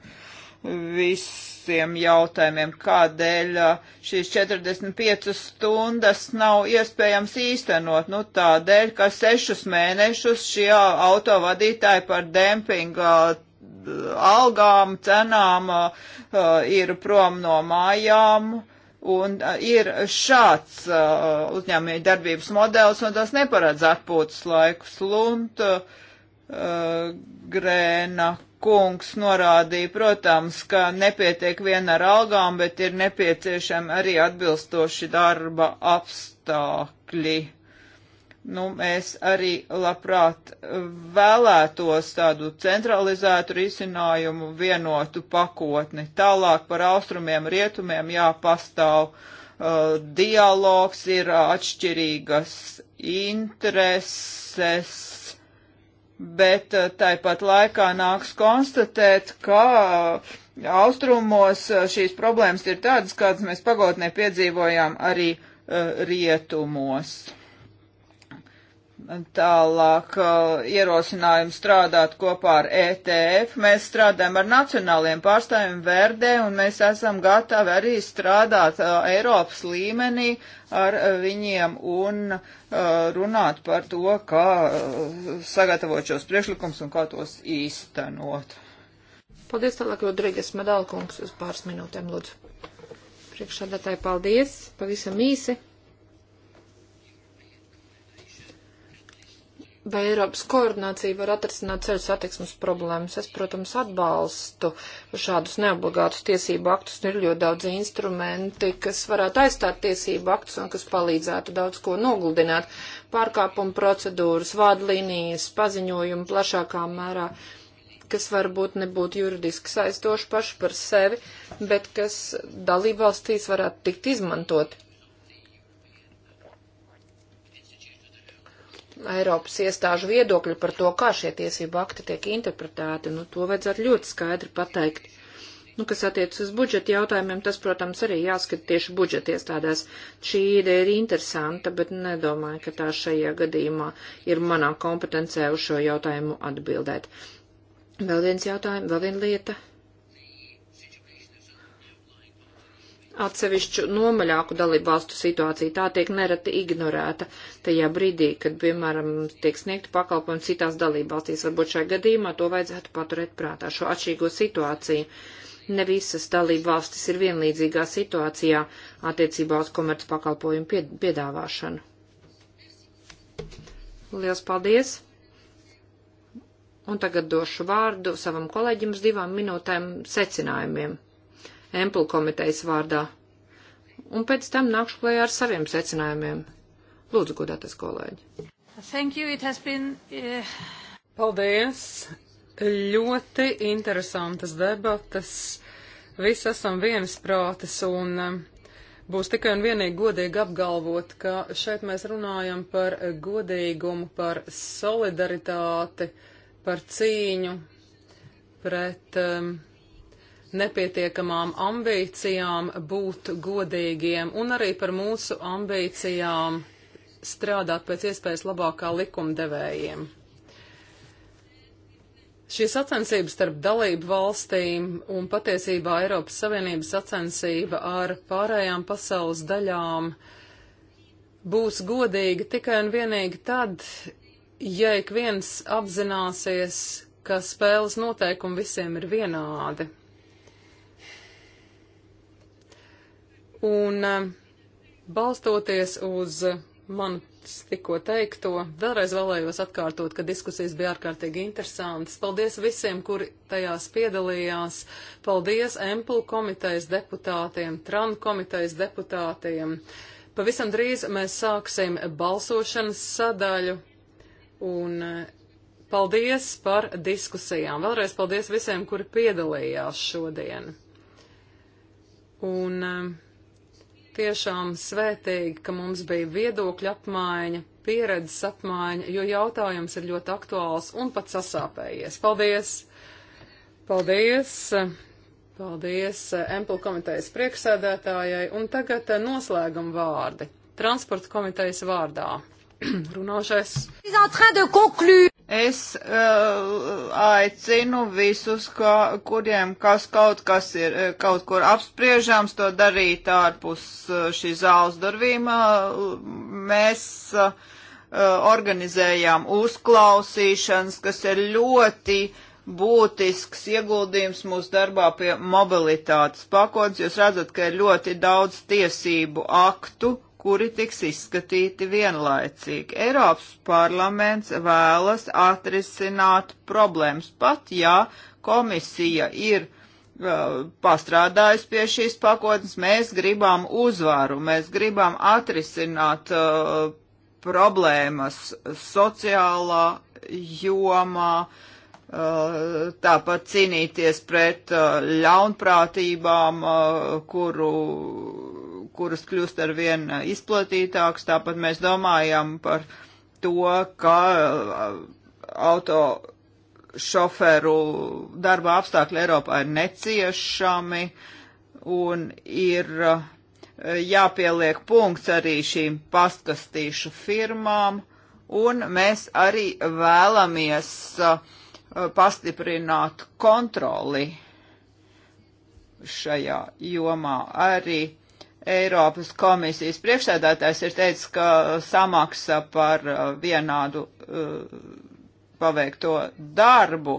visu visiem jautājumiem, kādēļ uh, šīs 45 stundas nav iespējams īstenot. Nu, tādēļ, ka sešus mēnešus šie autovadītāji par dempinga uh, algām, cenām uh, ir prom no mājām. Un ir šāds uzņēmēju darbības modelis, un tas neparedz atpūtas laikus. Lunt, Grēna kungs norādīja, protams, ka nepietiek vien ar algām, bet ir nepieciešami arī atbilstoši darba apstākļi. Nu, mēs arī labprāt vēlētos tādu centralizētu risinājumu, vienotu pakotni. Tālāk par austrumiem, rietumiem jāpastāv uh, dialogs, ir atšķirīgas intereses bet eh, tāpat laikā nāks konstatēt, ka austrumos eh, šīs problēmas ir tādas, kādas mēs pagotnē piedzīvojām arī uh, rietumos. Tālāk uh, ierosinājumu strādāt kopā ar ETF. Mēs strādājam ar nacionāliem pārstāvjiem Verdē un mēs esam gatavi arī strādāt uh, Eiropas līmenī ar uh, viņiem un runāt par to, kā sagatavot šos priekšlikums un kā tos īstenot. Paldies tālāk, Rodrīgas medalkungs, uz pāris minūtēm lūdzu. Priekšādātāji, paldies, pavisam īsi vai Eiropas koordinācija var atrisināt ceļu satiksmes problēmas. Es, protams, atbalstu šādus neobligātus tiesību aktus. Ir ļoti daudz instrumenti, kas varētu aizstāt tiesību aktus un kas palīdzētu daudz ko noguldināt. Pārkāpuma procedūras, vādlīnijas, paziņojumi plašākā mērā kas varbūt nebūtu juridiski saistoši paši par sevi, bet kas dalībvalstīs varētu tikt izmantoti Eiropas iestāžu viedokļi par to, kā šie tiesību akti tiek interpretēti. Nu, to vajadzētu ļoti skaidri pateikt. Nu, kas attiec uz budžeta jautājumiem, tas, protams, arī jāskat tieši budžeta iestādēs. Šī ideja ir interesanta, bet nedomāju, ka tā šajā gadījumā ir manā kompetencē uz šo jautājumu atbildēt. Vēl viens jautājums, vēl viena lieta. atsevišķu nomaļāku dalību valstu situācija. Tā tiek nereti ignorēta tajā brīdī, kad, piemēram, tiek sniegta pakalpojumi citās dalību valstīs. Varbūt šajā gadījumā to vajadzētu paturēt prātā, šo atšķirīgo situāciju. Ne visas dalību valstis ir vienlīdzīgā situācijā attiecībā uz komerc pakalpojumu piedāvāšanu. Liels paldies! Un tagad došu vārdu savam kolēģim uz divām minūtēm secinājumiem. Empul komitejas vārdā. Un pēc tam nākšu klajā ar saviem secinājumiem. Lūdzu, godātas kolēģi. Thank you, it has been... Uh... Paldies! Ļoti interesantas debatas. Visi esam viensprātis un eh, būs tikai un vienīgi godīgi apgalvot, ka šeit mēs runājam par godīgumu, par solidaritāti, par cīņu pret um, nepietiekamām ambīcijām būt godīgiem un arī par mūsu ambīcijām strādāt pēc iespējas labākā likumdevējiem. Šī sacensība starp dalību valstīm un patiesībā Eiropas Savienības sacensība ar pārējām pasaules daļām būs godīga tikai un vienīgi tad, ja ik viens apzināsies, ka spēles noteikumi visiem ir vienādi Un eh, balstoties uz manu tikko teikto, vēlreiz vēlējos atkārtot, ka diskusijas bija ārkārtīgi interesantas. Paldies visiem, kuri tajās piedalījās. Paldies Emplu komitejas deputātiem, Tran komitejas deputātiem. Pavisam drīz mēs sāksim balsošanas sadaļu. Un eh, paldies par diskusijām. Vēlreiz paldies visiem, kuri piedalījās šodien. Un, uh, Tiešām svētīgi, ka mums bija viedokļa apmaiņa, pieredzes apmaiņa, jo jautājums ir ļoti aktuāls un pat sasāpējies. Paldies! Paldies! Paldies eh, Emplu komitejas priekšsēdētājai. Un tagad eh, noslēguma vārdi. Transporta komitejas vārdā. Runāšais. Es uh, aicinu visus, ka, kuriem kas kaut kas ir uh, kaut kur apspriežams, to darīt ārpus uh, šī zāles durvīm. Uh, mēs uh, organizējām uzklausīšanas, kas ir ļoti būtisks ieguldījums mūsu darbā pie mobilitātes pakotnes. Jūs redzat, ka ir ļoti daudz tiesību aktu kuri tiks izskatīti vienlaicīgi. Eiropas parlaments vēlas atrisināt problēmas, pat ja komisija ir uh, pastrādājis pie šīs pakotnes, mēs gribam uzvaru, mēs gribam atrisināt uh, problēmas sociālā jomā, uh, tāpat cīnīties pret uh, ļaunprātībām, uh, kuru kuras kļūst ar vien izplatītāks. Tāpat mēs domājam par to, ka auto šoferu darba apstākļi Eiropā ir neciešami un ir jāpieliek punkts arī šīm pastkastīšu firmām, un mēs arī vēlamies pastiprināt kontroli šajā jomā arī Eiropas komisijas priekšsēdētājs ir teicis, ka samaksa par uh, vienādu uh, paveikto darbu.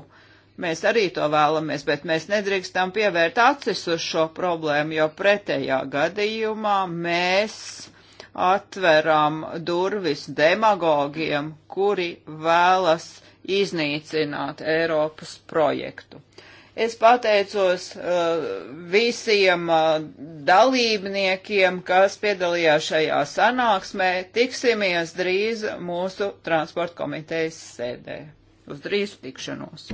Mēs arī to vēlamies, bet mēs nedrīkstam pievērt acis uz šo problēmu, jo pretējā gadījumā mēs atveram durvis demagogiem, kuri vēlas iznīcināt Eiropas projektu. Uh, Es pateicos uh, visiem uh, dalībniekiem, kas piedalījās šajā sanāksmē. Tiksimies drīz mūsu transporta komitejas sēdē. Uz drīzu tikšanos!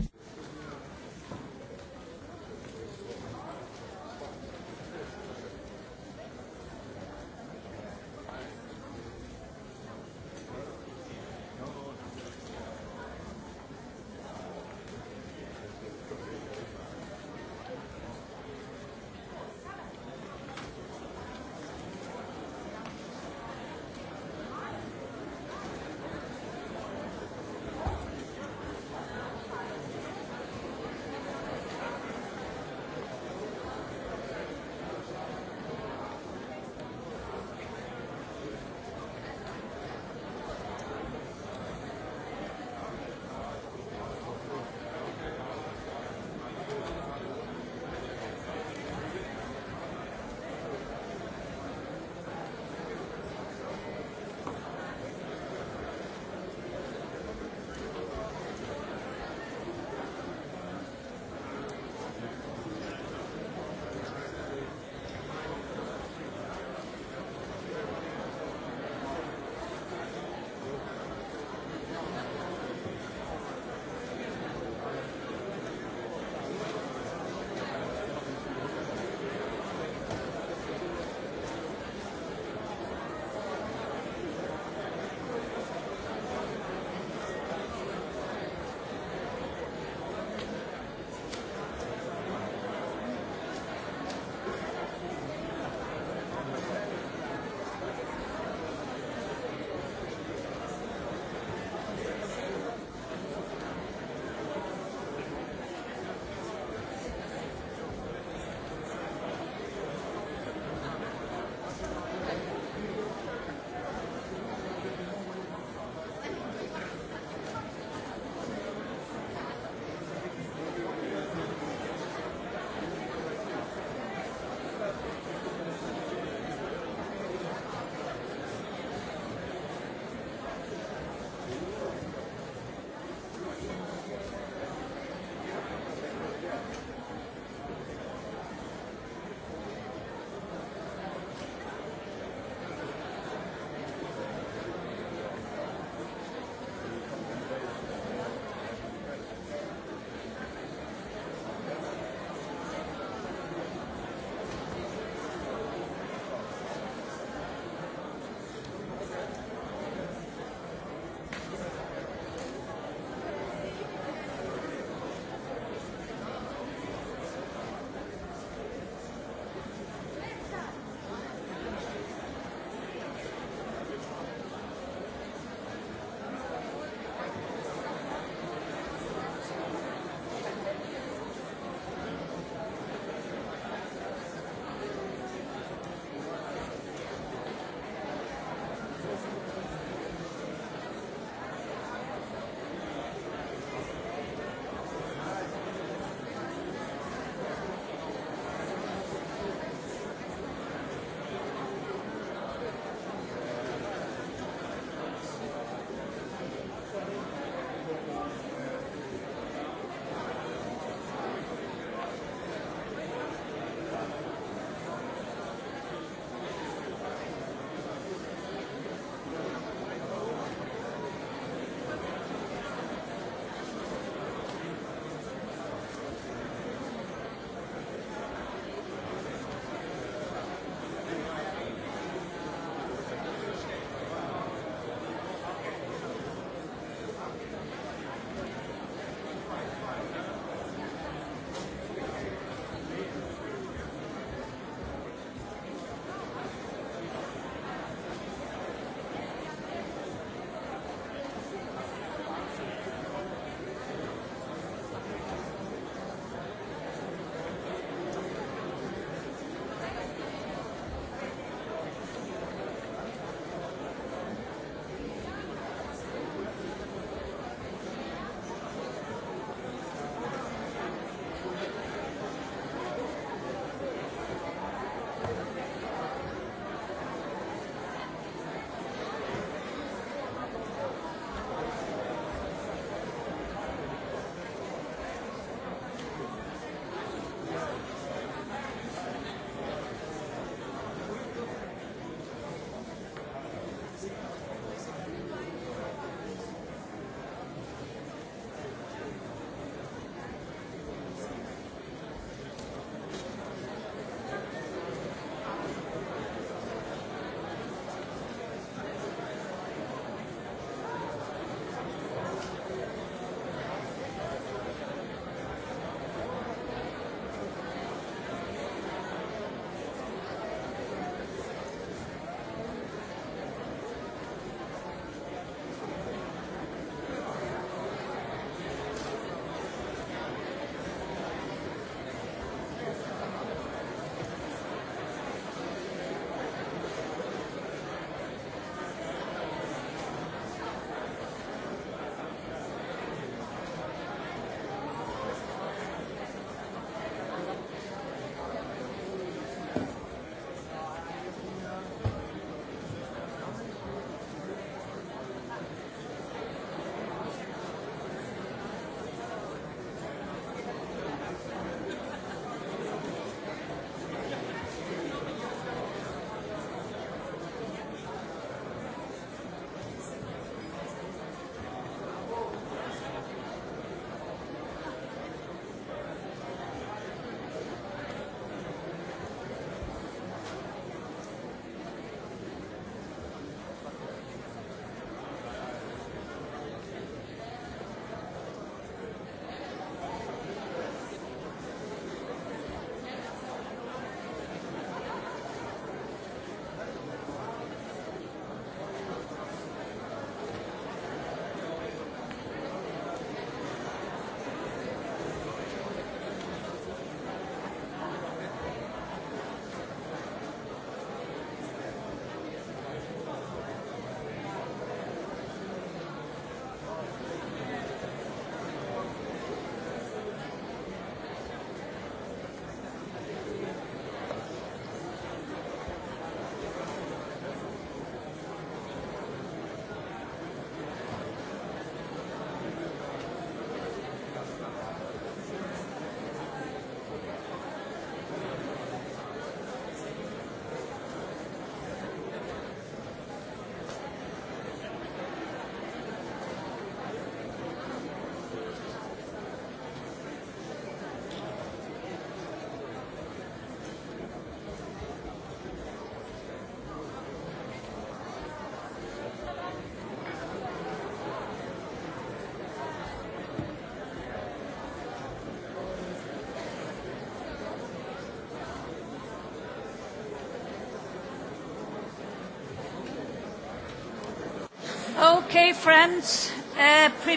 Okay, friends, uh, pre...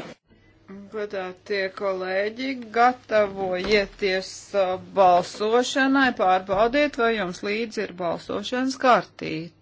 Godātie kolēģi, gatavojieties uh, balsošanai, pārbaudiet, vai jums līdzi ir balsošanas kartīte.